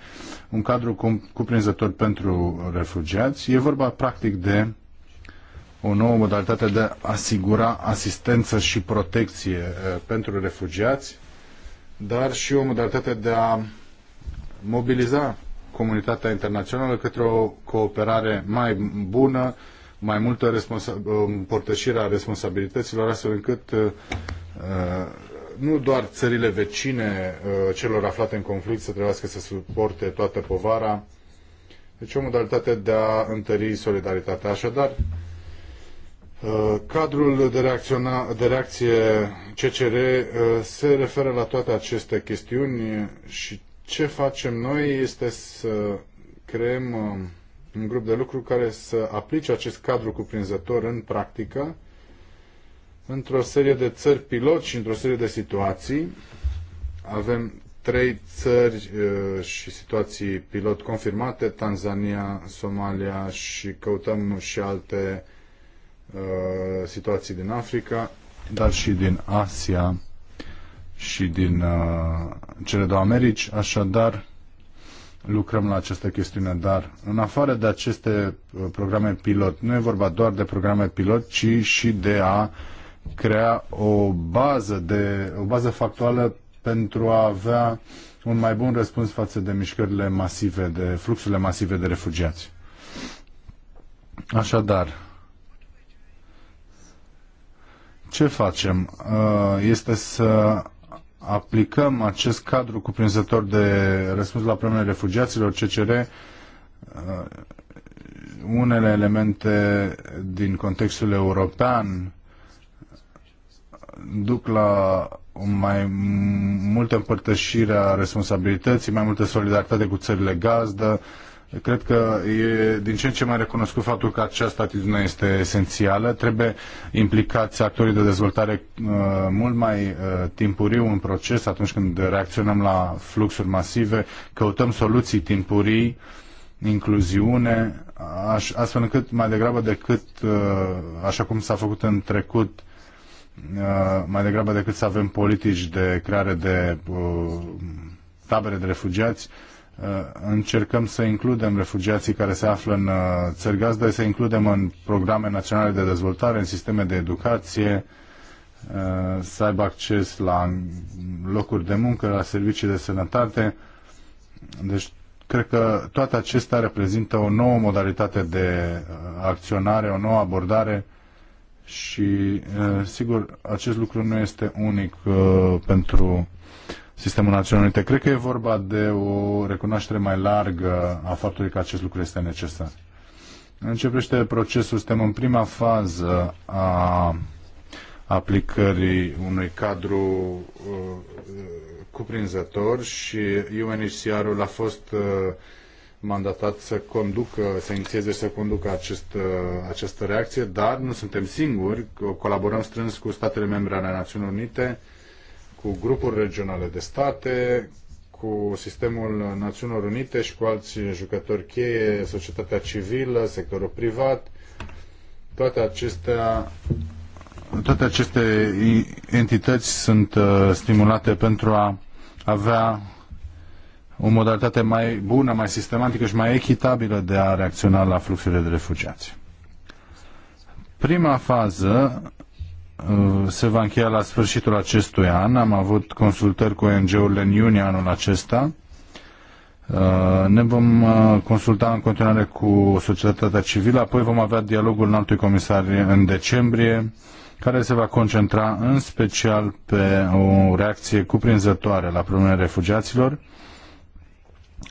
un cadru cuprinzător pentru refugiați. E vorba practic de o nouă modalitate de a asigura asistență și protecție pentru refugiați, dar și o modalitate de a mobiliza comunitatea internațională către o cooperare mai bună, mai multă responsa- împărtășire a responsabilităților, astfel încât uh, nu doar țările vecine uh, celor aflate în conflict să trebuiască să suporte toată povara, deci o modalitate de a întări solidaritatea. Așadar, uh, cadrul de, reacționa, de reacție CCR uh, se referă la toate aceste chestiuni și ce facem noi este să creăm un grup de lucru care să aplice acest cadru cuprinzător în practică într-o serie de țări pilot și într-o serie de situații. Avem trei țări uh, și situații pilot confirmate, Tanzania, Somalia și căutăm și alte uh, situații din Africa, dar și din Asia și din uh, cele două Americi. Așadar, lucrăm la această chestiune, dar în afară de aceste programe pilot, nu e vorba doar de programe pilot, ci și de a uh, crea o bază, de, o bază factuală pentru a avea un mai bun răspuns față de mișcările masive, de fluxurile masive de refugiați. Așadar, ce facem? Uh, este să aplicăm acest cadru cuprinzător de răspuns la problemele refugiaților, CCR, uh, unele elemente din contextul european, duc la mai multă împărtășire a responsabilității, mai multă solidaritate cu țările gazdă. Cred că e din ce în ce mai recunoscut faptul că această atitudine este esențială. Trebuie implicați actorii de dezvoltare uh, mult mai uh, timpuriu în proces atunci când reacționăm la fluxuri masive, căutăm soluții timpurii, incluziune, astfel încât mai degrabă decât uh, așa cum s-a făcut în trecut Uh, mai degrabă decât să avem politici de creare de uh, tabere de refugiați, uh, încercăm să includem refugiații care se află în țări gazdă, să includem în programe naționale de dezvoltare, în sisteme de educație, să aibă acces la locuri de muncă, la servicii de sănătate. Deci, cred că toate acestea reprezintă o nouă modalitate de acționare, o nouă abordare și, sigur, acest lucru nu este unic pentru sistemul Națiunilor Unite. Cred că e vorba de o recunoaștere mai largă a faptului că acest lucru este necesar. Începește procesul, suntem în prima fază a aplicării unui cadru uh, cuprinzător și UNHCR-ul a fost uh, mandatat să conducă, să inițieze să conducă acest, uh, această reacție, dar nu suntem singuri, colaborăm strâns cu statele membre ale Națiunilor Unite, cu grupuri regionale de state, cu sistemul Națiunilor Unite și cu alți jucători cheie, societatea civilă, sectorul privat. Toate acestea toate aceste entități sunt uh, stimulate pentru a avea o modalitate mai bună, mai sistematică și mai echitabilă de a reacționa la fluxurile de refugiați. Prima fază uh, se va încheia la sfârșitul acestui an. Am avut consultări cu ONG-urile în iunie anul acesta. Uh, ne vom uh, consulta în continuare cu societatea civilă, apoi vom avea dialogul înaltui comisar în decembrie, care se va concentra în special pe o reacție cuprinzătoare la problemele refugiaților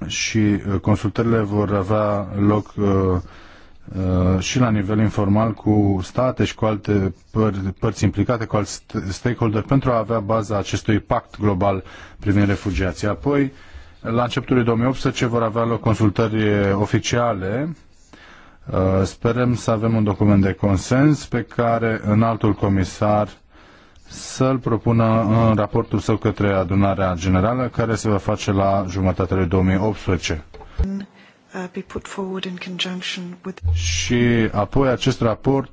și uh, consultările vor avea loc uh, uh, și la nivel informal cu state și cu alte păr- părți implicate, cu alți stakeholder, pentru a avea baza acestui pact global privind refugiații. Apoi, la începutul 2018 vor avea loc consultări oficiale. Sperăm să avem un document de consens pe care în altul comisar să-l propună în raportul său către adunarea generală, care se va face la jumătatea lui 2018. Uh, Și apoi acest raport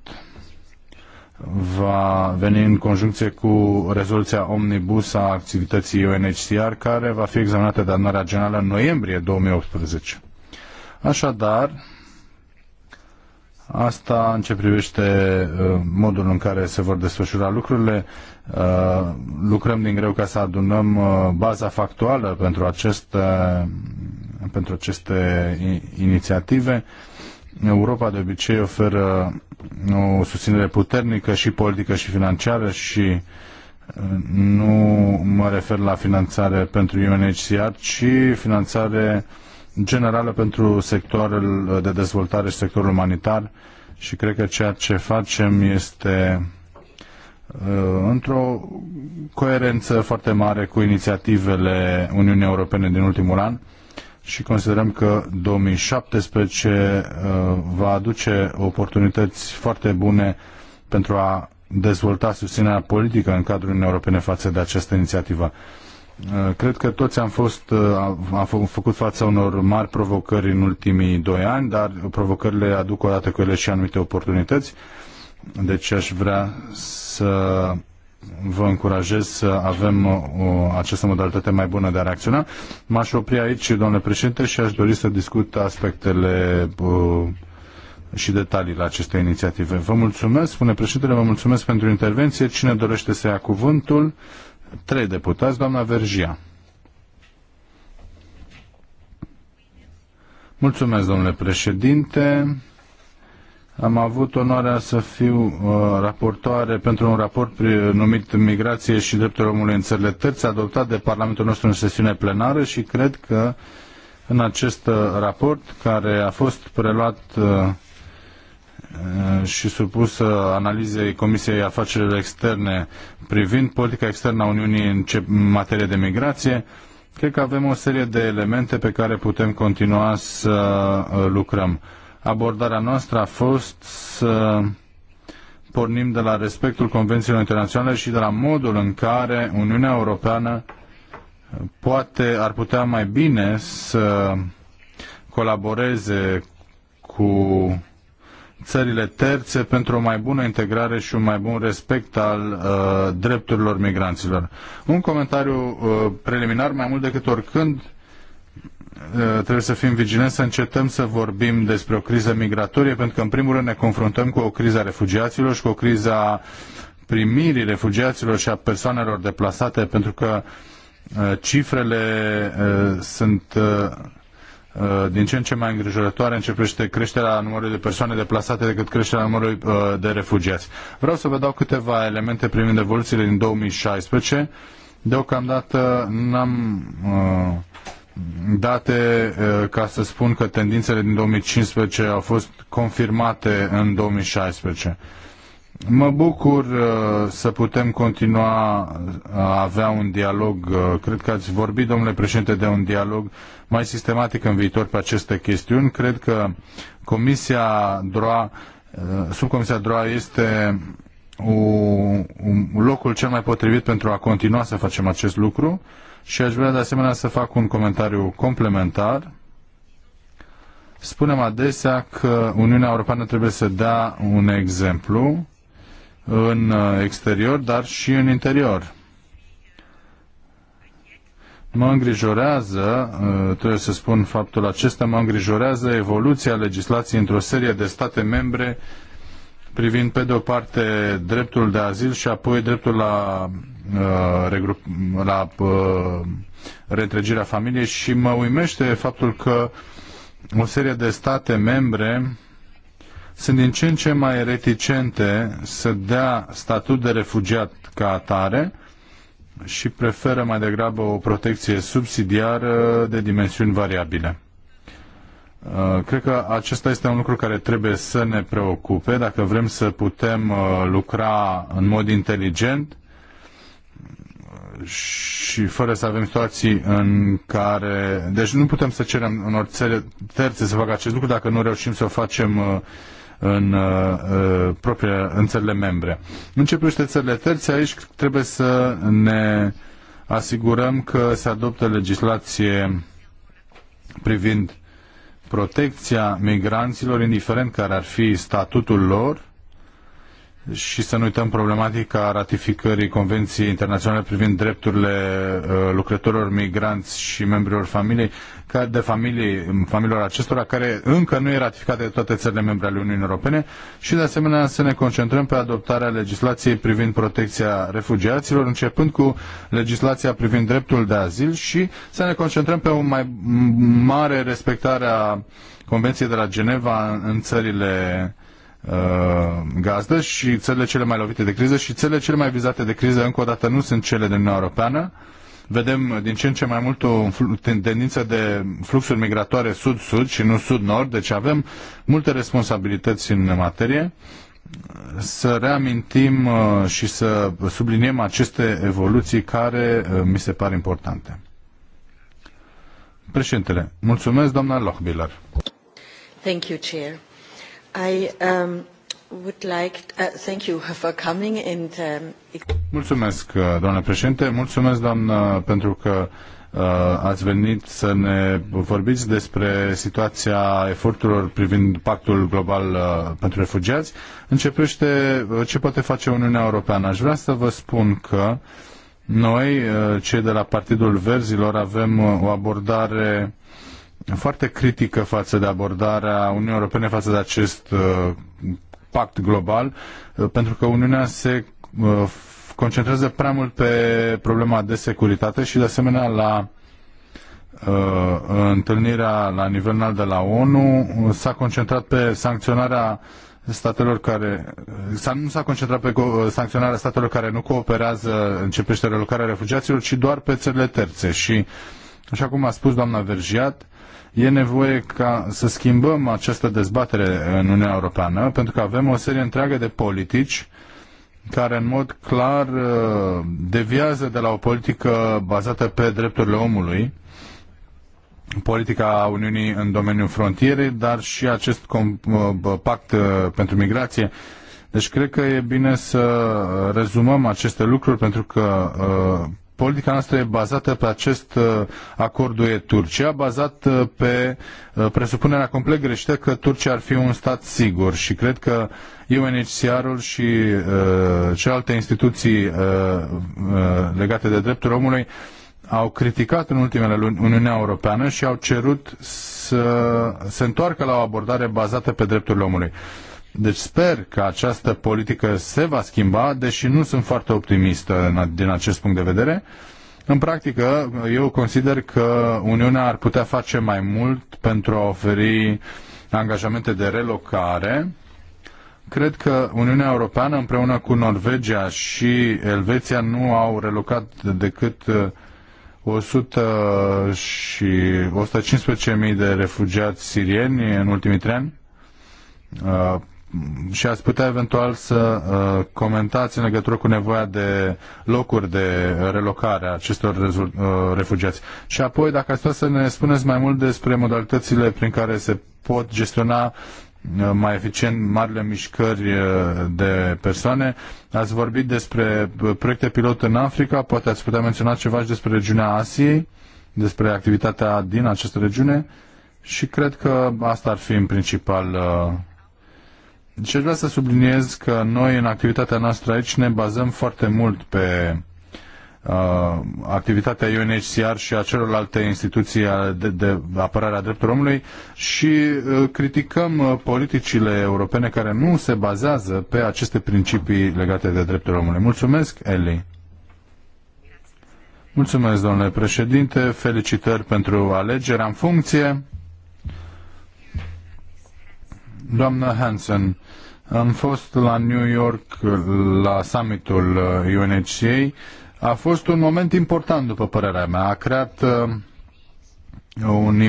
va veni în conjuncție cu rezoluția omnibus a activității UNHCR, care va fi examinată de adunarea generală în noiembrie 2018. Așadar, Asta în ce privește uh, modul în care se vor desfășura lucrurile. Uh, lucrăm din greu ca să adunăm uh, baza factuală pentru aceste, pentru aceste inițiative. Europa de obicei oferă o susținere puternică și politică și financiară și nu mă refer la finanțare pentru UNHCR, ci finanțare uh, generală pentru sectorul de dezvoltare și sectorul umanitar și cred că ceea ce facem este uh, într-o coerență foarte mare cu inițiativele Uniunii Europene din ultimul an și considerăm că 2017 uh, va aduce oportunități foarte bune pentru a dezvolta susținerea politică în cadrul Uniunii Europene față de această inițiativă. Uh, cred că toți am fost, uh, am făcut față unor mari provocări în ultimii doi ani, dar provocările aduc odată cu ele și anumite oportunități. Deci aș vrea să vă încurajez să avem uh, o, această modalitate mai bună de a reacționa. M-aș opri aici, domnule președinte, și aș dori să discut aspectele și detaliile acestei inițiative. Vă mulțumesc, spune președintele, vă mulțumesc pentru intervenție. Cine dorește să ia cuvântul? Trei deputați, doamna Vergia. Mulțumesc, domnule președinte. Am avut onoarea să fiu uh, raportoare pentru un raport numit Migrație și drepturile omului în țările terțe, adoptat de Parlamentul nostru în sesiune plenară și cred că în acest uh, raport, care a fost preluat uh, Eh, și supusă analizei Comisiei Afacerilor Externe privind politica externă a Uniunii în, ce, materie de migrație, cred că avem o serie de elemente pe care putem continua să eh, lucrăm. Abordarea noastră a fost să pornim de la respectul convențiilor internaționale și de la modul în care Uniunea Europeană eh, poate ar putea mai bine să colaboreze cu țările terțe pentru o mai bună integrare și un mai bun respect al uh, drepturilor migranților. Un comentariu uh, preliminar, mai mult decât oricând, uh, trebuie să fim vigilenți să încetăm să vorbim despre o criză migratorie, pentru că în primul rând ne confruntăm cu o criză a refugiaților și cu o criză a primirii refugiaților și a persoanelor deplasate, pentru că uh, cifrele uh, sunt Uh, din ce în ce mai îngrijorătoare începește creșterea numărului de persoane deplasate decât creșterea numărului uh, de refugiați. Vreau să vă dau câteva elemente privind evoluțiile din 2016. Deocamdată n-am uh, date ca să spun că tendințele din 2015 au fost confirmate în 2016. Mă bucur uh, să putem continua uh, a avea un dialog. Uh, cred că ați vorbit, domnule președinte, de un dialog mai sistematic în viitor pe aceste chestiuni. Cred că Comisia DROA, subcomisia DROA este locul cel mai potrivit pentru a continua să facem acest lucru și aș vrea de asemenea să fac un comentariu complementar. Spunem adesea că Uniunea Europeană trebuie să dea un exemplu în uh, exterior, dar și în interior. Mă îngrijorează, uh, trebuie să spun faptul acesta, mă îngrijorează evoluția legislației într-o serie de state membre privind pe de o parte dreptul de azil și apoi dreptul la, uh, la reîntregirea familiei și mă uimește faptul că o serie de state membre sunt din ce în ce mai reticente să dea statut de refugiat ca atare și preferă mai degrabă o protecție subsidiară de dimensiuni variabile. Uh, cred că acesta este un lucru care trebuie să ne preocupe dacă vrem să putem uh, lucra în mod inteligent și fără să avem situații în care... Deci nu putem să cerem unor țări terțe să facă acest lucru dacă nu reușim să o facem uh, în în uh, uh, propria, în țările membre. În ce privește țările terțe, aici trebuie să ne asigurăm că se adoptă legislație privind protecția migranților, indiferent care ar fi statutul lor, și să nu uităm problematica ratificării Convenției Internaționale privind drepturile uh, lucrătorilor migranți și membrilor familiei, de familii, familiilor acestora, care încă nu e ratificată de toate țările membre ale Uniunii Europene și de asemenea să ne concentrăm pe adoptarea legislației privind protecția refugiaților, începând cu legislația privind dreptul de azil și să ne concentrăm pe o mai mare respectare a Convenției de la Geneva în țările Uh, gazdă și țările cele mai lovite de criză și țările cele mai vizate de criză încă o dată nu sunt cele din Uniunea Europeană. Vedem din ce în ce mai mult o tendință de fluxuri migratoare sud-sud și nu sud-nord, deci avem multe responsabilități în materie. Să reamintim uh, și să subliniem aceste evoluții care uh, mi se par importante. Președintele, mulțumesc doamna Lochbiller. Thank you, Chair. Mulțumesc, doamnă președinte. Mulțumesc, doamnă, pentru că uh, ați venit să ne vorbiți despre situația eforturilor privind pactul global uh, pentru refugiați. Începește uh, ce poate face Uniunea Europeană. Aș vrea să vă spun că noi, uh, cei de la Partidul Verzilor, avem uh, o abordare foarte critică față de abordarea Uniunii Europene față de acest uh, pact global, uh, pentru că Uniunea se uh, concentrează prea mult pe problema de securitate și de asemenea la întâlnirea la nivel înalt de la ONU s-a concentrat pe sancționarea statelor care nu s-a concentrat pe sancționarea statelor care nu cooperează în ce privește relocarea refugiaților, ci doar pe țările terțe și așa cum a spus doamna Vergiat, e nevoie ca să schimbăm această dezbatere în Uniunea Europeană, pentru că avem o serie întreagă de politici care în mod clar uh, deviază de la o politică bazată pe drepturile omului, politica Uniunii în domeniul frontierei, dar și acest uh, pact uh, pentru migrație. Deci cred că e bine să rezumăm aceste lucruri pentru că politica noastră e bazată pe acest uh, acord UE-Turcia, bazat uh, pe uh, presupunerea complet greșită că Turcia ar fi un stat sigur și cred că UNHCR-ul și uh, celelalte instituții uh, uh, legate de drepturi omului au criticat în ultimele luni Uniunea Europeană și au cerut să se întoarcă la o abordare bazată pe drepturile omului. Uh, deci sper că această politică se va schimba, deși nu sunt foarte optimistă din acest punct de vedere. În practică, eu consider că Uniunea ar putea face mai mult pentru a oferi angajamente de relocare. Cred că Uniunea Europeană împreună cu Norvegia și Elveția nu au relocat decât 100 uh, și 115.000 de refugiați sirieni în ultimii trei ani uh, și ați putea eventual să uh, comentați în legătură cu nevoia de locuri de relocare a acestor uh, refugiați. Și apoi, dacă ați putea să ne spuneți mai mult despre modalitățile prin care se pot gestiona uh, mai eficient marile mișcări de persoane. Ați vorbit despre proiecte pilot în Africa, poate ați putea menționa ceva și despre regiunea Asiei, despre activitatea din această regiune și cred că asta ar fi în principal și aș vrea să subliniez că noi în activitatea noastră aici ne bazăm foarte mult pe uh, activitatea UNHCR și a celorlalte instituții de, de apărare a drepturilor omului și uh, criticăm uh, politicile europene care nu se bazează pe aceste principii legate de drepturile omului. Mulțumesc, Eli. Mulțumesc, domnule președinte. Felicitări pentru alegerea în funcție. Doamnă Hansen, am fost la New York la summitul UNHCA. Uh, a fost un moment important, după părerea mea. A creat uh, un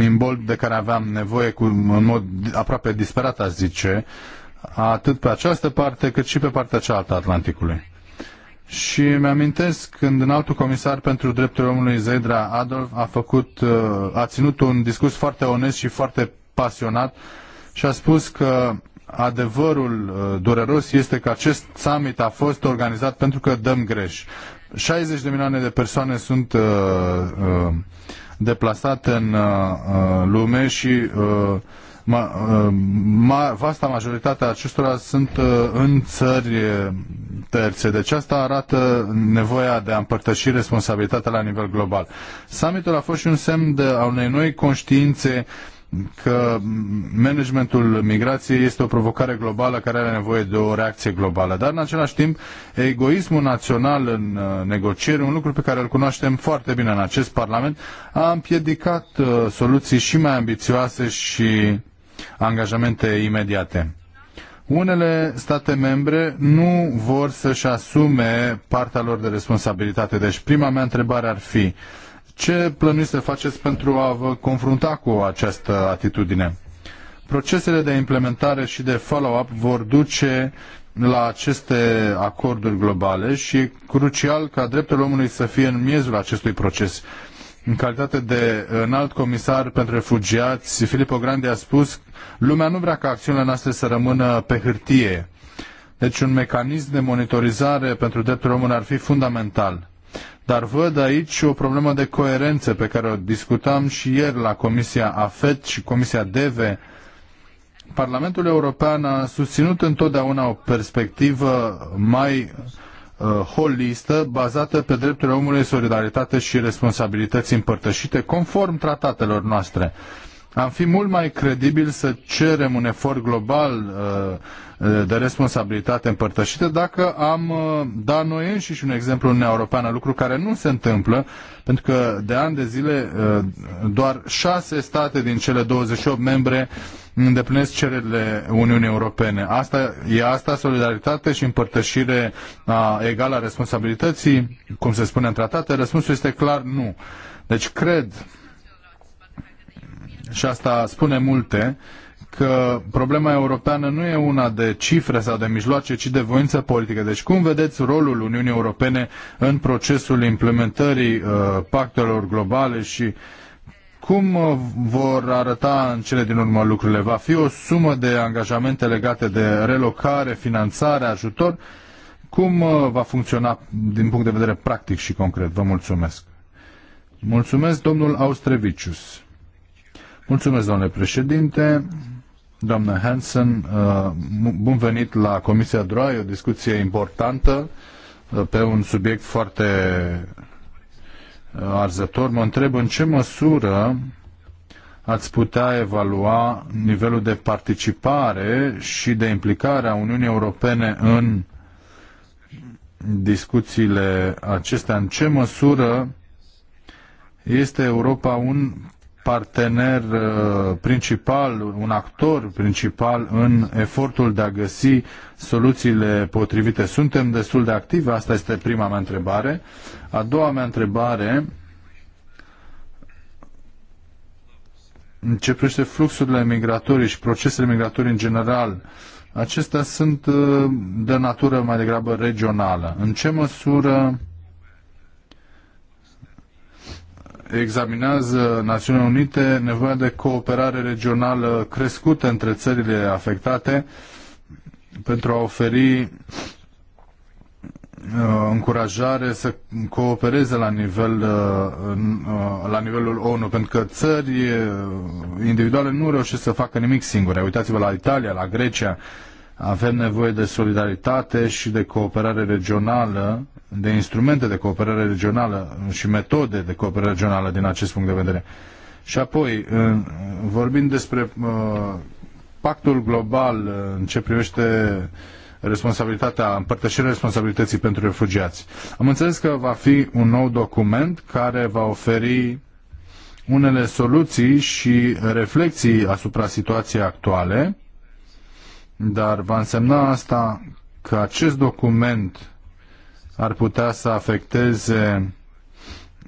imbol de care aveam nevoie cu, în mod aproape disperat, aș zice, atât pe această parte cât și pe partea cealaltă a Atlanticului. Și mi-amintesc când în altul comisar pentru drepturile omului, Zedra Adolf, a, făcut, uh, a ținut un discurs foarte onest și foarte pasionat și a spus că adevărul uh, dureros este că acest summit a fost organizat pentru că dăm greș. 60 de milioane de persoane sunt uh, uh, deplasate în uh, uh, lume și uh, ma, uh, ma, vasta majoritatea acestora sunt uh, în țări uh, terțe. Deci asta arată nevoia de a împărtăși responsabilitatea la nivel global. Summitul a fost și un semn de, a unei noi conștiințe că managementul migrației este o provocare globală care are nevoie de o reacție globală. Dar, în același timp, egoismul național în uh, negocieri, un lucru pe care îl cunoaștem foarte bine în acest Parlament, a împiedicat uh, soluții și mai ambițioase și angajamente imediate. Unele state membre nu vor să-și asume partea lor de responsabilitate. Deci prima mea întrebare ar fi, ce plănuiți să faceți pentru a vă confrunta cu această atitudine? Procesele de implementare și de follow-up vor duce la aceste acorduri globale și e crucial ca drepturile omului să fie în miezul acestui proces. În calitate de înalt comisar pentru refugiați, Filippo Grandi a spus, lumea nu vrea ca acțiunile noastre să rămână pe hârtie. Deci un mecanism de monitorizare pentru dreptul omului ar fi fundamental. Dar văd aici o problemă de coerență pe care o discutam și ieri la Comisia AFET și Comisia DEVE. Parlamentul European a susținut întotdeauna o perspectivă mai uh, holistă bazată pe drepturile omului, solidaritate și responsabilități împărtășite conform tratatelor noastre. Uh, am fi mult mai credibil să cerem un efort global uh, uh, de responsabilitate împărtășită dacă am da noi înșiși un exemplu în europeană, lucru care nu se întâmplă, pentru că de ani de zile doar șase state din cele 28 membre îndeplinesc cererile Uniunii Europene. Asta, e asta solidaritate și împărtășire a, egală a responsabilității, cum se spune în tratate? Răspunsul este clar nu. Deci cred și asta spune multe, că problema europeană nu e una de cifre sau de mijloace, ci de voință politică. Deci cum vedeți rolul Uniunii Europene în procesul implementării uh, pactelor globale și cum uh, vor arăta în cele din urmă lucrurile? Va fi o sumă de angajamente legate de relocare, finanțare, ajutor? Cum uh, va funcționa din punct de vedere practic și concret? Vă mulțumesc. Mulțumesc, domnul Austrevicius. Mulțumesc, domnule președinte. Doamnă Hansen, uh, bun venit la Comisia DROA. E o discuție importantă uh, pe un subiect foarte uh, arzător. Mă întreb în ce măsură ați putea evalua nivelul de participare și de implicare a Uniunii Europene în discuțiile acestea. În ce măsură este Europa un partener uh, principal, un actor principal în efortul de a găsi soluțiile potrivite. Suntem destul de activi? Asta este prima mea întrebare. A doua mea întrebare începește fluxurile migratorii și procesele migratorii în general. Acestea sunt uh, de natură mai degrabă regională. În ce măsură examinează Națiunile Unite nevoia de cooperare regională crescută între țările afectate pentru a oferi uh, încurajare să coopereze la, nivel, uh, uh, la nivelul ONU, pentru că țări individuale nu reușesc să facă nimic singure. Uitați-vă la Italia, la Grecia. Avem nevoie de solidaritate și de cooperare regională de instrumente de cooperare regională și metode de cooperare regională din acest punct de vedere. Și apoi, vorbind despre uh, pactul global uh, în ce privește responsabilitatea, împărtășirea responsabilității pentru refugiați. Am înțeles că va fi un nou document care va oferi unele soluții și reflexii asupra situației actuale, dar va însemna asta că acest document ar putea să afecteze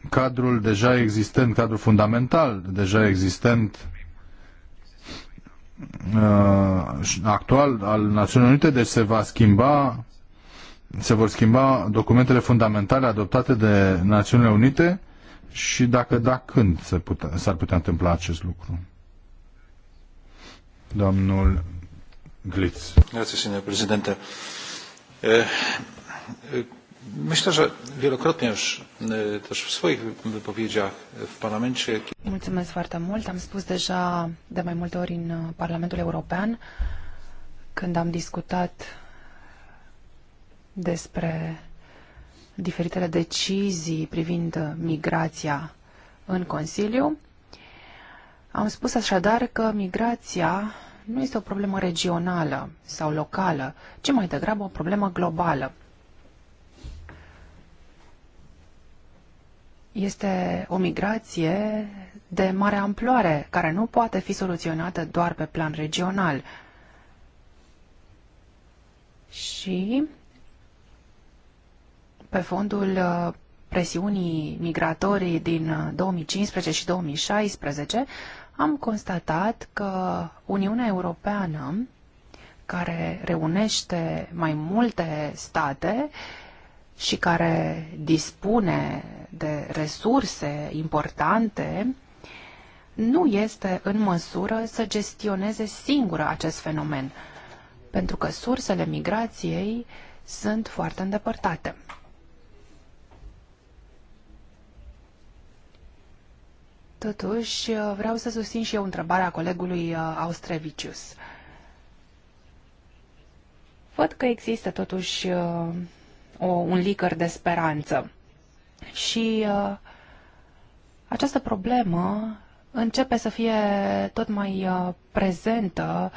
cadrul deja existent, cadrul fundamental deja existent uh, actual al Națiunilor Unite, deci se va schimba se vor schimba documentele fundamentale adoptate de Națiunile Unite și dacă da, când s-ar putea întâmpla acest lucru? Domnul Glitz. Grazie, signor președinte. Eh, Myślę, że wielokrotnie już też w swoich wypowiedziach w Parlamencie. Mulțumesc foarte mult. Am spus deja de mai multe ori în Parlamentul European, când am discutat despre diferitele decizii privind migrația în Consiliu. Am spus așadar că migrația nu este o problemă regională sau locală, ci mai degrabă o problemă globală. Este o migrație de mare amploare, care nu poate fi soluționată doar pe plan regional. Și pe fondul uh, presiunii migratorii din 2015 uh, și 2016, am constatat că Uniunea Europeană, care reunește mai multe state, uh, și care dispune de resurse importante, nu este în măsură să gestioneze singură acest fenomen, pentru că sursele migrației sunt foarte îndepărtate. Totuși, vreau să susțin și eu întrebarea colegului uh, Austrevicius. Văd că există totuși uh, o, un licăr de speranță. Și uh, această problemă începe să fie tot mai uh, prezentă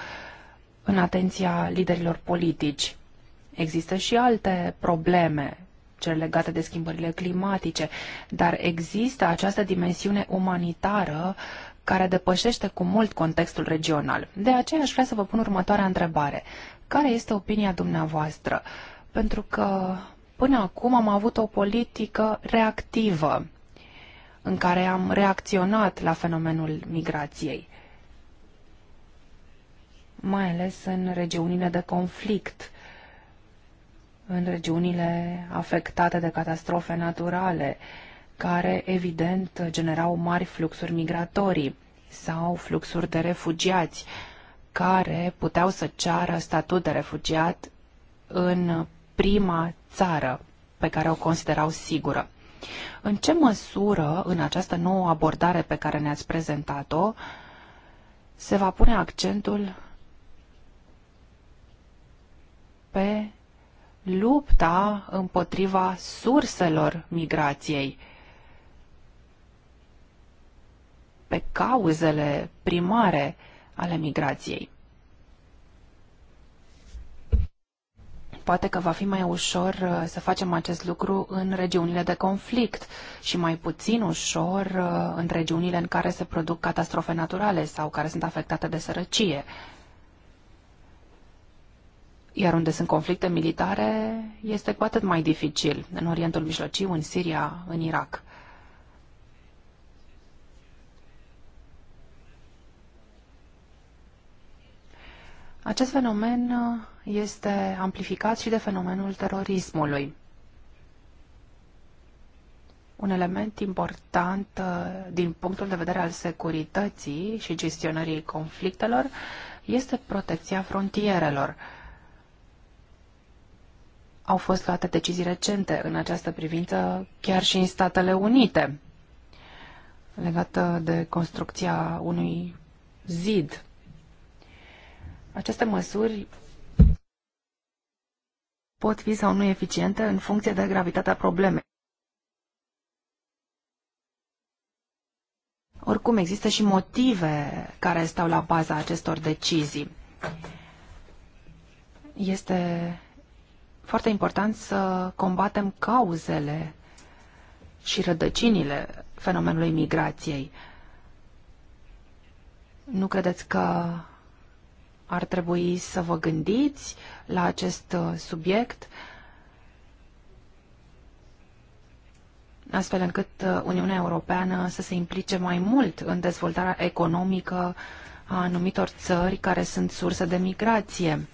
în atenția liderilor politici. Există și alte probleme, cele legate de schimbările climatice, dar există această dimensiune umanitară care depășește cu mult contextul regional. De aceea aș vrea să vă pun următoarea întrebare. Care este opinia dumneavoastră? Pentru că Până acum am avut o politică reactivă în care am reacționat la fenomenul migrației, mai ales în regiunile de conflict, în regiunile afectate de catastrofe naturale, care evident generau mari fluxuri migratorii sau fluxuri de refugiați care puteau să ceară statut de refugiat în prima țară pe care o considerau sigură. În ce măsură, în această nouă abordare pe care ne-ați prezentat-o, se va pune accentul pe lupta împotriva surselor migrației, pe cauzele primare ale migrației? Poate că va fi mai ușor uh, să facem acest lucru în regiunile de conflict și mai puțin ușor uh, în regiunile în care se produc catastrofe naturale sau care sunt afectate de sărăcie. Iar unde sunt conflicte militare, este cu atât mai dificil, în Orientul Mijlociu, în Siria, în Irak. Acest fenomen uh, este amplificat și de fenomenul terorismului. Un element important uh, din punctul de vedere al securității și gestionării conflictelor este protecția frontierelor. Au fost luate decizii recente în această privință chiar și în Statele Unite, legată de construcția unui zid. Aceste măsuri pot fi sau nu eficiente în funcție de gravitatea problemei. Oricum, există și motive care stau la baza acestor decizii. Este foarte important să combatem cauzele și rădăcinile fenomenului migrației. Nu credeți că ar trebui să vă gândiți la acest uh, subiect, astfel încât uh, Uniunea Europeană să se implice mai mult în dezvoltarea economică a anumitor țări care sunt sursă de migrație.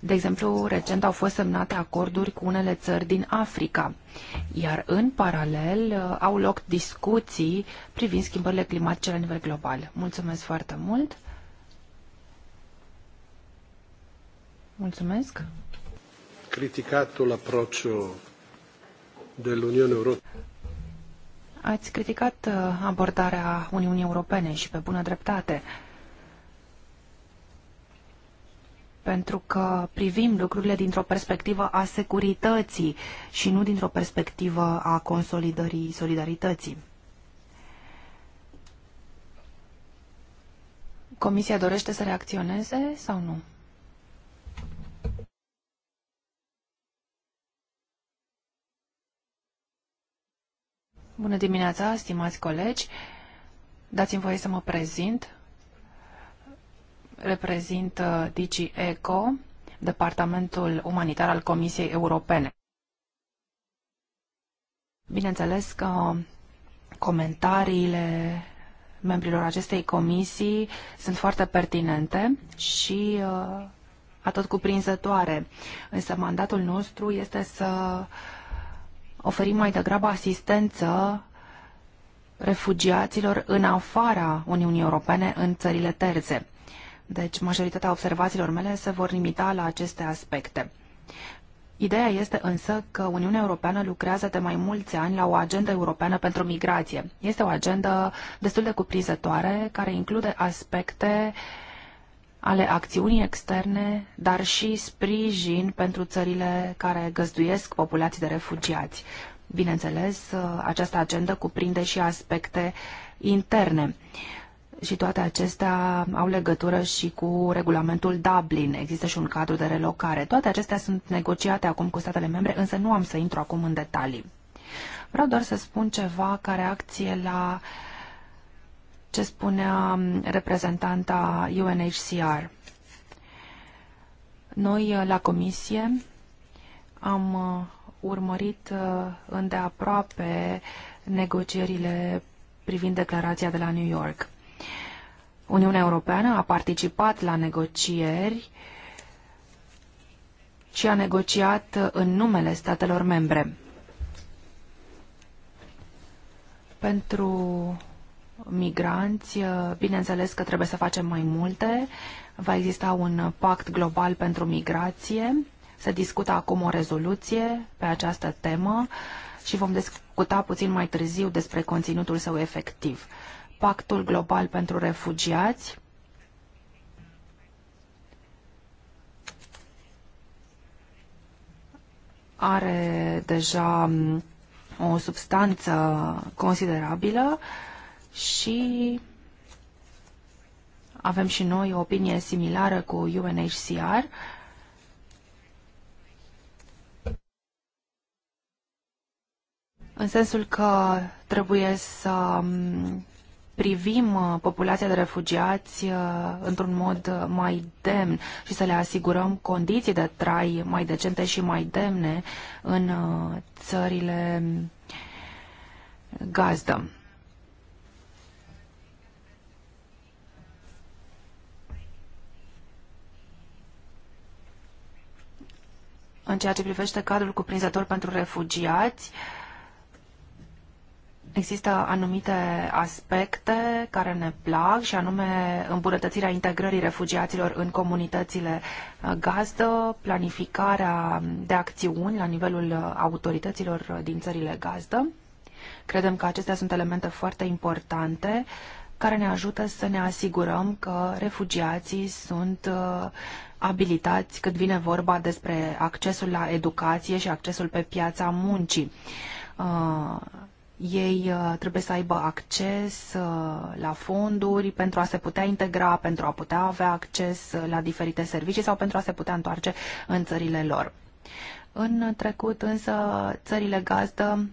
De exemplu, recent au fost semnate acorduri cu unele țări din Africa, iar în paralel uh, au loc discuții privind schimbările climatice la nivel global. Mulțumesc foarte mult! Mulțumesc. Criticatul approccio dell'Unione Europeană. Ați criticat uh, abordarea Uniunii Europene și pe bună dreptate. Pentru că privim lucrurile dintr-o perspectivă a securității și nu dintr-o perspectivă a consolidării solidarității. Comisia dorește să reacționeze sau nu? Bună dimineața, stimați colegi. Dați-mi voie să mă prezint. Reprezint uh, Digi ECO, Departamentul Umanitar al Comisiei Europene. Bineînțeles că comentariile membrilor acestei comisii sunt foarte pertinente și uh, atot cuprinzătoare. Însă mandatul nostru este să uh, oferim mai degrabă asistență refugiaților în afara Uniunii Europene, în țările terțe. Deci, majoritatea observațiilor mele se vor limita la aceste aspecte. Ideea este însă că Uniunea Europeană lucrează de mai mulți ani la o agendă europeană pentru migrație. Este o agendă destul de cuprinzătoare care include aspecte uh, ale acțiunii externe, dar și sprijin pentru țările care găzduiesc populații de refugiați. Bineînțeles, uh, această agendă cuprinde și aspecte interne. Și toate acestea au legătură și cu regulamentul Dublin. Există și un cadru de relocare. Toate acestea sunt negociate acum cu statele membre, însă nu am să intru acum în detalii. Vreau doar să spun ceva ca reacție la uh, ce spunea reprezentanta UNHCR. Noi, uh, la comisie, am uh, urmărit uh, îndeaproape negocierile privind declarația de la New York. Uniunea Europeană a participat la negocieri și a negociat în numele statelor membre. Pentru migranți, uh, bineînțeles că trebuie să facem mai multe. Va exista un pact global pentru migrație. Se discută acum o rezoluție pe această temă și vom discuta puțin mai târziu despre conținutul său efectiv. Pactul global pentru refugiați are deja mm, o substanță considerabilă și avem și noi o opinie similară cu UNHCR. În sensul că trebuie să mm, privim uh, populația de refugiați uh, într-un mod uh, mai demn și să le asigurăm condiții de trai mai decente și mai demne în țările mm, gazdă. în ceea ce privește cadrul cuprinzător pentru refugiați, există anumite aspecte care ne plac și anume îmbunătățirea integrării refugiaților în comunitățile uh, gazdă, planificarea de acțiuni la nivelul uh, autorităților uh, din țările gazdă. Credem că acestea sunt elemente foarte importante care ne ajută să ne asigurăm că refugiații sunt abilitați cât vine vorba despre accesul la educație și accesul pe piața muncii. Uh, ei uh, trebuie să aibă acces uh, la fonduri pentru a se putea integra, pentru a putea avea acces uh, la diferite servicii sau pentru a se putea întoarce în țările lor. În trecut însă țările gazdă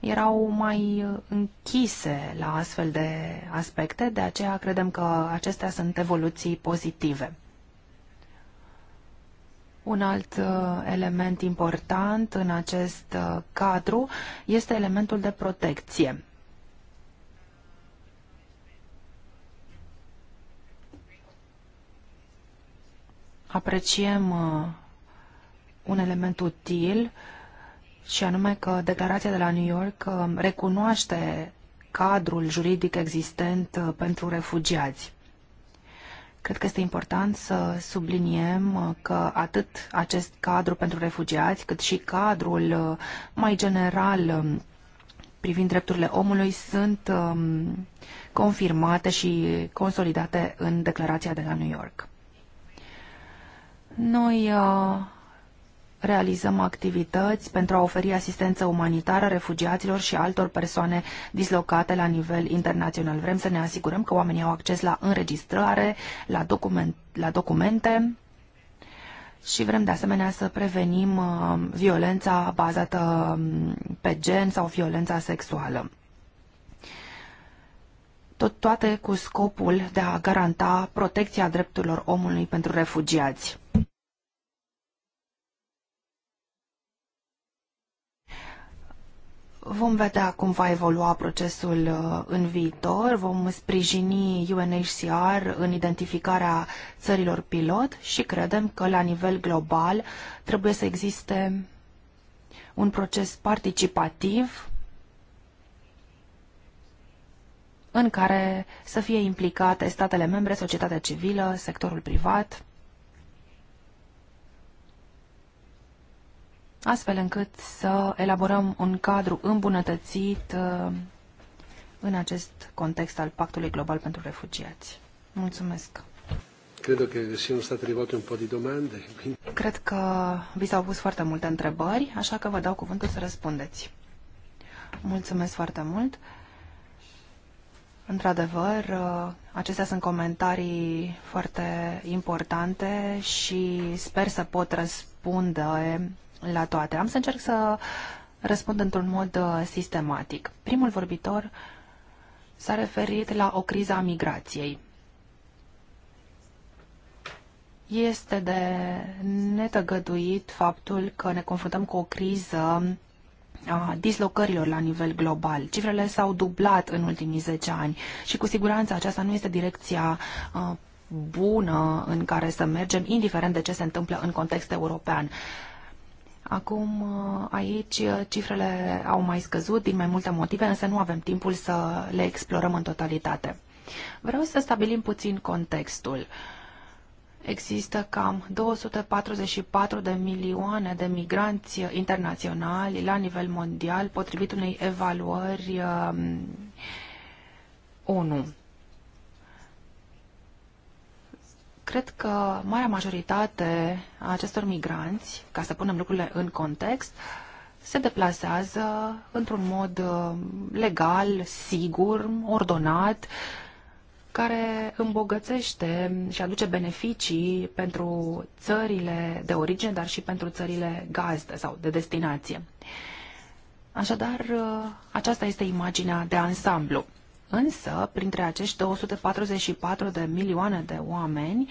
erau mai închise la astfel de aspecte, de aceea credem că acestea sunt evoluții pozitive. Un alt uh, element important în acest uh, cadru este elementul de protecție. Apreciem uh, un element util și anume că declarația de la New York recunoaște cadrul juridic existent pentru refugiați. Cred că este important să subliniem uh, că atât acest cadru pentru refugiați, cât și cadrul uh, mai general um, privind drepturile omului sunt um, confirmate și consolidate în declarația de la New York. Noi uh, realizăm activități pentru a oferi asistență umanitară refugiaților și altor persoane dislocate la nivel internațional. Vrem să ne asigurăm că oamenii au acces la înregistrare, la, document, la documente și vrem de asemenea să prevenim uh, violența bazată um, pe gen sau violența sexuală tot toate cu scopul de a garanta protecția drepturilor omului pentru refugiați. Vom vedea cum va evolua procesul uh, în viitor, vom sprijini UNHCR în identificarea țărilor pilot și credem că la nivel global trebuie să existe un proces participativ în care să fie implicate statele membre, societatea civilă, sectorul privat astfel încât să elaborăm un cadru îmbunătățit uh, în acest context al Pactului Global pentru Refugiați. Mulțumesc! Cred că siano state rivolte un po' di domande. Cred că vi s-au pus foarte multe întrebări, așa că vă dau cuvântul să răspundeți. Mulțumesc foarte mult! Într-adevăr, uh, acestea sunt comentarii foarte importante și sper să pot răspunde la toate. Am să încerc să răspund într-un mod uh, sistematic. Primul vorbitor s-a referit la o criză a migrației. Este de netăgăduit faptul că ne confruntăm cu o criză a dislocărilor la nivel global. Cifrele s-au dublat în ultimii 10 ani și cu siguranță aceasta nu este direcția uh, bună în care să mergem, indiferent de ce se întâmplă în context european. Acum, uh, aici, uh, cifrele au mai scăzut din mai multe motive, însă nu avem timpul să le explorăm în totalitate. Vreau să stabilim puțin contextul. Există cam 244 de milioane de migranți internaționali la nivel mondial, potrivit unei evaluări um, ONU. Cred că marea majoritate a acestor migranți, ca să punem lucrurile în context, se deplasează într-un mod uh, legal, sigur, ordonat, care îmbogățește și aduce beneficii pentru țările de origine, dar și pentru țările gazdă sau de destinație. Așadar, uh, aceasta este imaginea de ansamblu. Însă, printre acești 244 de milioane de oameni,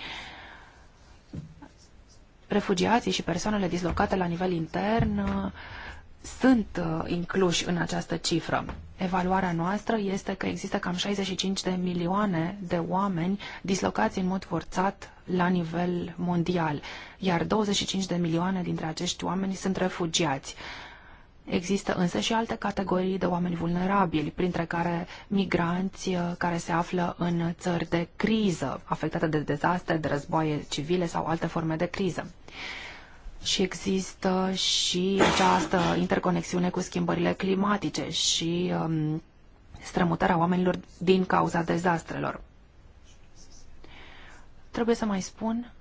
refugiații și persoanele dislocate la nivel intern uh, sunt uh, incluși în această cifră. Evaluarea noastră este că există cam 65 de milioane de oameni dislocați în mod forțat la nivel mondial, iar 25 de milioane dintre acești oameni sunt refugiați. Există însă și alte categorii de oameni vulnerabili, printre care migranți uh, care se află în țări de criză, afectate de dezastre, de războaie civile sau alte forme de criză. Și există și această interconexiune cu schimbările climatice și um, strămutarea oamenilor din cauza dezastrelor. Trebuie să mai spun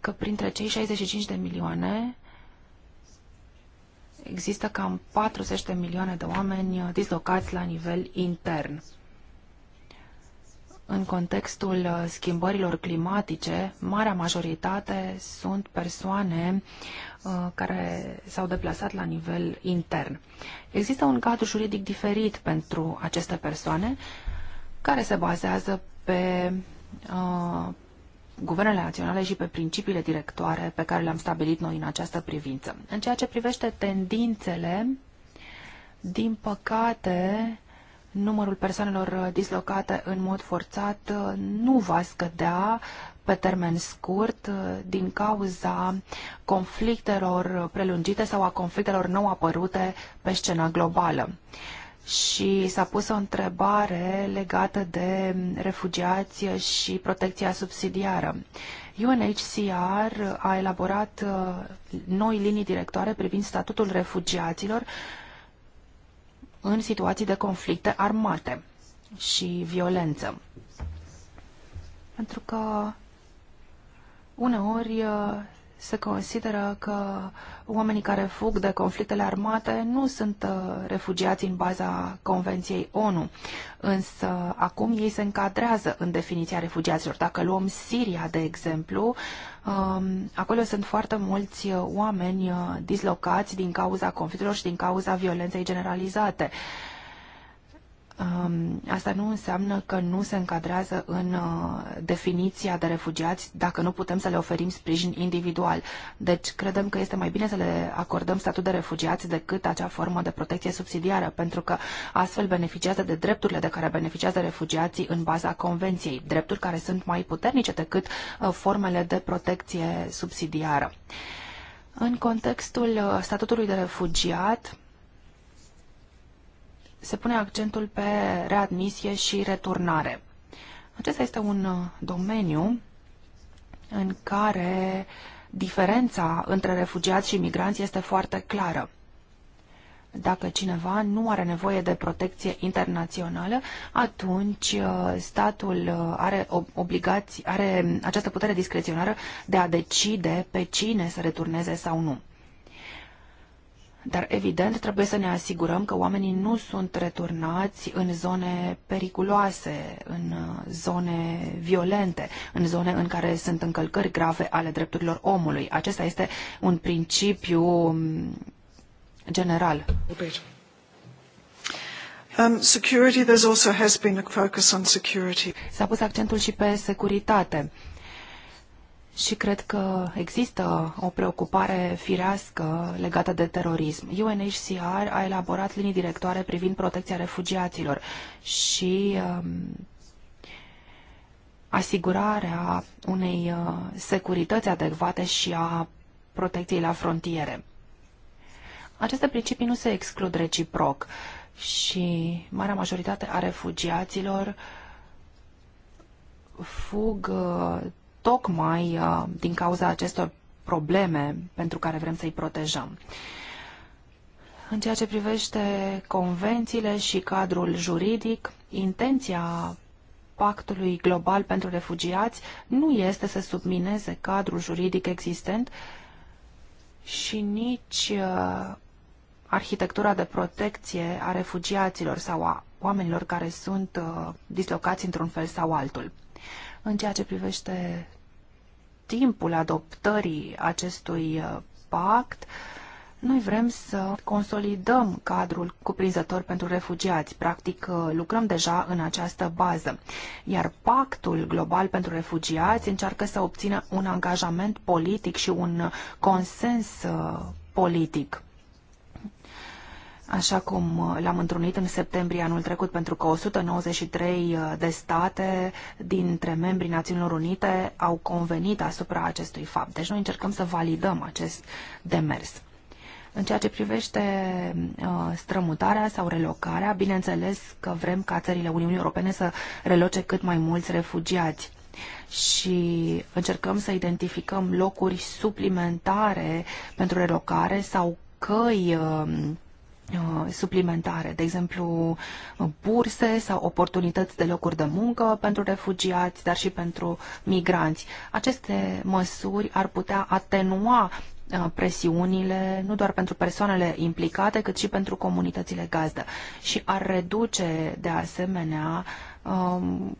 că printre cei 65 de milioane există cam 40 de milioane de oameni uh, dislocați la nivel intern. În contextul uh, schimbărilor climatice, marea majoritate sunt persoane uh, care s-au deplasat la nivel intern. Există un cadru juridic diferit pentru aceste persoane care se bazează pe guvernele naționale și pe principiile directoare pe care le-am stabilit noi în această privință. În ceea ce privește tendințele, din păcate, numărul persoanelor dislocate în mod forțat uh, nu va scădea pe termen scurt uh, din cauza conflictelor prelungite sau a conflictelor nou apărute pe scena globală și s-a pus o întrebare legată de refugiați și protecția subsidiară. UNHCR a elaborat uh, noi linii directoare privind statutul refugiaților în situații de conflicte armate și violență. Pentru că uneori uh, se consideră că oamenii care fug de conflictele armate nu sunt uh, refugiați în baza Convenției ONU, însă acum ei se încadrează în definiția refugiaților. Dacă luăm Siria, de exemplu, um, acolo sunt foarte mulți uh, oameni uh, dislocați din cauza conflictelor și din cauza violenței generalizate. Um, asta nu înseamnă că nu se încadrează în uh, definiția de refugiați dacă nu putem să le oferim sprijin individual. Deci credem că este mai bine să le acordăm statut de refugiați decât acea formă de protecție subsidiară, pentru că astfel beneficiază de drepturile de care beneficiază refugiații în baza convenției, drepturi care sunt mai puternice decât uh, formele de protecție subsidiară. În contextul uh, statutului de refugiat, se pune accentul pe readmisie și returnare. Acesta este un uh, domeniu în care diferența între refugiați și migranți este foarte clară. Dacă cineva nu are nevoie de protecție internațională, atunci uh, statul uh, are, obligații, are această putere discreționară de a decide pe cine să returneze sau nu. Dar, evident, trebuie să ne asigurăm că oamenii nu sunt returnați în zone periculoase, în uh, zone violente, în zone în care sunt încălcări grave ale drepturilor omului. Acesta este un principiu um, general. Um, security, there's also has been a focus on security. S-a pus accentul și pe securitate. Uh, și cred că există o preocupare firească legată de terorism. UNHCR a elaborat linii directoare privind protecția refugiaților și um, asigurarea unei uh, securități adecvate și a protecției la frontiere. Aceste principii nu se exclud reciproc și marea majoritate a refugiaților fug uh, tocmai uh, din cauza acestor probleme pentru care vrem să-i protejăm. În ceea ce privește convențiile și cadrul juridic, intenția pactului global pentru refugiați nu este să submineze cadrul juridic existent și nici uh, arhitectura de protecție a refugiaților sau a oamenilor care sunt uh, dislocați într-un fel sau altul. În ceea ce privește timpul adoptării acestui uh, pact, noi vrem să consolidăm cadrul cuprinzător pentru refugiați. Practic, uh, lucrăm deja în această bază. Iar Pactul Global pentru Refugiați încearcă să obțină un angajament politic și un uh, consens politic așa cum uh, l-am întrunit în septembrie anul trecut, pentru că 193 uh, de state dintre membrii Națiunilor Unite au convenit asupra acestui fapt. Deci noi încercăm să validăm acest demers. În ceea ce privește uh, strămutarea sau relocarea, bineînțeles că vrem ca țările Uniunii Europene să reloce cât mai mulți refugiați și încercăm să identificăm locuri suplimentare pentru relocare sau căi Uh, suplimentare, de exemplu uh, burse sau oportunități de locuri de muncă pentru refugiați, dar și pentru migranți. Aceste măsuri ar putea atenua uh, presiunile, nu doar pentru persoanele implicate, cât și pentru comunitățile gazdă. Și ar reduce, de asemenea, um,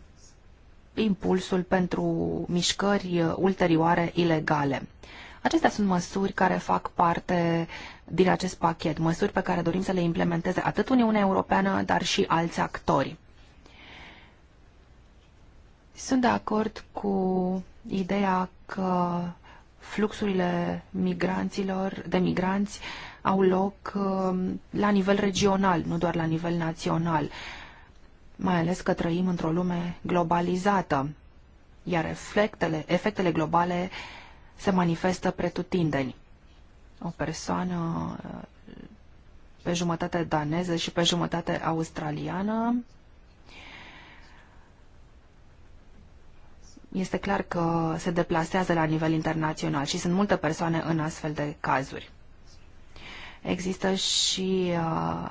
impulsul pentru mișcări ulterioare ilegale. Acestea sunt măsuri care fac parte din acest pachet, măsuri pe care dorim să le implementeze atât Uniunea Europeană, dar și alți actori. Sunt de acord cu ideea că fluxurile migranților, de migranți au loc um, la nivel regional, nu doar la nivel național, mai ales că trăim într-o lume globalizată, iar efectele, efectele globale uh, se manifestă pretutindeni. O persoană pe jumătate daneză și pe jumătate australiană. Este clar că se deplasează la nivel internațional și sunt multe persoane în astfel de cazuri. Există și uh,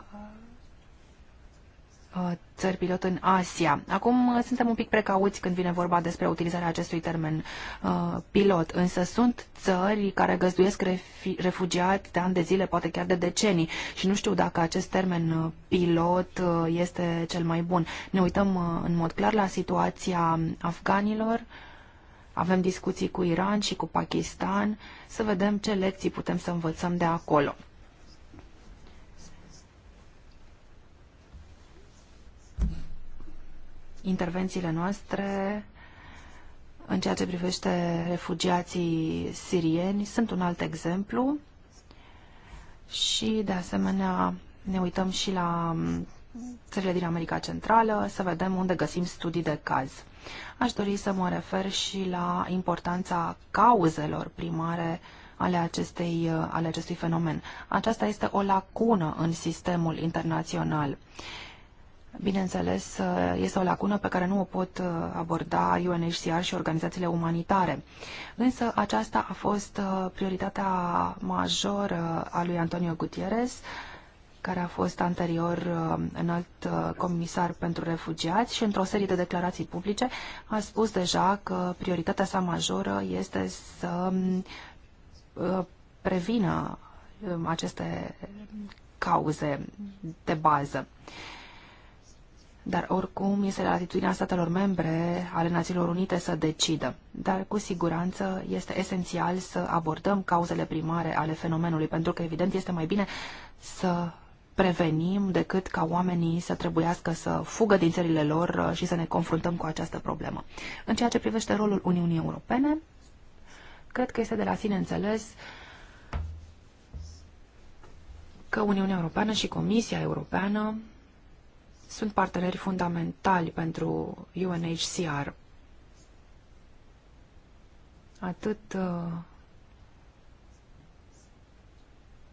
Uh, țări pilot în Asia. Acum uh, suntem un pic precauți când vine vorba despre utilizarea acestui termen uh, pilot, însă sunt țări care găzduiesc refugiați de ani de zile, poate chiar de decenii și nu știu dacă acest termen pilot este cel mai bun. Ne uităm în mod clar la situația afganilor, avem discuții cu Iran și cu Pakistan, să vedem ce lecții putem să învățăm de acolo. intervențiile noastre în ceea ce privește refugiații sirieni sunt un alt exemplu și, de asemenea, ne uităm și la mm, țările din America Centrală să vedem unde găsim studii de caz. Aș dori să mă refer și la importanța cauzelor primare ale, acestei, ale acestui fenomen. Aceasta este o lacună în sistemul internațional. Uh, Bineînțeles, uh, este o lacună pe care nu o pot uh, aborda UNHCR și organizațiile umanitare. Însă aceasta a fost uh, prioritatea majoră a lui Antonio Gutierrez, care a fost anterior înalt comisar pentru refugiați și într-o serie de declarații publice a spus deja că prioritatea sa majoră este să prevină um, aceste cauze de bază. Dar oricum este la atitudinea statelor membre ale Națiunilor Unite să decidă. Dar cu siguranță este esențial să abordăm cauzele primare ale fenomenului, pentru că evident este mai bine să prevenim decât ca oamenii să trebuiască să fugă din țările lor uh, și să ne confruntăm cu această problemă. În ceea ce privește rolul Uniunii Europene, cred că este de la sine înțeles că Uniunea Europeană și Comisia Europeană sunt parteneri fundamentali pentru UNHCR. Atât uh,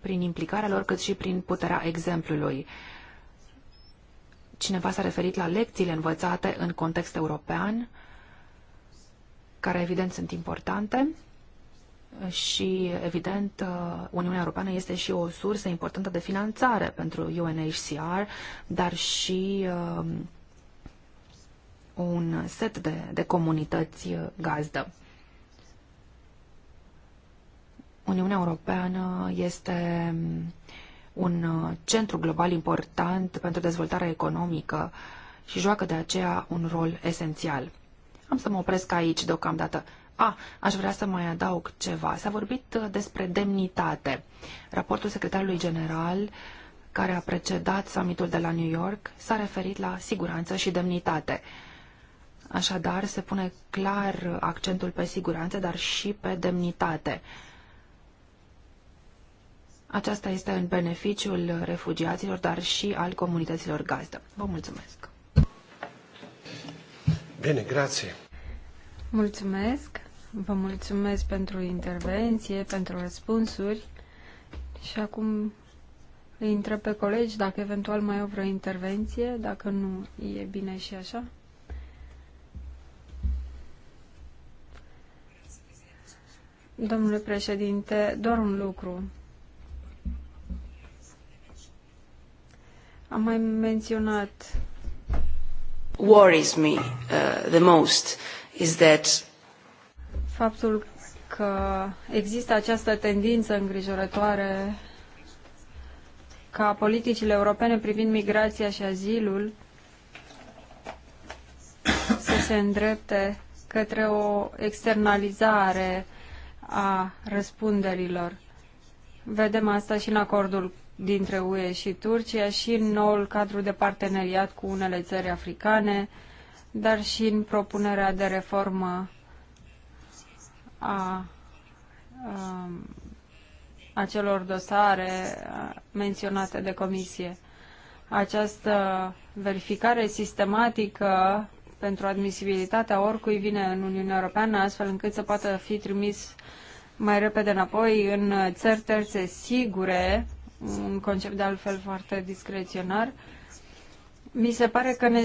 prin implicarea lor, cât și prin puterea exemplului. Cineva s-a referit la lecțiile învățate în context european, care evident sunt importante, și, evident, uh, Uniunea Europeană este și o sursă importantă de finanțare pentru UNHCR, dar și um, un set de, de comunități uh, gazdă. Uniunea Europeană este um, un uh, centru global important pentru dezvoltarea economică și joacă de aceea un rol esențial. Am să mă opresc aici deocamdată. A, aș vrea să mai adaug ceva. S-a vorbit uh, despre demnitate. Raportul secretarului general care a precedat summitul de la New York s-a referit la siguranță și demnitate. Așadar, se pune clar accentul pe siguranță, dar și pe demnitate. Aceasta este în beneficiul refugiaților, dar și al comunităților gazdă. Vă mulțumesc! Bine, grație! Mulțumesc! Vă mulțumesc pentru intervenție, pentru răspunsuri și acum îi întreb pe colegi dacă eventual mai au vreo intervenție, dacă nu e bine și așa. Domnule președinte, doar un lucru. Am mai menționat worries me uh, the most is that faptul că există această tendință îngrijorătoare ca politicile europene privind migrația și azilul să se îndrepte către o externalizare a răspunderilor. Vedem asta și în acordul dintre UE și Turcia și în noul cadru de parteneriat cu unele țări africane, dar și în propunerea de reformă a, a acelor dosare menționate de comisie. Această verificare sistematică pentru admisibilitatea oricui vine în Uniunea Europeană, astfel încât să poată fi trimis mai repede înapoi în țări terțe sigure, un concept de altfel foarte discreționar, mi se pare că, ne,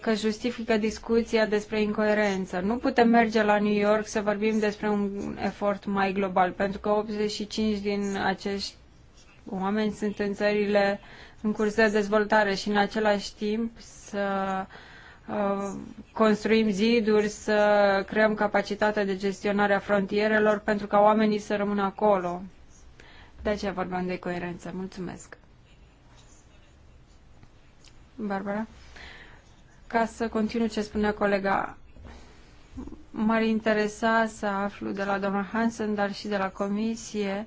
că justifică discuția despre incoerență. Nu putem merge la New York să vorbim despre un efort mai global, pentru că 85 din acești oameni sunt în țările în curs de dezvoltare și în același timp să uh, construim ziduri, să creăm capacitatea de gestionare a frontierelor pentru ca oamenii să rămână acolo. De aceea vorbeam de coerență. Mulțumesc. Barbara, ca să continu ce spunea colega. M-ar interesa să aflu de la doamna Hansen, dar și de la comisie,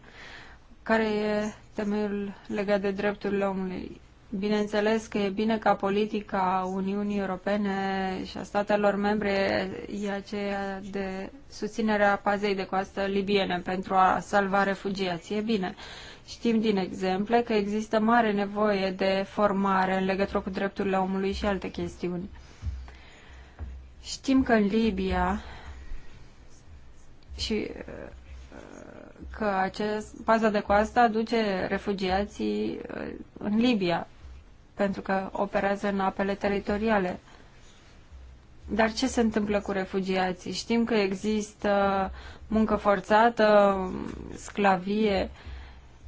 care e temeiul legat de drepturile omului. Bineînțeles că e bine ca politica Uniunii Europene și a statelor membre e aceea de susținerea pazei de coastă libiene pentru a salva refugiații. E bine. Uh, Știm din exemple că există mare nevoie de formare în legătură cu drepturile omului și alte chestiuni. Știm că în Libia și uh, că acest paza de coastă aduce refugiații uh, în Libia pentru că operează în apele teritoriale. Dar ce se întâmplă cu refugiații? Știm că există muncă forțată, sclavie, uh,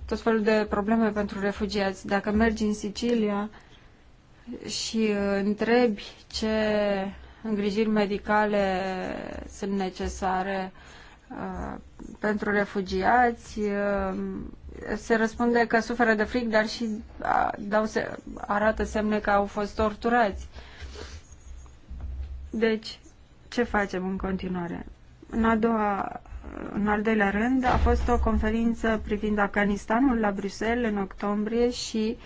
tot felul de probleme pentru refugiați. Dacă mergi în Sicilia și întrebi ce îngrijiri medicale sunt necesare uh, pentru refugiați, uh, se răspunde că suferă de fric, dar și uh, dau se, arată semne că au fost torturați. Deci, ce facem în continuare? În, a doua, în al doilea rând, a fost o conferință privind Afganistanul la Bruxelles în octombrie și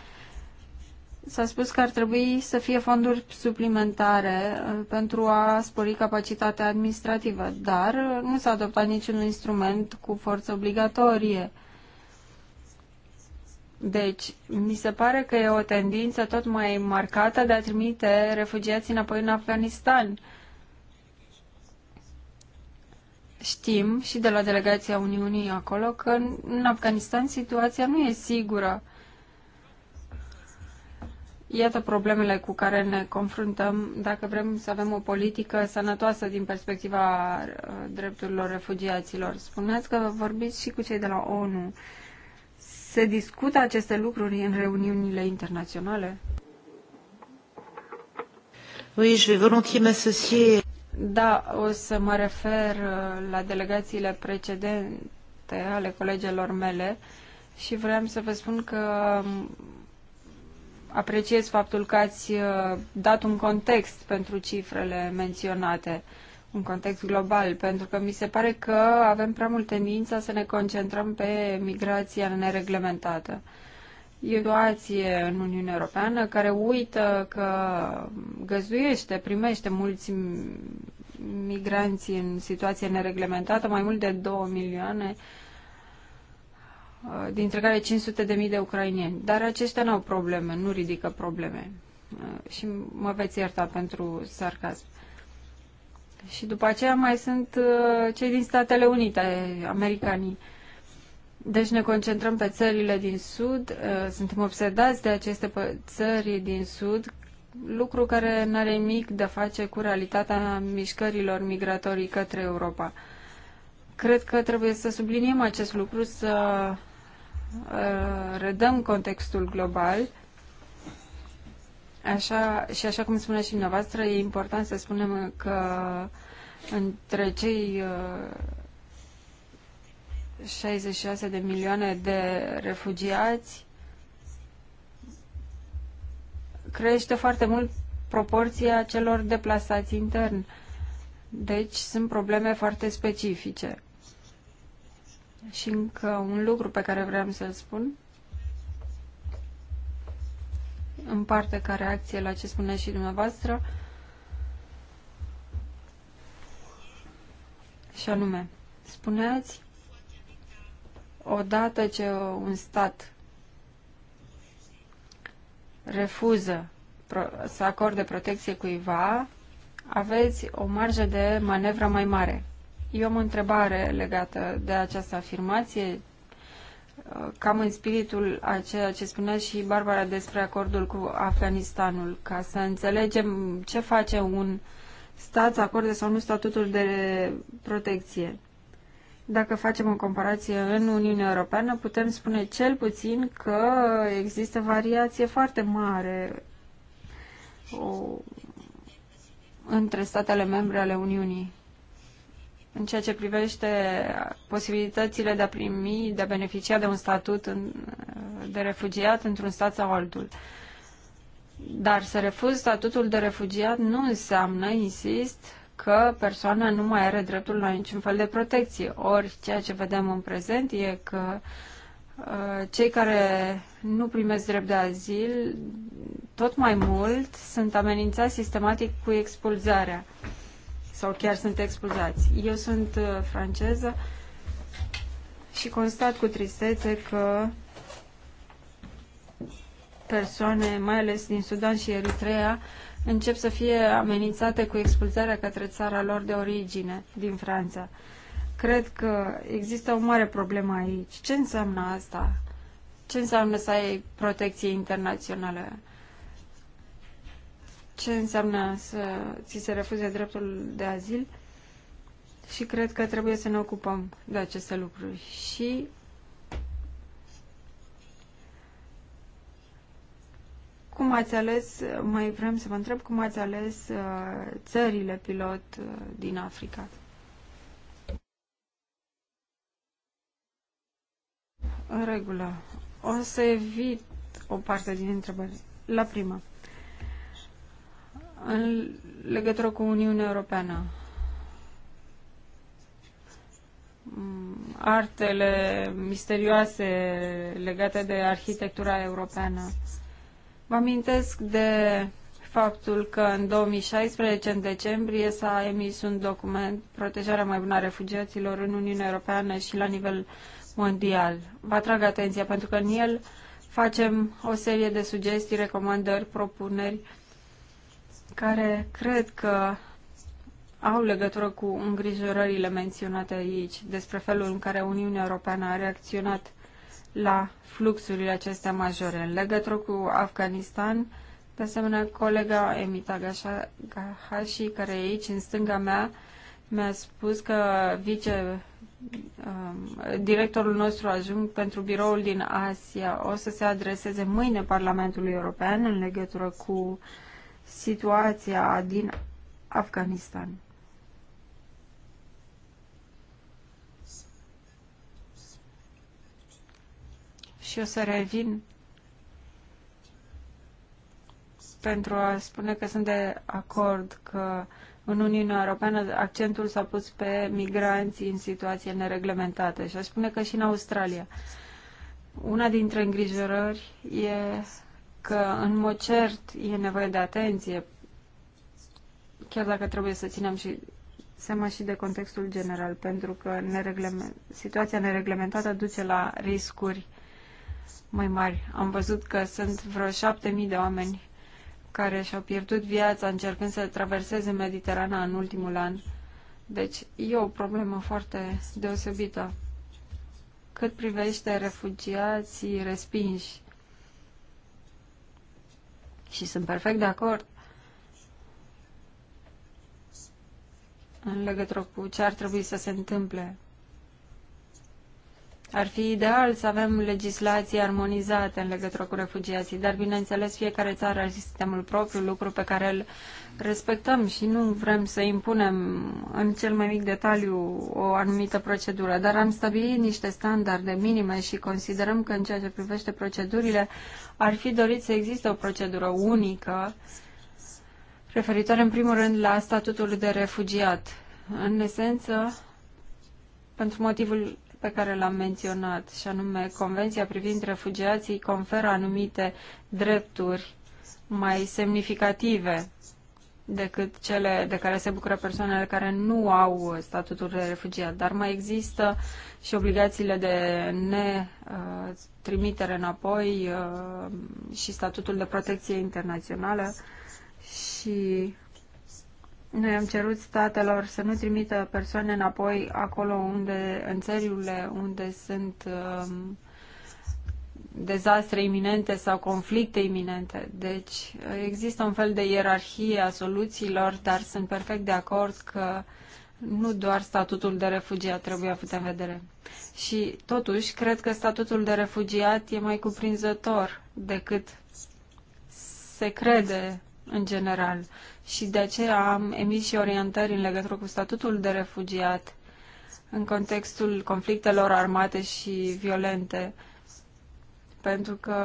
s-a spus că ar trebui să fie fonduri suplimentare uh, pentru a spori capacitatea administrativă, dar uh, nu s-a adoptat niciun instrument cu forță obligatorie. Deci, mi se pare că e o tendință tot mai marcată de a trimite refugiații înapoi în Afganistan știm și de la delegația Uniunii acolo că în Afganistan situația nu e sigură. Iată problemele cu care ne confruntăm dacă vrem să avem o politică sănătoasă din perspectiva uh, drepturilor refugiaților. Spuneați că vorbiți și cu cei de la ONU. Se discută aceste lucruri în reuniunile internaționale? Oui, je vais volontiers m'associer da, o să mă refer uh, la delegațiile precedente ale colegelor mele și vreau să vă spun că um, apreciez faptul că ați uh, dat un context pentru cifrele menționate, un context global, pentru că mi se pare că avem prea mult tendința să ne concentrăm pe migrația nereglementată. Uh, situație în Uniunea Europeană care uită că găzduiește, primește mulți migranți în situație nereglementată, mai mult de 2 milioane, uh, dintre care 500 de mii de ucrainieni. Dar aceștia nu au probleme, nu ridică probleme. Uh, și mă veți ierta pentru sarcasm. Și după aceea mai sunt uh, cei din Statele Unite, americanii. Deci ne concentrăm pe țările din Sud, uh, suntem obsedați de aceste țări din Sud, lucru care nu are nimic de face cu realitatea mișcărilor migratorii către Europa. Cred că trebuie să subliniem acest lucru, să uh, redăm contextul global. Așa, și așa cum spunea și dumneavoastră, e important să spunem că între cei uh, 66 de milioane de refugiați, crește foarte mult proporția celor deplasați intern. Deci sunt probleme foarte specifice. Și încă un lucru pe care vreau să-l spun, în parte ca reacție la ce spuneți și dumneavoastră, și anume, spuneați odată ce un stat refuză să acorde protecție cuiva, aveți o marjă de manevră mai mare. Eu am o întrebare legată de această afirmație, cam în spiritul a ceea ce spunea și Barbara despre acordul cu Afganistanul, ca să înțelegem ce face un stat să acorde sau nu statutul de protecție dacă facem o comparație în Uniunea Europeană, putem spune cel puțin că există variație foarte mare o, între statele membre ale Uniunii în ceea ce privește posibilitățile de a primi, de a beneficia de un statut în, de refugiat într-un stat sau altul. Dar să refuz statutul de refugiat nu înseamnă, insist, că persoana nu mai are dreptul la niciun fel de protecție. Ori ceea ce vedem în prezent e că uh, cei care nu primesc drept de azil, tot mai mult sunt amenințați sistematic cu expulzarea sau chiar sunt expulzați. Eu sunt uh, franceză și constat cu tristețe că persoane, mai ales din Sudan și Eritrea, încep să fie amenințate cu expulzarea către țara lor de origine, din Franța. Cred că există o mare problemă aici. Ce înseamnă asta? Ce înseamnă să ai protecție internațională? Ce înseamnă să ți se refuze dreptul de azil? Și cred că trebuie să ne ocupăm de aceste lucruri. Și cum ați ales, mai vrem să vă întreb cum ați ales uh, țările pilot uh, din Africa. În regulă. O să evit o parte din întrebări. La prima. În legătură cu Uniunea Europeană. Mm, artele misterioase legate de arhitectura europeană. Vă amintesc de faptul că în 2016, în decembrie, s-a emis un document Protejarea mai bună a refugiaților în Uniunea Europeană și la nivel mondial. Vă atrag atenția pentru că în el facem o serie de sugestii, recomandări, propuneri care cred că au legătură cu îngrijorările menționate aici despre felul în care Uniunea Europeană a reacționat la fluxurile acestea majore. În legătură cu Afganistan, de asemenea, colega Emita Gahashi, care e aici, în stânga mea, mi-a spus că vice um, directorul nostru ajung pentru biroul din Asia o să se adreseze mâine Parlamentului European în legătură cu situația din Afganistan. și o să revin pentru a spune că sunt de acord că în Uniunea Europeană accentul s-a pus pe migranți în situație nereglementată și aș spune că și în Australia. Una dintre îngrijorări e că în mod cert e nevoie de atenție, chiar dacă trebuie să ținem și seama și de contextul general, pentru că nereglement, situația nereglementată duce la riscuri mai mari. Am văzut că sunt vreo șapte mii de oameni care și-au pierdut viața încercând să traverseze Mediterana în ultimul an. Deci e o problemă foarte deosebită. Cât privește refugiații respinși, și sunt perfect de acord în legătură cu ce ar trebui să se întâmple ar fi ideal să avem legislații armonizate în legătură cu refugiații, dar bineînțeles fiecare țară are sistemul propriu, lucru pe care îl respectăm și nu vrem să impunem în cel mai mic detaliu o anumită procedură, dar am stabilit niște standarde minime și considerăm că în ceea ce privește procedurile ar fi dorit să existe o procedură unică referitoare în primul rând la statutul de refugiat. În esență, pentru motivul pe care l-am menționat, și anume Convenția privind refugiații conferă anumite drepturi mai semnificative decât cele de care se bucură persoanele care nu au statutul de refugiat, dar mai există și obligațiile de netrimitere înapoi uh, și statutul de protecție internațională și noi am cerut statelor să nu trimită persoane înapoi acolo unde, în țările unde sunt um, dezastre iminente sau conflicte iminente. Deci uh, există un fel de ierarhie a soluțiilor, dar sunt perfect de acord că nu doar statutul de refugiat trebuie avut în vedere. Și totuși, cred că statutul de refugiat e mai cuprinzător decât se crede în general și de aceea am emis și orientări în legătură cu statutul de refugiat în contextul conflictelor armate și violente, pentru că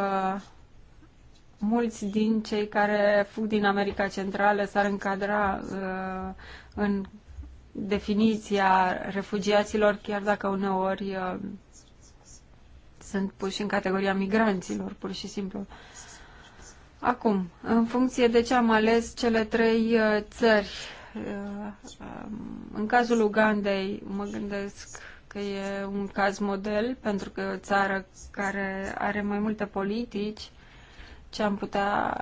mulți din cei care fug din America Centrală s-ar încadra uh, în definiția refugiaților, chiar dacă uneori uh, sunt puși în categoria migranților, pur și simplu. Uh, Acum, în funcție de ce am ales cele trei uh, țări, uh, um, în cazul Ugandei mă gândesc că e un caz model pentru că e o țară care are mai multe politici ce, am putea,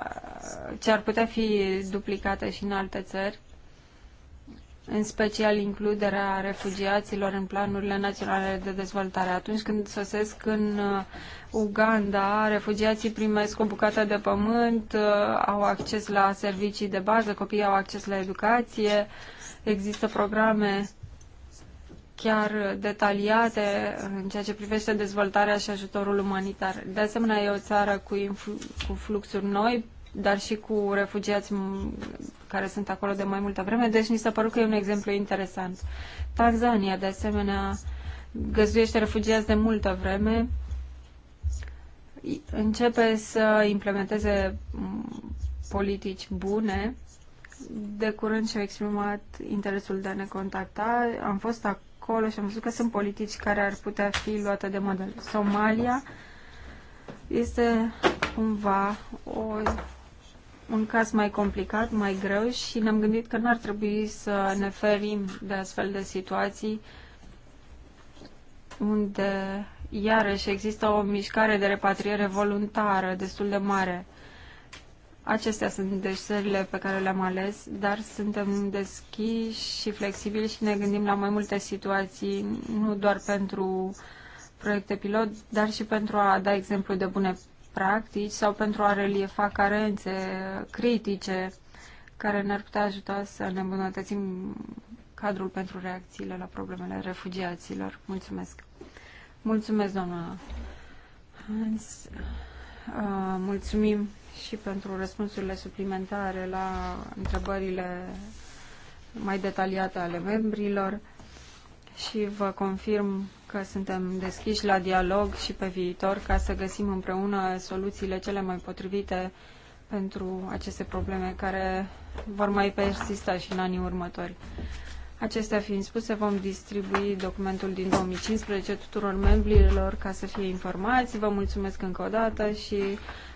ce ar putea fi duplicate și în alte țări în special includerea refugiaților în planurile naționale de dezvoltare. Atunci când sosesc în uh, Uganda, refugiații primesc o bucată de pământ, uh, au acces la servicii de bază, copiii au acces la educație, există programe chiar detaliate în ceea ce privește dezvoltarea și ajutorul umanitar. De asemenea, e o țară cu, cu fluxuri noi, dar și cu refugiați care sunt acolo de mai multă vreme, deci ni s-a părut că e un exemplu interesant. Tanzania, de asemenea, găzduiește refugiați de multă vreme, începe să implementeze politici bune. De curând și-a exprimat interesul de a ne contacta. Am fost acolo și am văzut că sunt politici care ar putea fi luate de model. Somalia este cumva o un caz mai complicat, mai greu și ne-am gândit că n-ar trebui să ne ferim de astfel de situații unde iarăși există o mișcare de repatriere voluntară destul de mare. Acestea sunt deci pe care le-am ales, dar suntem deschiși și flexibili și ne gândim la mai multe situații, nu doar pentru proiecte pilot, dar și pentru a da exemplu de bune practici sau pentru a reliefa carențe critice care ne-ar putea ajuta să ne îmbunătățim cadrul pentru reacțiile la problemele refugiaților. Mulțumesc! Mulțumesc, doamna Hans. Uh, mulțumim și pentru răspunsurile suplimentare la întrebările mai detaliate ale membrilor și vă confirm că suntem deschiși la dialog și pe viitor ca să găsim împreună soluțiile cele mai potrivite pentru aceste probleme care vor mai persista și în anii următori. Acestea fiind spuse, vom distribui documentul din 2015 tuturor membrilor ca să fie informați. Vă mulțumesc încă o dată și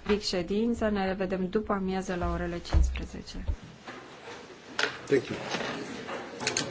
ridic ședința. Ne revedem după amiază la orele 15. Thank you.